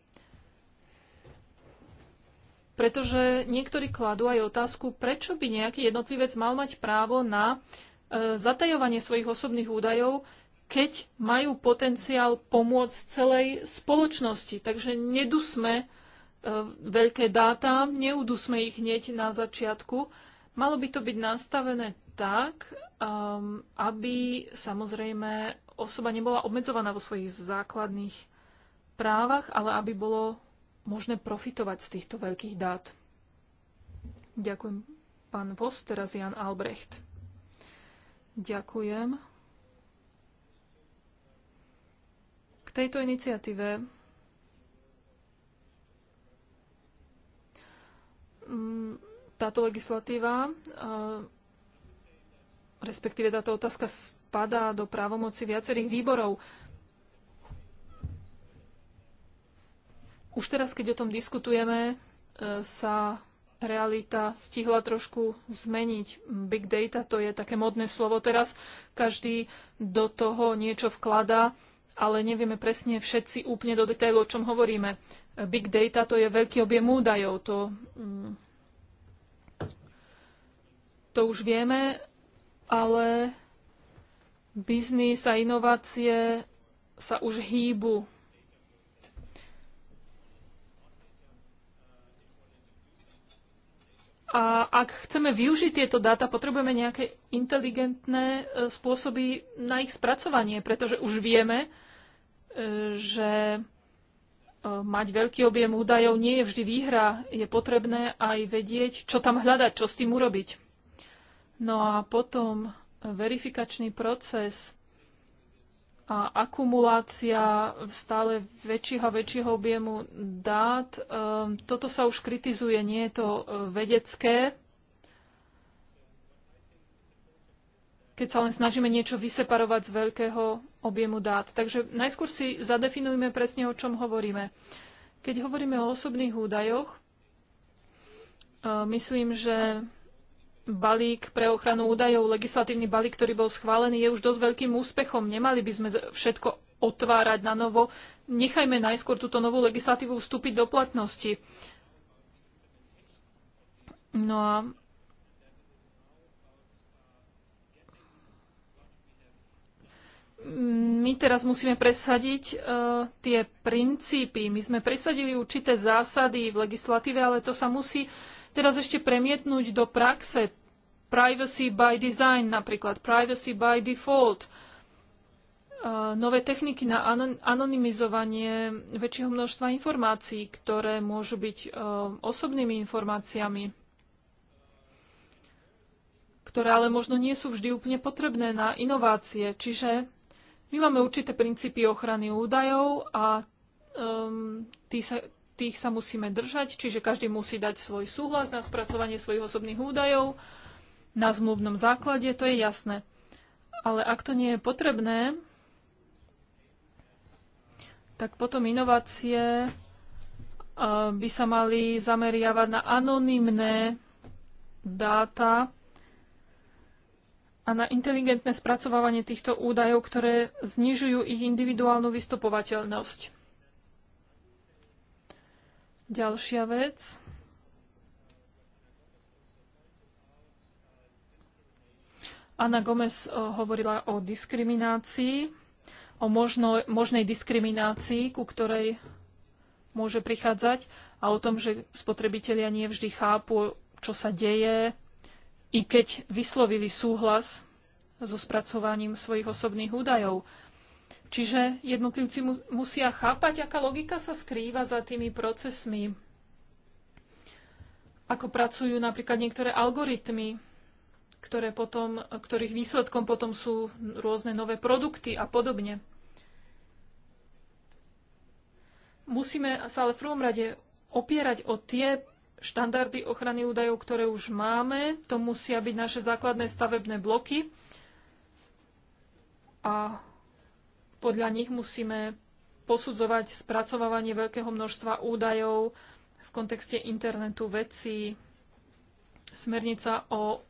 [SPEAKER 4] pretože niektorí kladú aj otázku, prečo by nejaký jednotlivec mal mať právo na e, zatajovanie svojich osobných údajov, keď majú potenciál pomôcť celej spoločnosti. Takže nedusme E, veľké dáta, neudú sme ich hneď na začiatku. Malo by to byť nastavené tak, um, aby samozrejme osoba nebola obmedzovaná vo svojich základných právach, ale aby bolo možné profitovať z týchto veľkých dát. Ďakujem, pán Vos, teraz Jan Albrecht. Ďakujem. K tejto iniciatíve Mm, táto legislatíva, eh, respektíve táto otázka spadá do právomoci viacerých výborov. Už teraz, keď o tom diskutujeme, eh, sa realita stihla trošku zmeniť. Big data to je také modné slovo teraz. Každý do toho niečo vkladá, ale nevieme presne všetci úplne do detailu, o čom hovoríme. Big data to je veľký objem údajov, to, mm, to už vieme, ale biznis a inovácie sa už hýbu. A ak chceme využiť tieto dáta, potrebujeme nejaké inteligentné e, spôsoby na ich spracovanie, pretože už vieme, e, že E, mať veľký objem údajov nie je vždy výhra. Je potrebné aj vedieť, čo tam hľadať, čo s tým urobiť. No a potom verifikačný proces a akumulácia stále väčšieho a väčšieho objemu dát. E, toto sa už kritizuje, nie je to e, vedecké, keď sa len snažíme niečo vyseparovať z veľkého objemu dát. Takže najskôr si zadefinujme presne, o čom hovoríme. Keď hovoríme o osobných údajoch, e, myslím, že balík pre ochranu údajov, legislatívny balík, ktorý bol schválený, je už dosť veľkým úspechom. Nemali by sme všetko otvárať na novo. Nechajme najskôr túto novú legislatívu vstúpiť do platnosti. No a my teraz musíme presadiť e, tie princípy. My sme presadili určité zásady v legislatíve, ale to sa musí teraz ešte premietnúť do praxe. Privacy by design napríklad, privacy by default, e, nové techniky na anonymizovanie väčšieho množstva informácií, ktoré môžu byť e, osobnými informáciami, ktoré ale možno nie sú vždy úplne potrebné na inovácie. Čiže my máme určité princípy ochrany údajov a um, tých, sa, tých sa musíme držať, čiže každý musí dať svoj súhlas na spracovanie svojich osobných údajov na zmluvnom základe, to je jasné. Ale ak to nie je potrebné, tak potom inovácie uh, by sa mali zameriavať na anonymné dáta a na inteligentné spracovávanie týchto údajov, ktoré znižujú ich individuálnu vystupovateľnosť. Ďalšia vec. Ana Gomez eh, hovorila o diskriminácii, o možno, možnej diskriminácii, ku ktorej môže prichádzať a o tom, že spotrebitelia nie vždy chápu, čo sa deje, i keď vyslovili súhlas so spracovaním svojich osobných údajov. Čiže jednotlivci musia chápať, aká logika sa skrýva za tými procesmi, ako pracujú napríklad niektoré algoritmy, ktoré potom, ktorých výsledkom potom sú rôzne nové produkty a podobne. Musíme sa ale v prvom rade opierať o tie štandardy ochrany údajov, ktoré už máme. To musia byť naše základné stavebné bloky. A podľa nich musíme posudzovať spracovávanie veľkého množstva údajov v kontexte internetu vecí, smernica o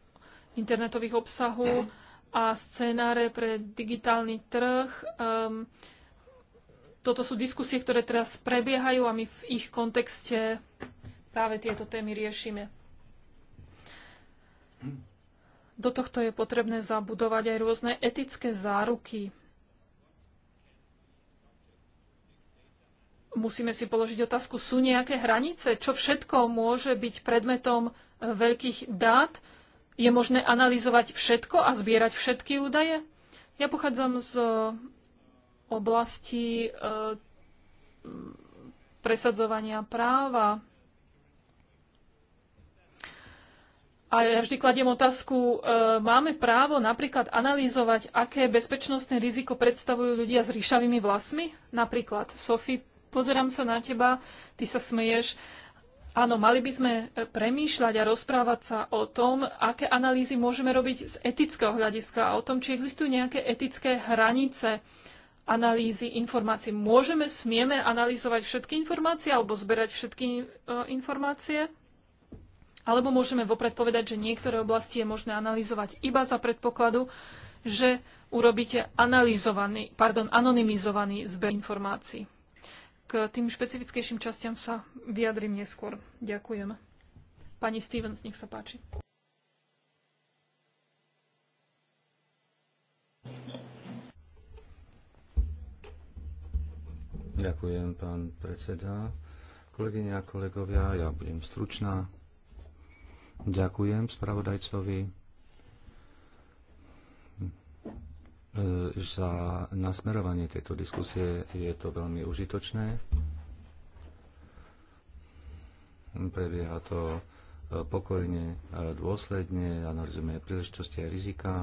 [SPEAKER 4] internetových obsahu a scénáre pre digitálny trh. Um, toto sú diskusie, ktoré teraz prebiehajú a my v ich kontexte práve tieto témy riešime. Do tohto je potrebné zabudovať aj rôzne etické záruky. Musíme si položiť otázku, sú nejaké hranice? Čo všetko môže byť predmetom veľkých dát? Je možné analyzovať všetko a zbierať všetky údaje? Ja pochádzam z e, oblasti e, presadzovania práva A ja vždy kladiem otázku, e, máme právo napríklad analýzovať, aké bezpečnostné riziko predstavujú ľudia s ríšavými vlasmi? Napríklad, Sofi, pozerám sa na teba, ty sa smeješ. Áno, mali by sme e, premýšľať a rozprávať sa o tom, aké analýzy môžeme robiť z etického hľadiska a o tom, či existujú nejaké etické hranice analýzy informácií. Môžeme, smieme analýzovať všetky informácie alebo zberať všetky e, informácie? Alebo môžeme vopred povedať, že niektoré oblasti je možné analyzovať iba za predpokladu, že urobíte analyzovaný, pardon, anonymizovaný zber informácií. K tým špecifickejším častiam sa vyjadrím neskôr. Ďakujem. Pani Stevens, nech sa páči.
[SPEAKER 2] Ďakujem, pán predseda. Kolegyne a kolegovia, ja budem stručná. Ďakujem spravodajcovi e, za nasmerovanie tejto diskusie. Je to veľmi užitočné. Prebieha to e, pokojne, dôsledne, analizujeme príležitosti a rizika.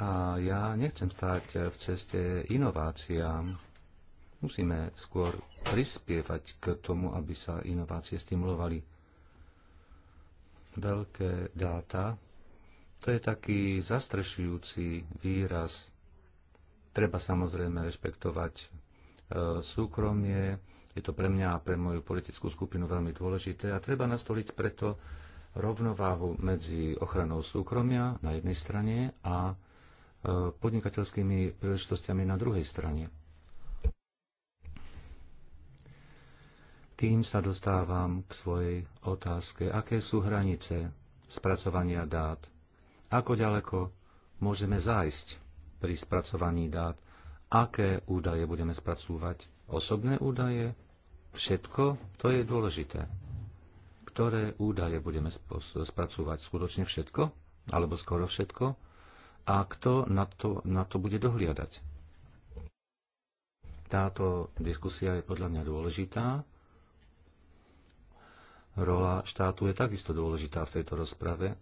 [SPEAKER 2] A ja nechcem stáť v ceste inováciám. Musíme skôr prispievať k tomu, aby sa inovácie stimulovali veľké dáta, to je taký zastrešujúci výraz. Treba samozrejme rešpektovať e, súkromie, je to pre mňa a pre moju politickú skupinu veľmi dôležité a treba nastoliť preto rovnováhu medzi ochranou súkromia na jednej strane a e, podnikateľskými príležitostiami na druhej strane. Tým sa dostávam k svojej otázke, aké sú hranice spracovania dát, ako ďaleko môžeme zájsť pri spracovaní dát, aké údaje budeme spracúvať, osobné údaje, všetko, to je dôležité. Ktoré údaje budeme spracúvať, skutočne všetko, alebo skoro všetko, a kto na to, na to bude dohliadať. Táto diskusia je podľa mňa dôležitá, Rola štátu je takisto dôležitá v tejto rozprave,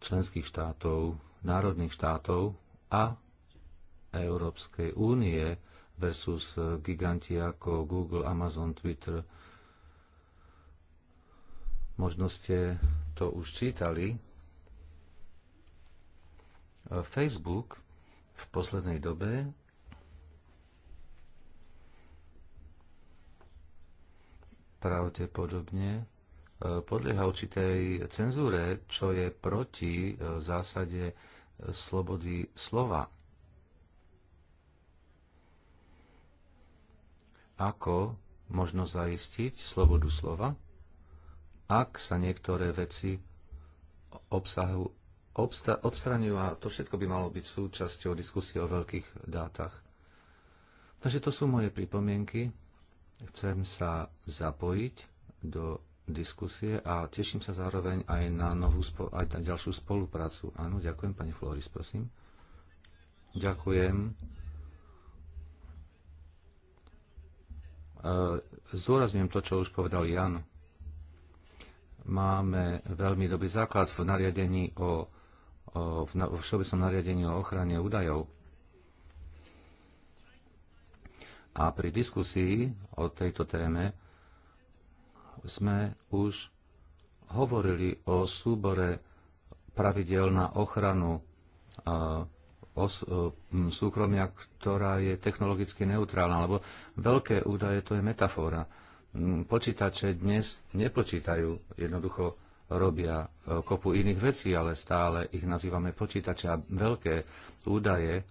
[SPEAKER 2] členských štátov, národných štátov a Európskej únie versus giganti ako Google, Amazon, Twitter. Možno ste to už čítali. Facebook v poslednej dobe pravdepodobne podlieha určitej cenzúre, čo je proti e, zásade e, slobody slova. Ako možno zaistiť slobodu slova, ak sa niektoré veci obsahu odstraňujú a to všetko by malo byť súčasťou diskusie o veľkých dátach. Takže to sú moje pripomienky. Chcem sa zapojiť do diskusie a teším sa zároveň aj na, novú, aj na ďalšiu spoluprácu. Áno, ďakujem, pani Floris, prosím. Ďakujem. E, Zúrazňujem to, čo už povedal Jan. Máme veľmi dobrý základ v nariadení o, o v, na, všeobecnom nariadení o ochrane údajov. A pri diskusii o tejto téme sme už hovorili o súbore pravidel na ochranu os, e, súkromia, ktorá je technologicky neutrálna, lebo veľké údaje to je metafora. Počítače dnes nepočítajú, jednoducho robia e, kopu iných vecí, ale stále ich nazývame počítače a veľké údaje e,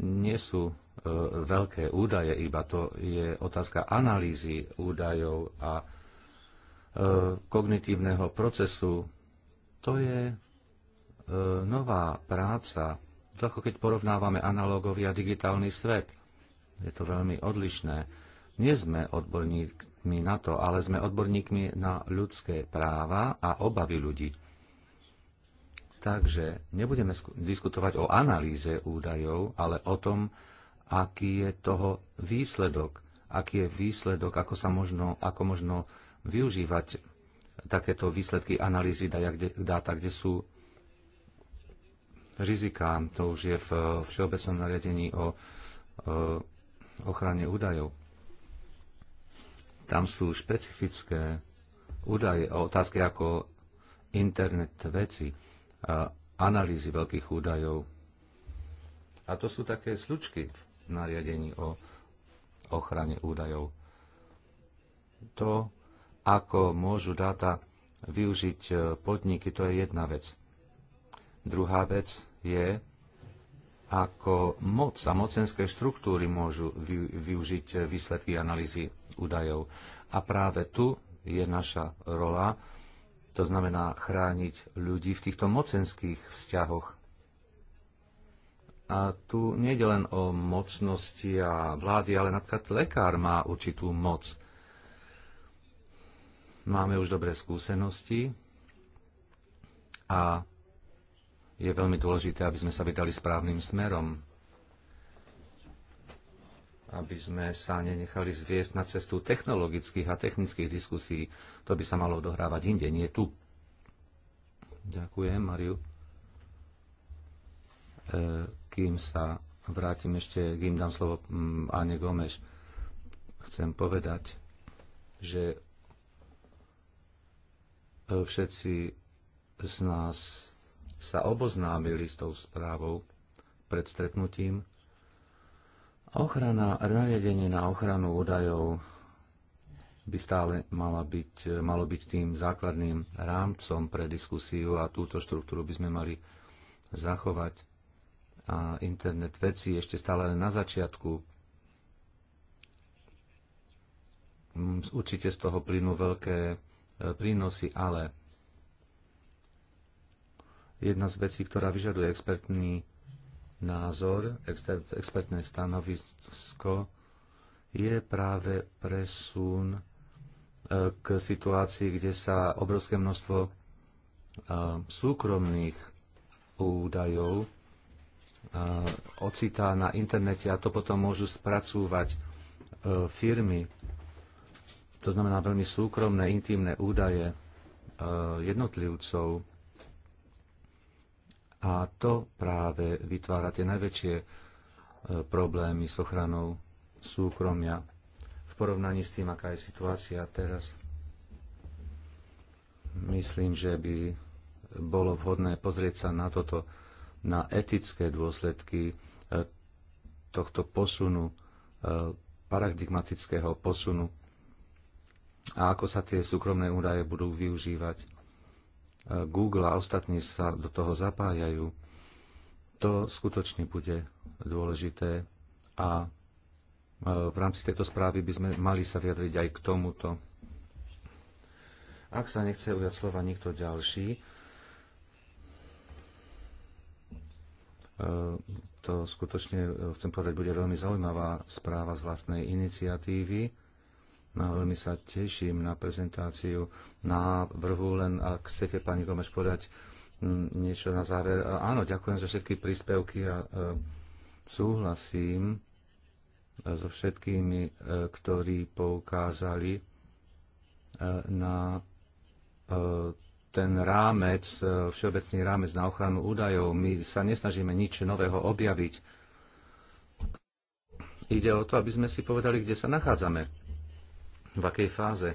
[SPEAKER 2] nie sú E, veľké údaje, iba to je otázka analýzy údajov a e, kognitívneho procesu. To je e, nová práca, to ako keď porovnávame analógový a digitálny svet. Je to veľmi odlišné. Nie sme odborníkmi na to, ale sme odborníkmi na ľudské práva a obavy ľudí. Takže nebudeme diskutovať o analýze údajov, ale o tom, aký je toho výsledok, aký je výsledok, ako sa možno, ako možno využívať takéto výsledky analýzy dáta, kde sú riziká. To už je v Všeobecnom nariadení o ochrane údajov. Tam sú špecifické údaje o otázke ako internet veci, analýzy veľkých údajov. A to sú také slučky v nariadení o ochrane údajov. To, ako môžu dáta využiť e, podniky, to je jedna vec. Druhá vec je, ako moc a mocenské štruktúry môžu využiť e, výsledky analýzy údajov. A práve tu je naša rola, to znamená chrániť ľudí v týchto mocenských vzťahoch a tu nejde len o mocnosti a vlády, ale napríklad lekár má určitú moc. Máme už dobré skúsenosti a je veľmi dôležité, aby sme sa vydali správnym smerom aby sme sa nenechali zviesť na cestu technologických a technických diskusí. To by sa malo odohrávať inde, nie tu. Ďakujem, Mariu. E, kým sa vrátim ešte, kým dám slovo mm, Áne Gomeš, chcem povedať, že e, všetci z nás sa oboznámili s tou správou pred stretnutím. Ochrana, nariadenie na ochranu údajov by stále mala byť, e, malo byť tým základným rámcom pre diskusiu a túto štruktúru by sme mali zachovať a internet veci ešte stále len na začiatku. Mm, určite z toho plynú veľké e, prínosy, ale jedna z vecí, ktorá vyžaduje expertný názor, expertné stanovisko, je práve presun e, k situácii, kde sa obrovské množstvo e, súkromných údajov ocitá na internete a to potom môžu spracúvať e, firmy, to znamená veľmi súkromné, intimné údaje e, jednotlivcov. A to práve vytvára tie najväčšie e, problémy s ochranou súkromia v porovnaní s tým, aká je situácia teraz. Myslím, že by bolo vhodné pozrieť sa na toto na etické dôsledky e, tohto posunu, e, paradigmatického posunu a ako sa tie súkromné údaje budú využívať. E, Google a ostatní sa do toho zapájajú. To skutočne bude dôležité a v rámci tejto správy by sme mali sa vyjadriť aj k tomuto. Ak sa nechce ujať slova nikto ďalší, E, to skutočne, e, chcem povedať, bude veľmi zaujímavá správa z vlastnej iniciatívy. No, veľmi sa teším na prezentáciu návrhu, len ak chcete, pani Gomeš, podať niečo na záver. E, áno, ďakujem za všetky príspevky a súhlasím so všetkými, ktorí poukázali na ten rámec, e, všeobecný rámec na ochranu údajov. My sa nesnažíme nič nového objaviť. Ide o to, aby sme si povedali, kde sa nachádzame, v akej fáze.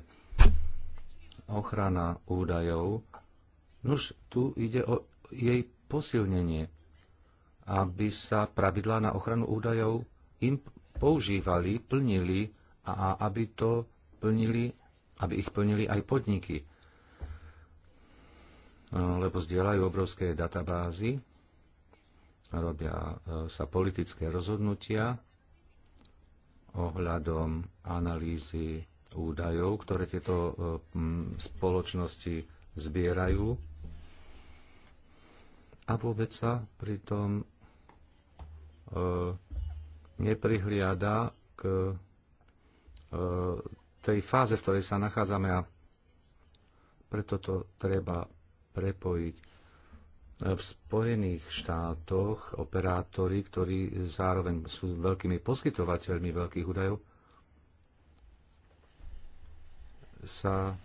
[SPEAKER 2] Ochrana údajov. Nuž, tu ide o jej posilnenie, aby sa pravidlá na ochranu údajov im používali, plnili a aby to plnili, aby ich plnili aj podniky lebo zdieľajú obrovské databázy, robia e, sa politické rozhodnutia ohľadom analýzy údajov, ktoré tieto e, spoločnosti zbierajú a vôbec sa pritom e, neprihliada k tej fáze, v ktorej sa nachádzame a preto to treba prepojiť. V Spojených štátoch operátori, ktorí zároveň sú veľkými poskytovateľmi veľkých údajov, sa e,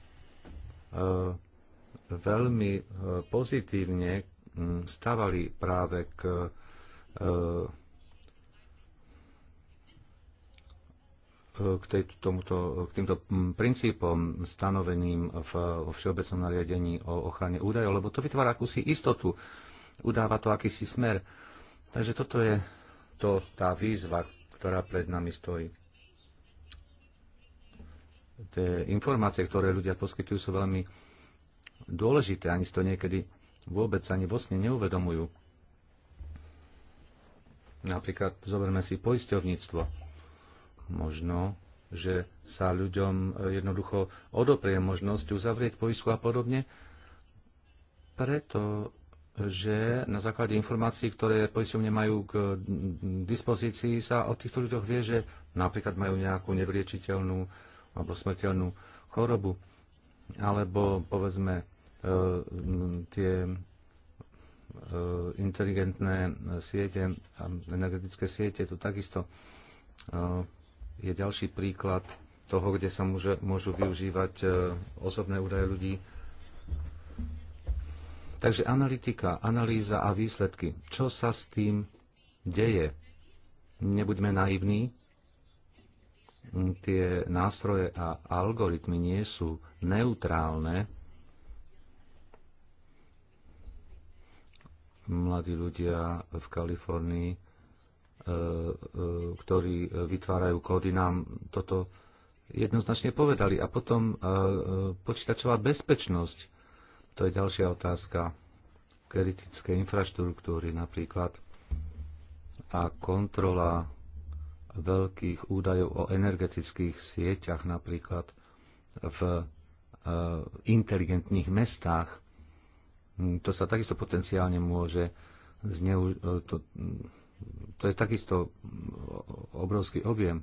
[SPEAKER 2] veľmi e, pozitívne stavali práve k e, k, tej, tomuto, k týmto princípom stanoveným v, v Všeobecnom nariadení o ochrane údajov, lebo to vytvára akúsi istotu, udáva to akýsi smer. Takže toto je to, tá výzva, ktorá pred nami stojí. Tie informácie, ktoré ľudia poskytujú, sú veľmi dôležité, ani si to niekedy vôbec ani vo sne neuvedomujú. Napríklad zoberme si poisťovníctvo možno, že sa ľuďom e, jednoducho odoprie možnosť uzavrieť poisku a podobne, pretože na základe informácií, ktoré poisťovne majú k dispozícii, sa o týchto ľuďoch vie, že napríklad majú nejakú nevriečiteľnú alebo smrteľnú chorobu, alebo povedzme e, tie e, inteligentné siete, energetické siete, to takisto je ďalší príklad toho, kde sa môže, môžu využívať e, osobné údaje ľudí. Takže analytika, analýza a výsledky. Čo sa s tým deje? Nebuďme naivní. Tie nástroje a algoritmy nie sú neutrálne. Mladí ľudia v Kalifornii E, e, ktorí vytvárajú kódy, nám toto jednoznačne povedali. A potom e, počítačová bezpečnosť, to je ďalšia otázka kritické infraštruktúry napríklad a kontrola veľkých údajov o energetických sieťach napríklad v inteligentných mestách. To sa takisto potenciálne môže zneu, to je takisto obrovský objem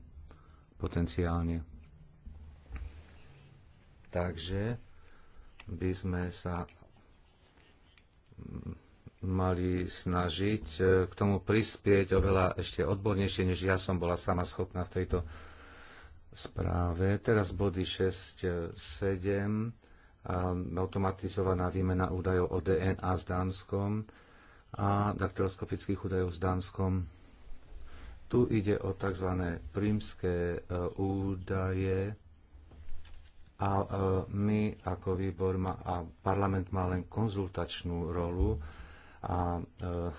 [SPEAKER 2] potenciálne. Takže by sme sa mali snažiť e, k tomu prispieť oveľa ešte odbornejšie, než ja som bola sama schopná v tejto správe. Teraz body 6, 7, e, automatizovaná výmena údajov o DNA s Dánskom a daktyloskopických údajov s Dánskom. Tu ide o tzv. prímské e, údaje a e, my ako výbor má, a parlament má len konzultačnú rolu a e,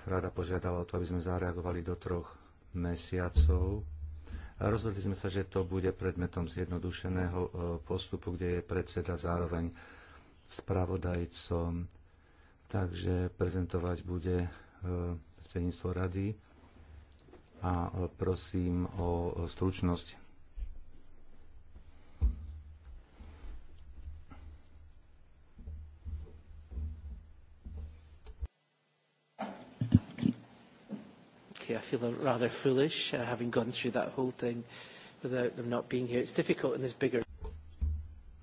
[SPEAKER 2] rada požiadala o to, aby sme zareagovali do troch mesiacov. Rozhodli sme sa, že to bude predmetom zjednodušeného postupu, kde je predseda zároveň spravodajcom Takže prezentovať bude e, predsedníctvo rady a e, prosím o stručnosť.
[SPEAKER 1] I feel rather foolish uh, having gone through that whole thing without them not being here. It's difficult in this bigger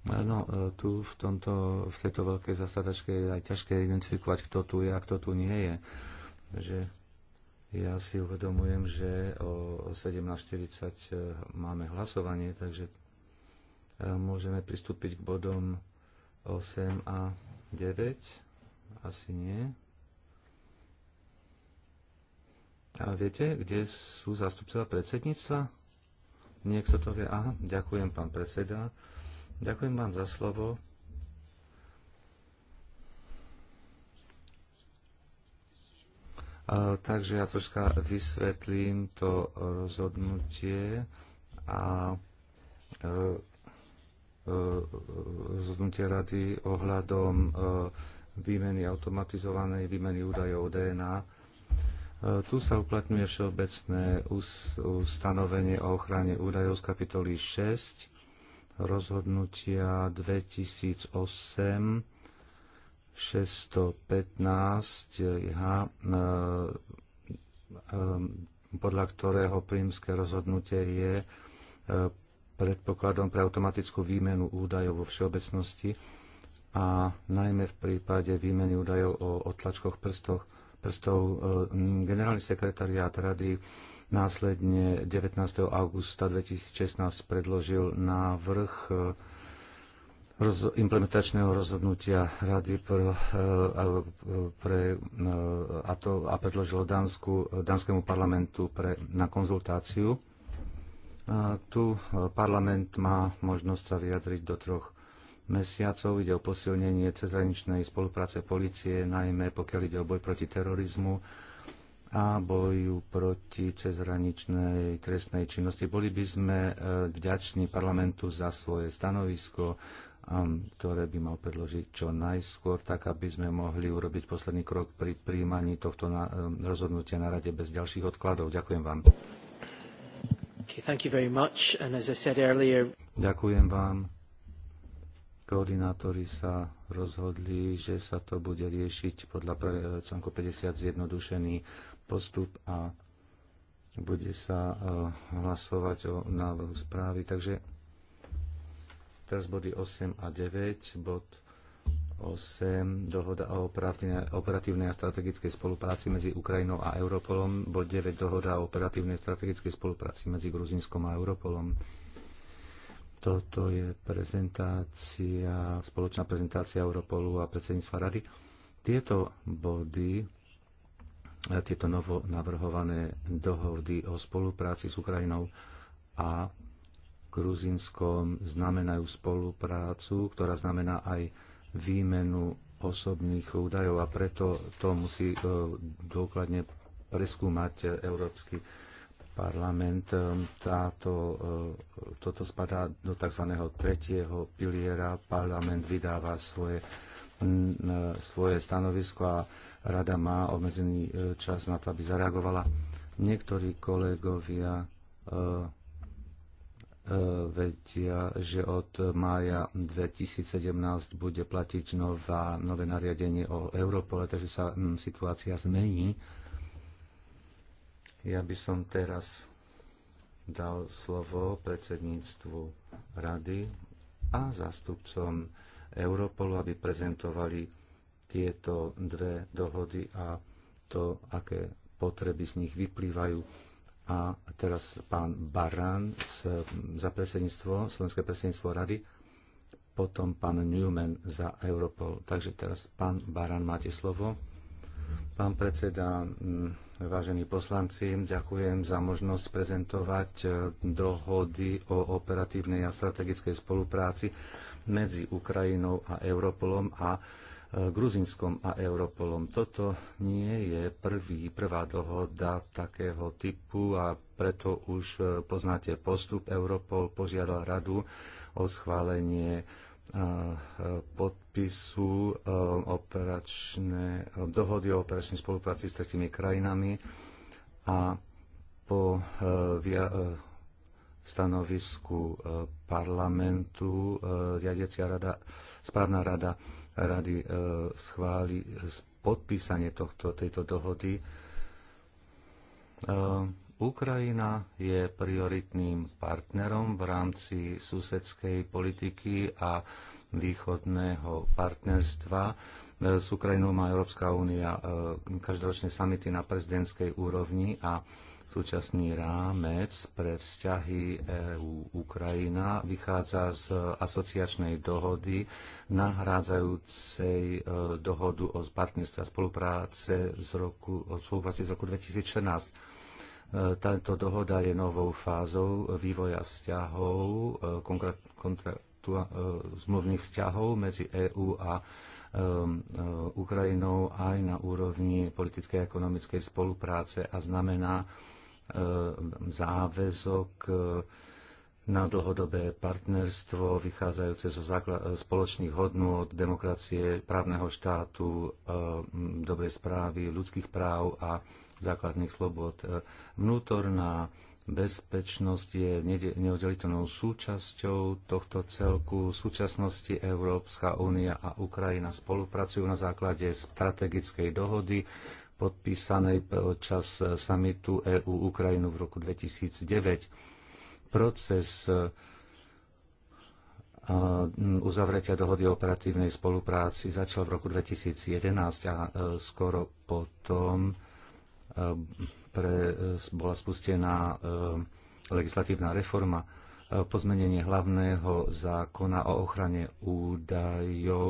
[SPEAKER 2] No, tu v, tomto, v tejto veľkej zasadačke je aj ťažké identifikovať, kto tu je a kto tu nie je. Takže ja si uvedomujem, že o 17.40 e, máme hlasovanie, takže e, môžeme pristúpiť k bodom 8 a 9. Asi nie. A viete, kde sú zástupcovia predsedníctva? Niekto to vie? Aha, ďakujem, pán predseda. Ďakujem vám za slovo. Takže ja troška vysvetlím to rozhodnutie a e, e, rozhodnutie rady ohľadom e, výmeny automatizovanej výmeny údajov DNA. Tu sa uplatňuje všeobecné ustanovenie o ochrane údajov z kapitoly 6 rozhodnutia 2008 615 IH, podľa ktorého prímske rozhodnutie je e, predpokladom pre automatickú výmenu údajov vo všeobecnosti a najmä v prípade výmeny údajov o otlačkoch prstov, prstov. E, generálny sekretariát rady Následne 19. augusta 2016 predložil návrh eh, implementačného rozhodnutia Rady pro, eh, pre, eh, a, to, a predložilo Dánsku, Dánskému parlamentu pre, na konzultáciu. A tu parlament má možnosť sa vyjadriť do troch mesiacov. Ide o posilnenie cezhraničnej spolupráce policie, najmä pokiaľ ide o boj proti terorizmu a boju proti cezhraničnej trestnej činnosti. Boli by sme e, vďační parlamentu za svoje stanovisko, e, ktoré by mal predložiť čo najskôr, tak aby sme mohli urobiť posledný krok pri príjmaní tohto e, rozhodnutia na rade bez ďalších odkladov. Ďakujem vám. Ďakujem vám. Koordinátori sa rozhodli, že sa to bude riešiť podľa článku 50 zjednodušený postup a bude sa eh, hlasovať o návrhu správy. Takže teraz body 8 a 9, bod 8, dohoda o operatívnej a strategickej spolupráci medzi Ukrajinou a Europolom, bod 9, dohoda o operatívnej a strategickej spolupráci medzi Gruzinskom a Europolom. Toto je prezentácia, spoločná prezentácia Europolu a predsedníctva rady. Tieto body tieto novo navrhované dohody o spolupráci s Ukrajinou a Gruzinskom znamenajú spoluprácu, ktorá znamená aj výmenu osobných údajov a preto to musí e, dôkladne preskúmať Európsky parlament. E, táto, e, toto spadá do tzv. tretieho piliera. Parlament vydáva svoje, svoje stanovisko a Rada má obmedzený e, čas na to, aby zareagovala. Niektorí kolegovia e, e, vedia, že od mája 2017 bude platiť nová, nové nariadenie o Europole, takže sa situácia zmení. Ja by som teraz dal slovo predsedníctvu rady a zástupcom Europolu, aby prezentovali tieto dve dohody a to, aké potreby z nich vyplývajú. A teraz pán Baran z, za predsedníctvo, slovenské predsedníctvo rady, potom pán Newman za Europol. Takže teraz pán Baran, máte slovo. Pán predseda, vážení poslanci, ďakujem za možnosť prezentovať e, dohody o operatívnej a strategickej spolupráci medzi Ukrajinou a Europolom a Gruzinskom a Europolom. Toto nie je prvý, prvá dohoda takého typu a preto už e, poznáte postup. Europol požiadal radu o schválenie e, podpisu e, operačné, dohody o operačnej spolupráci s tretimi krajinami a po stanovisku parlamentu riadiacia rada, správna rada rady e, schváli podpísanie tohto, tejto dohody. E, Ukrajina je prioritným partnerom v rámci susedskej politiky a východného partnerstva. E, s Ukrajinou má Európska únia každoročné samity na prezidentskej úrovni a Súčasný rámec pre vzťahy EU-Ukrajina vychádza z asociačnej dohody nahrádzajúcej e, dohodu o partnerstve a spolupráce z roku, o spolupráci z roku 2014. E, táto dohoda je novou fázou vývoja vzťahov, e, konkrét, zmluvných vzťahov medzi EÚ a Ukrajinou aj na úrovni politickej a ekonomickej spolupráce a znamená E, záväzok e, na dlhodobé partnerstvo vychádzajúce zo e, spoločných hodnôt demokracie, právneho štátu, dobrej správy, ľudských práv a základných slobod. Vnútorná bezpečnosť je neoddeliteľnou súčasťou tohto celku. V súčasnosti Európska únia a Ukrajina spolupracujú na základe strategickej dohody podpísanej počas eh, samitu EU Ukrajinu v roku 2009. Proces eh, eh, uzavretia dohody o operatívnej spolupráci začal v roku 2011 a skoro potom pre, bola spustená legislatívna reforma pozmenenie hlavného zákona o ochrane údajov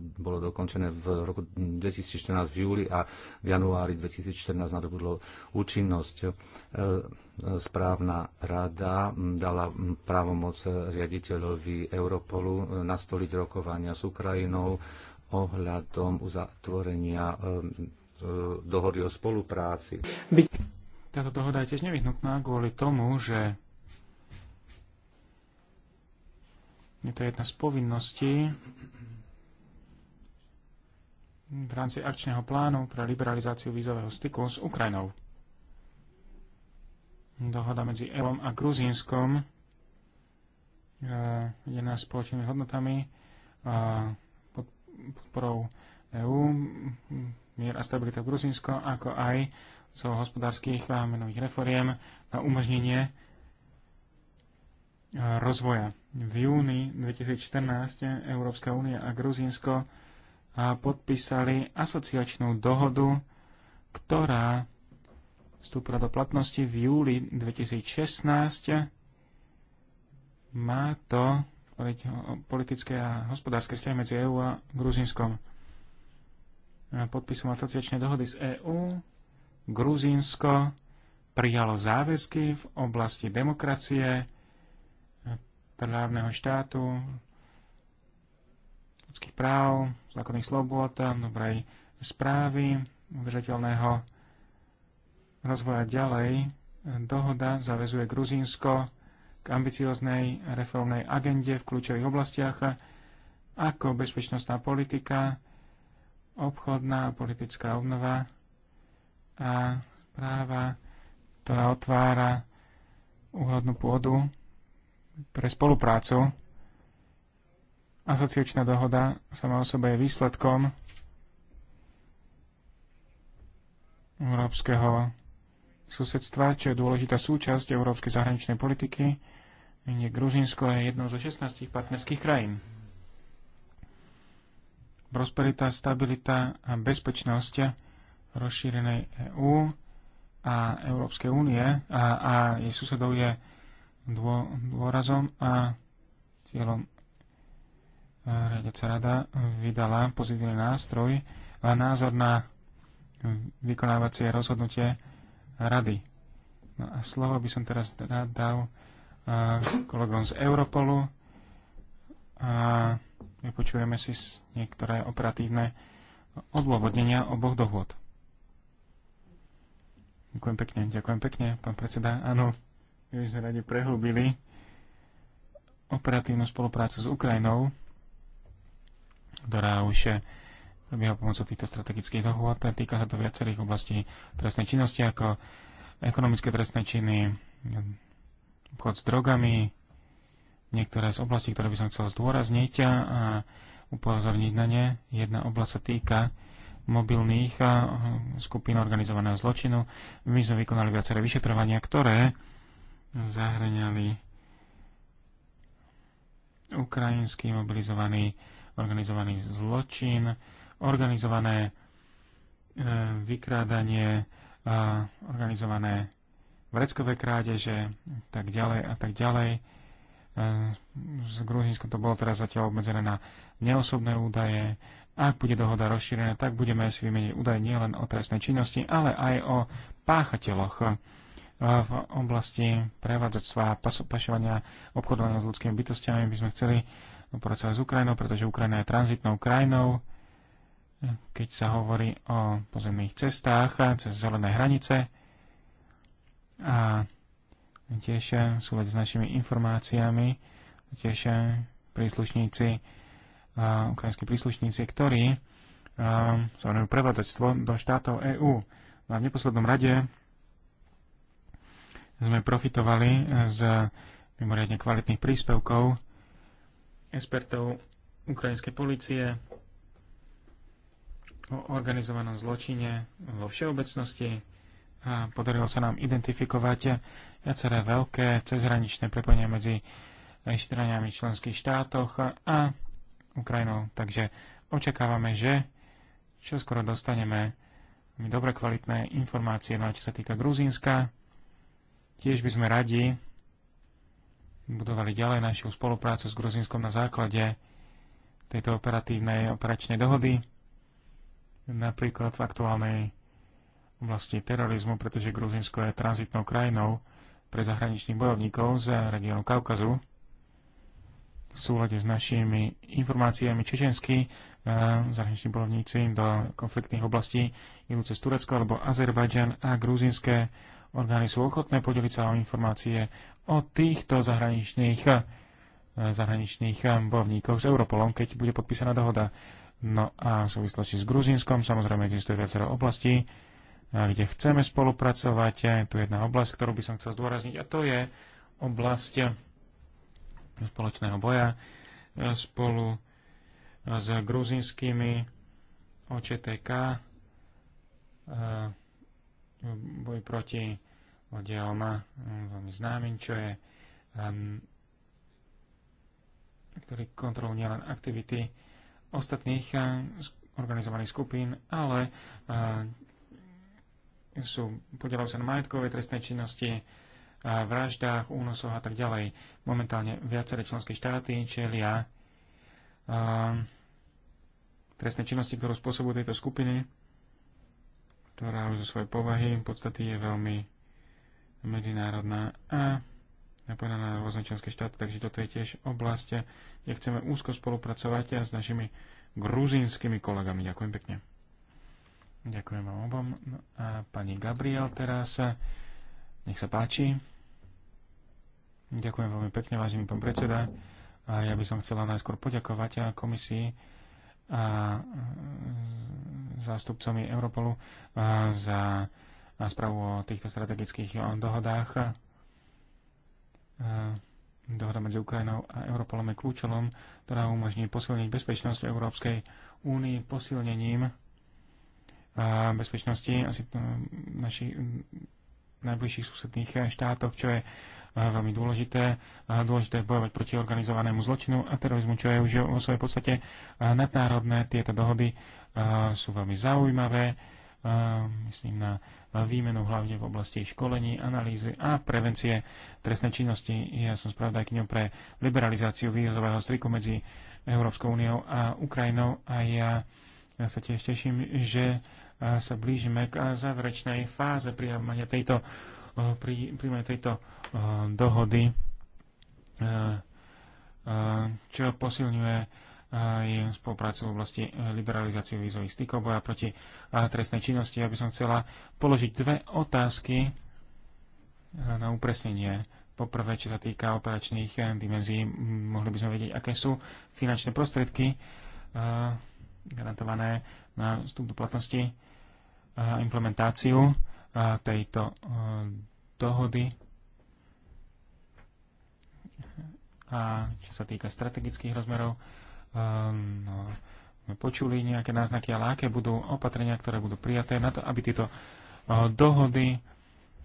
[SPEAKER 2] eh, bolo dokončené v roku 2014 v júli a v januári 2014 nadobudlo účinnosť. Eh, správna rada hm, dala hm, právomoc riaditeľovi Europolu eh, nastoliť rokovania s Ukrajinou ohľadom uzatvorenia dohody o spolupráci.
[SPEAKER 3] Táto dohoda je tiež nevyhnutná kvôli tomu, že Je to jedna z povinností v rámci akčného plánu pre liberalizáciu vízového styku s Ukrajinou. Dohoda medzi EU a Gruzínskom e, je nás spoločnými hodnotami a podporou EÚ, mier a stabilita v Gruzínsko, ako aj celého hospodárskych a menových reforiem na umožnenie rozvoja. V júni 2014 Európska únia a Gruzínsko podpísali asociačnú dohodu, ktorá vstúpila do platnosti v júli 2016. Má to politické a hospodárske vzťahy medzi EÚ a Gruzínskom. Podpisom asociačnej dohody z EÚ Gruzínsko prijalo záväzky v oblasti demokracie, právneho štátu, ľudských práv, základných slobôd, dobrej správy, udržateľného rozvoja ďalej. Dohoda zavezuje Gruzínsko k ambicioznej reformnej agende v kľúčových oblastiach ako bezpečnostná politika, obchodná a politická obnova a práva, ktorá otvára úrodnú pôdu pre spoluprácu. Asociačná dohoda sama o sebe je výsledkom európskeho susedstva, čo je dôležitá súčasť európskej zahraničnej politiky, kde Gruzinsko je jednou zo 16 partnerských krajín. Prosperita, stabilita a bezpečnosť rozšírenej EÚ a Európskej únie a, a jej susedov je dôrazom a cieľom e, Radiaca rada vydala pozitívny nástroj a názor na vykonávacie rozhodnutie rady. No a slovo by som teraz rád teda dal e, kolegom z Europolu a vypočujeme si niektoré operatívne odôvodnenia oboch dohôd. Ďakujem pekne, ďakujem pekne, pán predseda. Áno, my sme rade prehlbili operatívnu spoluprácu s Ukrajinou, ktorá už robia pomocou týchto strategických dohôd. Týka sa to viacerých oblastí trestnej činnosti, ako ekonomické trestné činy, obchod s drogami, niektoré z oblastí, ktoré by som chcel zdôrazniť a upozorniť na ne. Jedna oblasť sa týka mobilných skupín organizovaného zločinu. My sme vykonali viaceré vyšetrovania, ktoré zahrňali ukrajinský mobilizovaný organizovaný zločin, organizované e, vykrádanie, e, organizované vreckové krádeže, tak ďalej a tak ďalej. S e, Gruzínskom to bolo teraz zatiaľ obmedzené na neosobné údaje. Ak bude dohoda rozšírená, tak budeme si vymeniť údaje nielen o trestnej činnosti, ale aj o páchateľoch v oblasti a pašovania, obchodovania s ľudskými bytostiami by sme chceli pracovať s Ukrajinou, pretože Ukrajina je tranzitnou krajinou. Keď sa hovorí o pozemných cestách cez zelené hranice a tiež sú s našimi informáciami, tiež príslušníci, ukrajinskí príslušníci, ktorí sa venujú prevádzačstvo do štátov EÚ. No a v neposlednom rade sme profitovali eh, z mimoriadne kvalitných príspevkov expertov ukrajinskej policie o organizovanom zločine vo všeobecnosti a podarilo sa nám identifikovať viaceré veľké cezhraničné prepojenia medzi štraniami členských štátoch a Ukrajinou. Takže očakávame, že čo skoro dostaneme dobre kvalitné informácie, no a čo sa týka Gruzínska, Tiež by sme radi budovali ďalej našu spoluprácu s Gruzinskom na základe tejto operatívnej operačnej dohody, napríklad v aktuálnej oblasti terorizmu, pretože Gruzinsko je tranzitnou krajinou pre zahraničných bojovníkov z regiónu Kaukazu. V súlade s našimi informáciami čečensky eh, zahraniční bojovníci do konfliktných oblastí idú cez Turecko alebo Azerbajdžan a gruzinské orgány sú ochotné podeliť sa o informácie o týchto zahraničných, e, zahraničných e, bojovníkoch s Europolom, keď bude podpísaná dohoda. No a v súvislosti s Gruzínskom samozrejme existuje viacero oblastí, e, kde chceme spolupracovať. Je tu jedna oblasť, ktorú by som chcel zdôrazniť a to je oblasť spoločného boja spolu s gruzinskými OČTK boj proti oddielom eh, veľmi známy, čo je um, ktorý kontroluje nielen aktivity ostatných eh, organizovaných skupín, ale uh, sú, podielajú sa na majetkové trestné činnosti, uh, vraždách, únosoch a tak ďalej. Momentálne viaceré členské štáty čelia uh, ehm, trestné činnosti, ktorú spôsobujú tejto skupiny ktorá už zo svojej povahy v podstate je veľmi medzinárodná a napojená na rôzne členské štáty, takže toto je tiež oblasť, kde chceme úzko spolupracovať s našimi gruzínskymi kolegami. Ďakujem pekne. Ďakujem vám obom. No a pani Gabriel teraz, nech sa páči. Ďakujem veľmi pekne, vážený pán predseda. A ja by som chcela najskôr poďakovať komisii a e, zástupcomi Europolu e, za správu o týchto strategických e, dohodách. Dohoda medzi Ukrajinou a Europolom je kľúčom, ktorá umožní posilniť bezpečnosť v Európskej únii posilnením bezpečnosti asi našich najbližších susedných štátoch, čo je veľmi dôležité. Dôležité bojovať proti organizovanému zločinu a terorizmu, čo je už vo svojej podstate nadnárodné. Tieto dohody sú veľmi zaujímavé. Myslím na výmenu hlavne v oblasti školení, analýzy a prevencie trestnej činnosti. Ja som spravodajkyňou pre liberalizáciu výrozového striku medzi Európskou úniou a Ukrajinou a ja ja sa tiež teším, že sa blížime k záverečnej fáze prijavmania tejto Eh, pri príjme tejto eh, dohody, eh, čo posilňuje aj spoluprácu v oblasti liberalizácie vízových stykov, boja proti trestnej činnosti. Ja by som chcela položiť dve otázky na upresnenie. Poprvé, čo sa týka operačných dimenzí, mohli by sme vedieť, aké sú finančné prostriedky garantované na vstup do platnosti a implementáciu tejto e, dohody. A čo sa týka strategických rozmerov, e, no, počuli nejaké náznaky, ale aké budú opatrenia, ktoré budú prijaté na to, aby tieto e, dohody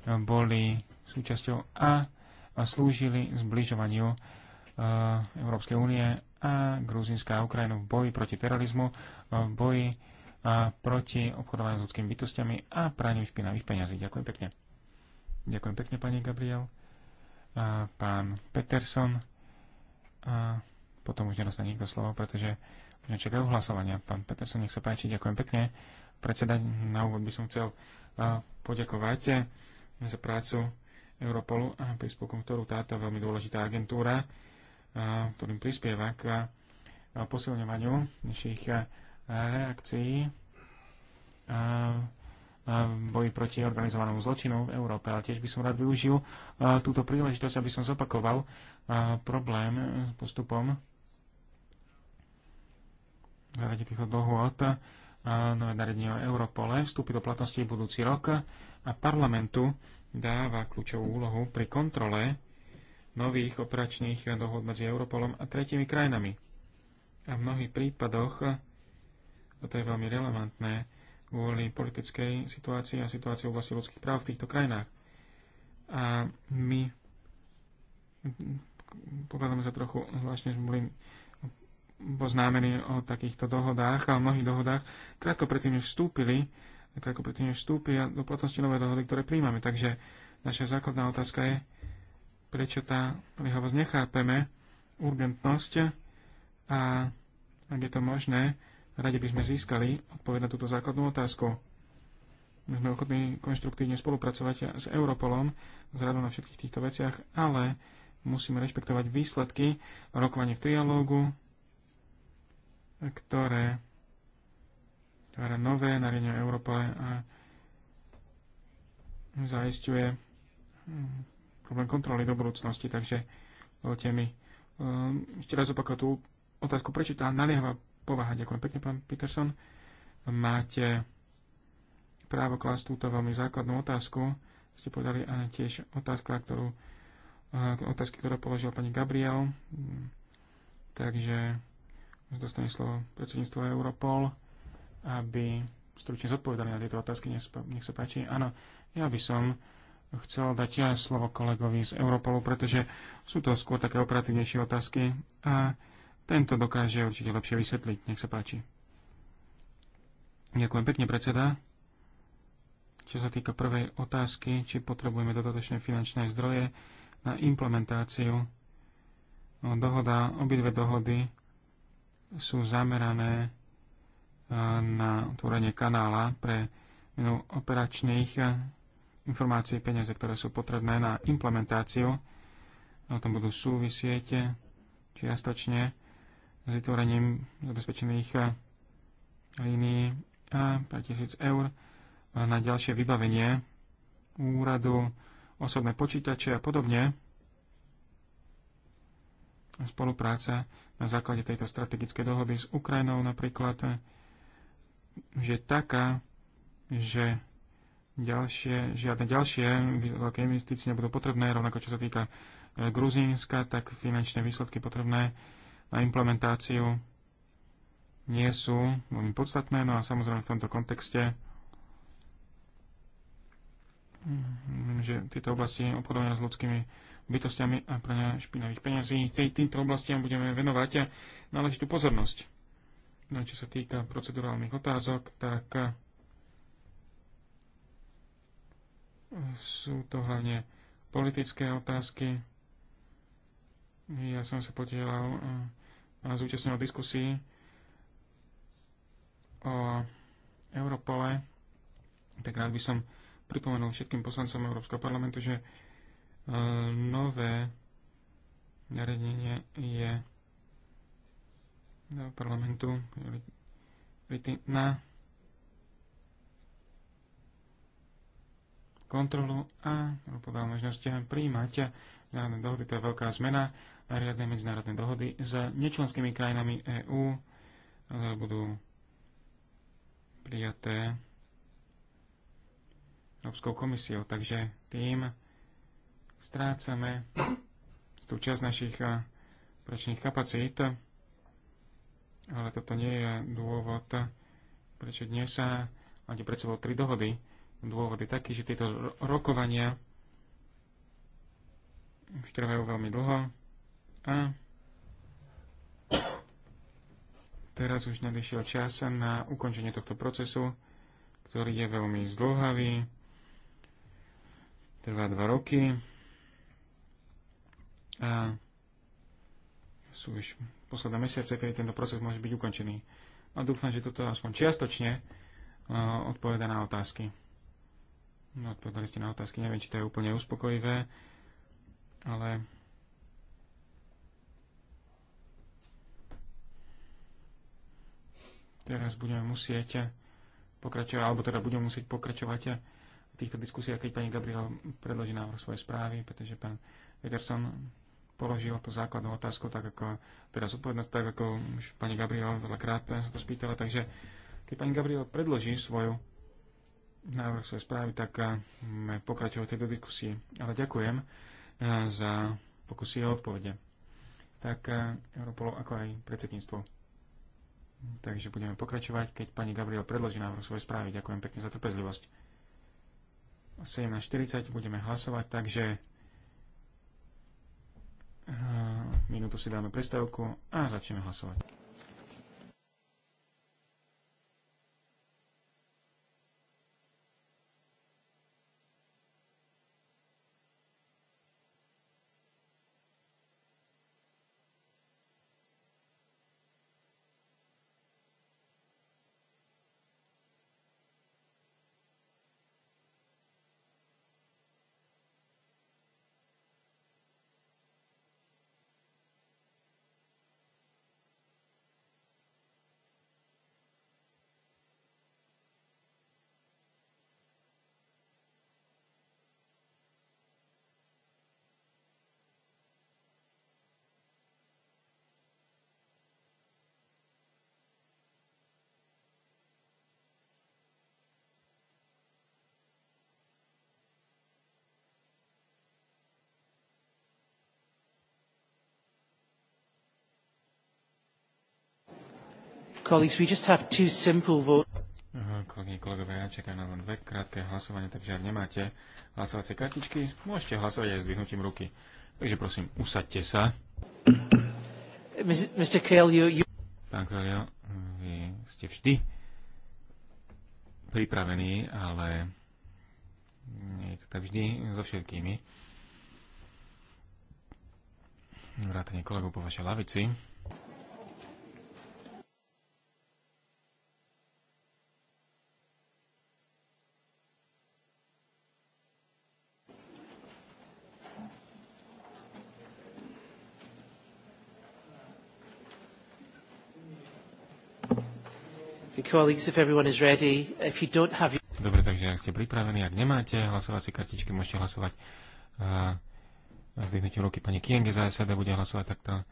[SPEAKER 3] boli súčasťou a slúžili zbližovaniu Európskej únie a Gruzínska a Ukrajina v boji proti terorizmu, v boji a proti obchodovaniu s ľudskými bytostiami a praniu špinavých peňazí. Ďakujem pekne. Ďakujem pekne, pani Gabriel. A pán Peterson. A potom už nedostane nikto slovo, pretože už nečakajú hlasovania. Pán Peterson, nech sa páči, ďakujem pekne. Predseda, na úvod by som chcel poďakovať e, za prácu Europolu a príspevkom, ktorú táto veľmi dôležitá agentúra, ktorým prispieva k posilňovaniu našich reakcii v boji proti organizovanému zločinu v Európe. Ale tiež by som rád využil túto príležitosť, aby som zopakoval problém s postupom zaradi týchto dohôd nové nariadenie o Europole vstúpi do platnosti budúci rok a parlamentu dáva kľúčovú úlohu pri kontrole nových operačných dohod medzi Europolom a tretími krajinami. A v mnohých prípadoch a to je veľmi relevantné kvôli politickej situácii a situácii v oblasti ľudských práv v týchto krajinách. A my pokladáme za trochu zvláštne, že boli poznámení o takýchto dohodách a o mnohých dohodách krátko predtým, než vstúpili, krátko predtým, než vstúpia do platnosti nové dohody, ktoré príjmame. Takže naša základná otázka je, prečo tá lihovosť nechápeme, urgentnosť a ak je to možné, Rade by sme získali odpoveď na túto základnú otázku. My sme ochotní konštruktívne spolupracovať s Europolom z radu na všetkých týchto veciach, ale musíme rešpektovať výsledky rokovania v trialógu, ktoré tvára nové nariadenie Európole a zaisťuje hm, problém kontroly do budúcnosti. Takže dovolte mi hm, ešte raz opakovať tú otázku, prečo tá naliehavá povaha. Ďakujem pekne, pán Peterson. Máte právo klásť túto veľmi základnú otázku. Ste povedali aj tiež otázka, ktorú, eh, otázky, ktorú položila pani Gabriel. Takže dostane slovo predsedníctvo Europol, aby stručne zodpovedali na tieto otázky. Nech sa páči. Áno, ja by som chcel dať ja slovo kolegovi z Europolu, pretože sú to skôr také operatívnejšie otázky a tento dokáže určite lepšie vysvetliť. Nech sa páči. Ďakujem pekne, predseda. Čo sa týka prvej otázky, či potrebujeme dodatočné finančné zdroje na implementáciu, no, dohoda, obidve dohody sú zamerané e, na otvorenie kanála pre operačných e, informácií peniaze, ktoré sú potrebné na implementáciu. O tom budú súvisieť e, čiastočne s vytvorením zabezpečených línií a 5000 eur eh, na ďalšie vybavenie úradu, osobné počítače a podobne. Spolupráca na základe tejto strategickej dohody s Ukrajinou napríklad, eh, že taká, že ďalšie, žiadne ďalšie veľké investície nebudú potrebné, rovnako čo sa týka eh, Gruzínska, tak finančné výsledky potrebné na implementáciu nie sú veľmi podstatné, no a samozrejme v tomto kontexte mm, že tieto oblasti obchodovania s ľudskými bytostiami a prania špinavých peňazí. Týmto oblastiam budeme venovať náležitú pozornosť. No, čo sa týka procedurálnych otázok, tak sú to hlavne politické otázky. Ja som sa podielal eh, zúčastnil diskusí o Europole, tak rád by som pripomenul všetkým poslancom Európskeho parlamentu, že e, nové nariadenie je do parlamentu na kontrolu a podal možnosť príjmať zároveň dohody. To je veľká zmena a riadne medzinárodné dohody s nečlenskými krajinami EÚ, ktoré budú prijaté Európskou komisiou. Takže tým strácame tú časť našich eh, operačných kapacít, ale toto nie je dôvod, prečo dnes sa eh, máte pred sebou tri dohody. Dôvod je taký, že tieto rokovania už trvajú veľmi dlho a teraz už nadešiel čas na ukončenie tohto procesu, ktorý je veľmi zdlhavý. Trvá dva roky. A sú už posledné mesiace, kedy tento proces môže byť ukončený. A dúfam, že toto aspoň čiastočne odpoveda na otázky. No, odpovedali ste na otázky, neviem, či to je úplne uspokojivé, ale teraz budeme musieť pokračovať, alebo teda budeme musieť pokračovať v týchto diskusiách, keď pani Gabriel predloží návrh svojej správy, pretože pán Ederson položil tú základnú otázku, tak ako teraz odpovednosť, tak ako už pani Gabriel veľakrát sa to spýtala, takže keď pani Gabriel predloží svoju návrh svojej správy, tak budeme eh, pokračovať tejto diskusii. Ale ďakujem eh, za pokusy a odpovede. Tak eh, Europolo, ako aj predsedníctvo. Takže budeme pokračovať, keď pani Gabriel predloží návrh svoje správy. Ďakujem pekne za trpezlivosť. 17.40 budeme hlasovať, takže eh, minútu si dáme prestávku a začneme hlasovať.
[SPEAKER 1] Colleagues, we just have two simple votes.
[SPEAKER 3] Kolegyne, kolegovia, ja čakám na len dve krátke hlasovanie, takže ak nemáte hlasovacie kartičky, môžete hlasovať aj s vyhnutím ruky. Takže prosím, usaďte sa.
[SPEAKER 1] Mr. Coelho, you...
[SPEAKER 3] Pán Coelho, vy ste vždy pripravení, ale nie je to tak vždy so všetkými. Vrátane kolegov po vašej lavici. Dobre, takže ak ste pripravení, ak nemáte hlasovacie kartičky, môžete hlasovať uh, eh, zdvihnutím ruky. Pani Kienge za SAD bude hlasovať takto. A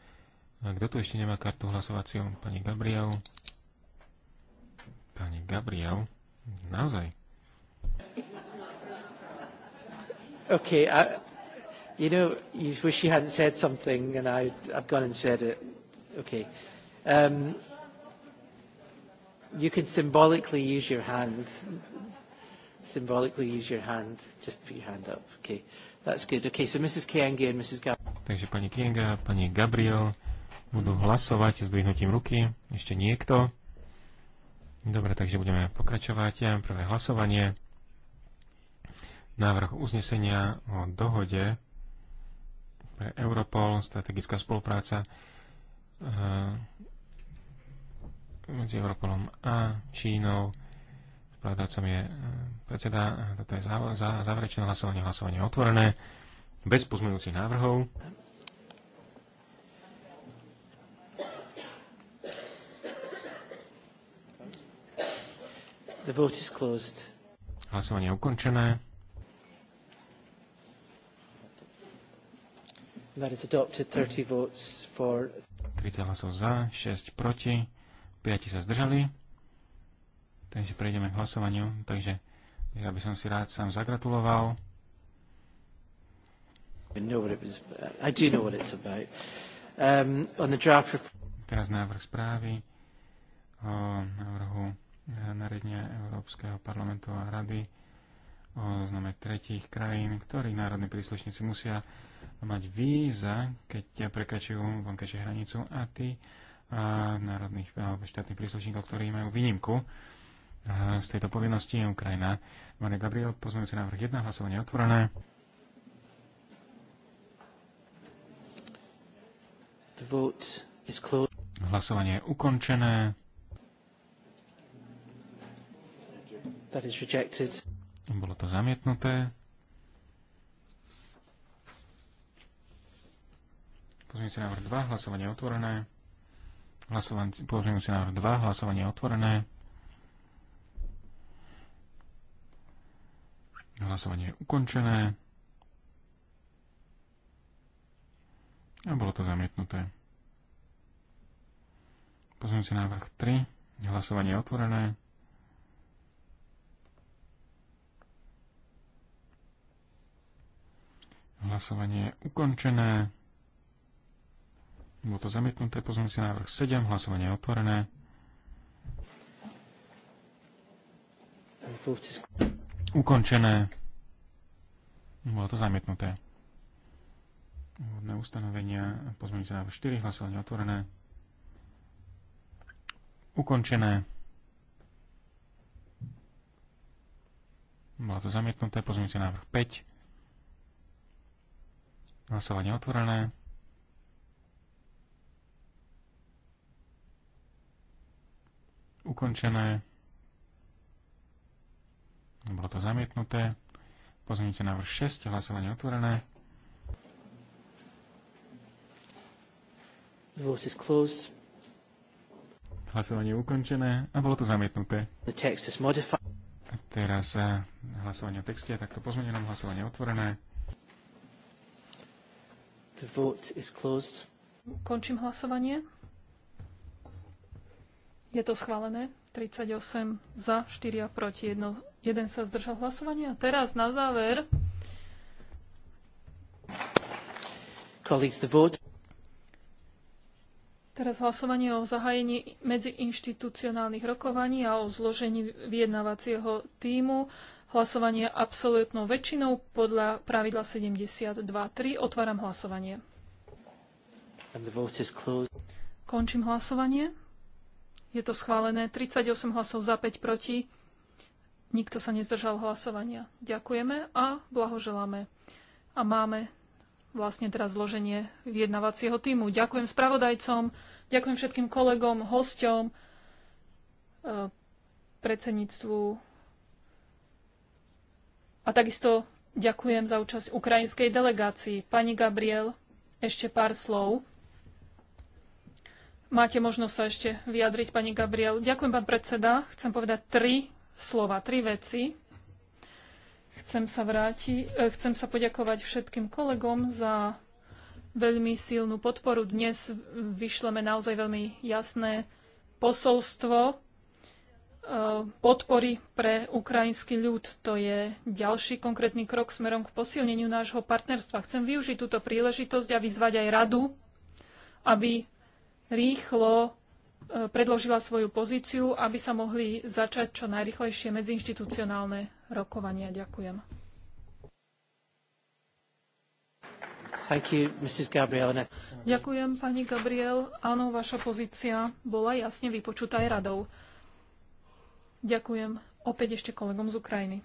[SPEAKER 3] eh, kto tu ešte nemá kartu hlasovaciu? Pani Gabriel. Pani Gabriel. Naozaj.
[SPEAKER 1] OK, I, you know, you wish you hadn't said something and I, I've gone and said it. Okay. Um, You can symbolically use your hand. Symbolically use your hand. Just put your hand up. Okay. That's good. Okay, so Mrs.
[SPEAKER 3] Kienge and Mrs. Gabriel. Takže pani Kienga, pani Gabriel budú hlasovať s dvihnutím ruky. Ešte niekto? Dobre, takže budeme pokračovať. Prvé hlasovanie. Návrh uznesenia o dohode pre Europol, strategická spolupráca eh, medzi Europolom a Čínou. Spravodajcom je eh, predseda, toto je záverečné hlasovanie, hlasovanie otvorené, bez pozmeňujúcich návrhov.
[SPEAKER 1] The vote is closed.
[SPEAKER 3] Hlasovanie je ukončené.
[SPEAKER 1] That is adopted 30 votes for
[SPEAKER 3] 30 hlasov za, 6 proti. 5 sa zdržali. Takže prejdeme k hlasovaniu. Takže ja by som si rád sám zagratuloval. Um, Teraz návrh správy o návrhu nariadenia Európskeho parlamentu a rady o zname tretích krajín, ktorých národní príslušníci musia mať víza, keď ťa prekračujú vonkajšie hranicu a tí a národných alebo štátnych príslušníkov, ktorí majú výnimku z tejto povinnosti je Ukrajina. Mane Gabriel, pozmeňujúci návrh 1, hlasovanie otvorené.
[SPEAKER 1] The vote is closed.
[SPEAKER 3] Hlasovanie je ukončené.
[SPEAKER 1] That is rejected.
[SPEAKER 3] Bolo to zamietnuté. Pozmeňujúci návrh 2, hlasovanie otvorené si návrh 2. Hlasovanie otvorené. Hlasovanie je ukončené. A bolo to zamietnuté. si návrh 3. Hlasovanie je otvorené. Hlasovanie je ukončené. Bolo to zamietnuté. Pozmeňujúci návrh 7. Hlasovanie je otvorené. Ukončené. Bolo to zamietnuté. Úvodné ustanovenia. Pozmeňujúci návrh 4. Hlasovanie otvorené. Ukončené. Bolo to zamietnuté. Pozmeňujúci návrh 5. Hlasovanie otvorené. ukončené. Bolo to zamietnuté. na vrch 6, hlasovanie otvorené.
[SPEAKER 1] The vote is closed.
[SPEAKER 3] Hlasovanie ukončené a bolo to zamietnuté. The text is modified. A teraz eh, hlasovanie o texte, takto pozmenenom hlasovanie otvorené.
[SPEAKER 1] The vote is closed.
[SPEAKER 4] Končím hlasovanie. Je to schválené. 38 za, 4 a proti. 1, 1 sa zdržal hlasovania. Teraz na záver. Teraz hlasovanie o zahájení medziinštitucionálnych rokovaní a o zložení vyjednávacieho týmu. Hlasovanie absolútnou väčšinou podľa pravidla 72.3. Otváram hlasovanie. Končím hlasovanie. Je to schválené. 38 hlasov za, 5 proti. Nikto sa nezdržal hlasovania. Ďakujeme a blahoželáme. A máme vlastne teraz zloženie vyjednavacieho týmu. Ďakujem spravodajcom, ďakujem všetkým kolegom, hosťom, e, predsedníctvu a takisto ďakujem za účasť ukrajinskej delegácii. Pani Gabriel, ešte pár slov. Máte možnosť sa ešte vyjadriť, pani Gabriel. Ďakujem, pán predseda. Chcem povedať tri slova, tri veci. Chcem sa vrátiť, e, chcem sa poďakovať všetkým kolegom za veľmi silnú podporu. Dnes vyšleme naozaj veľmi jasné posolstvo e, podpory pre ukrajinský ľud. To je ďalší konkrétny krok smerom k posilneniu nášho partnerstva. Chcem využiť túto príležitosť a vyzvať aj radu, aby rýchlo e, predložila svoju pozíciu, aby sa mohli začať čo najrychlejšie medziinštitucionálne rokovania. Ďakujem. You, Ďakujem, pani Gabriel. Áno, vaša pozícia bola jasne vypočutá aj radou. Ďakujem opäť ešte kolegom z Ukrajiny.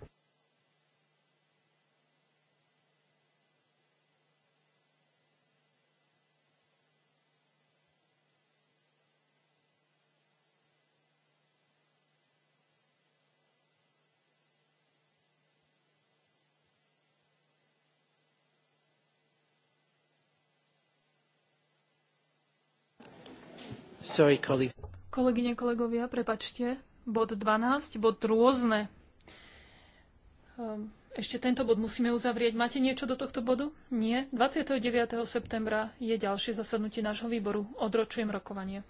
[SPEAKER 4] Sorry, colleagues. Kolegyne, kolegovia, prepačte. Bod 12, bod rôzne. Ehm, ešte tento bod musíme uzavrieť. Máte niečo do tohto bodu? Nie. 29. septembra je ďalšie zasadnutie nášho výboru. Odročujem rokovanie.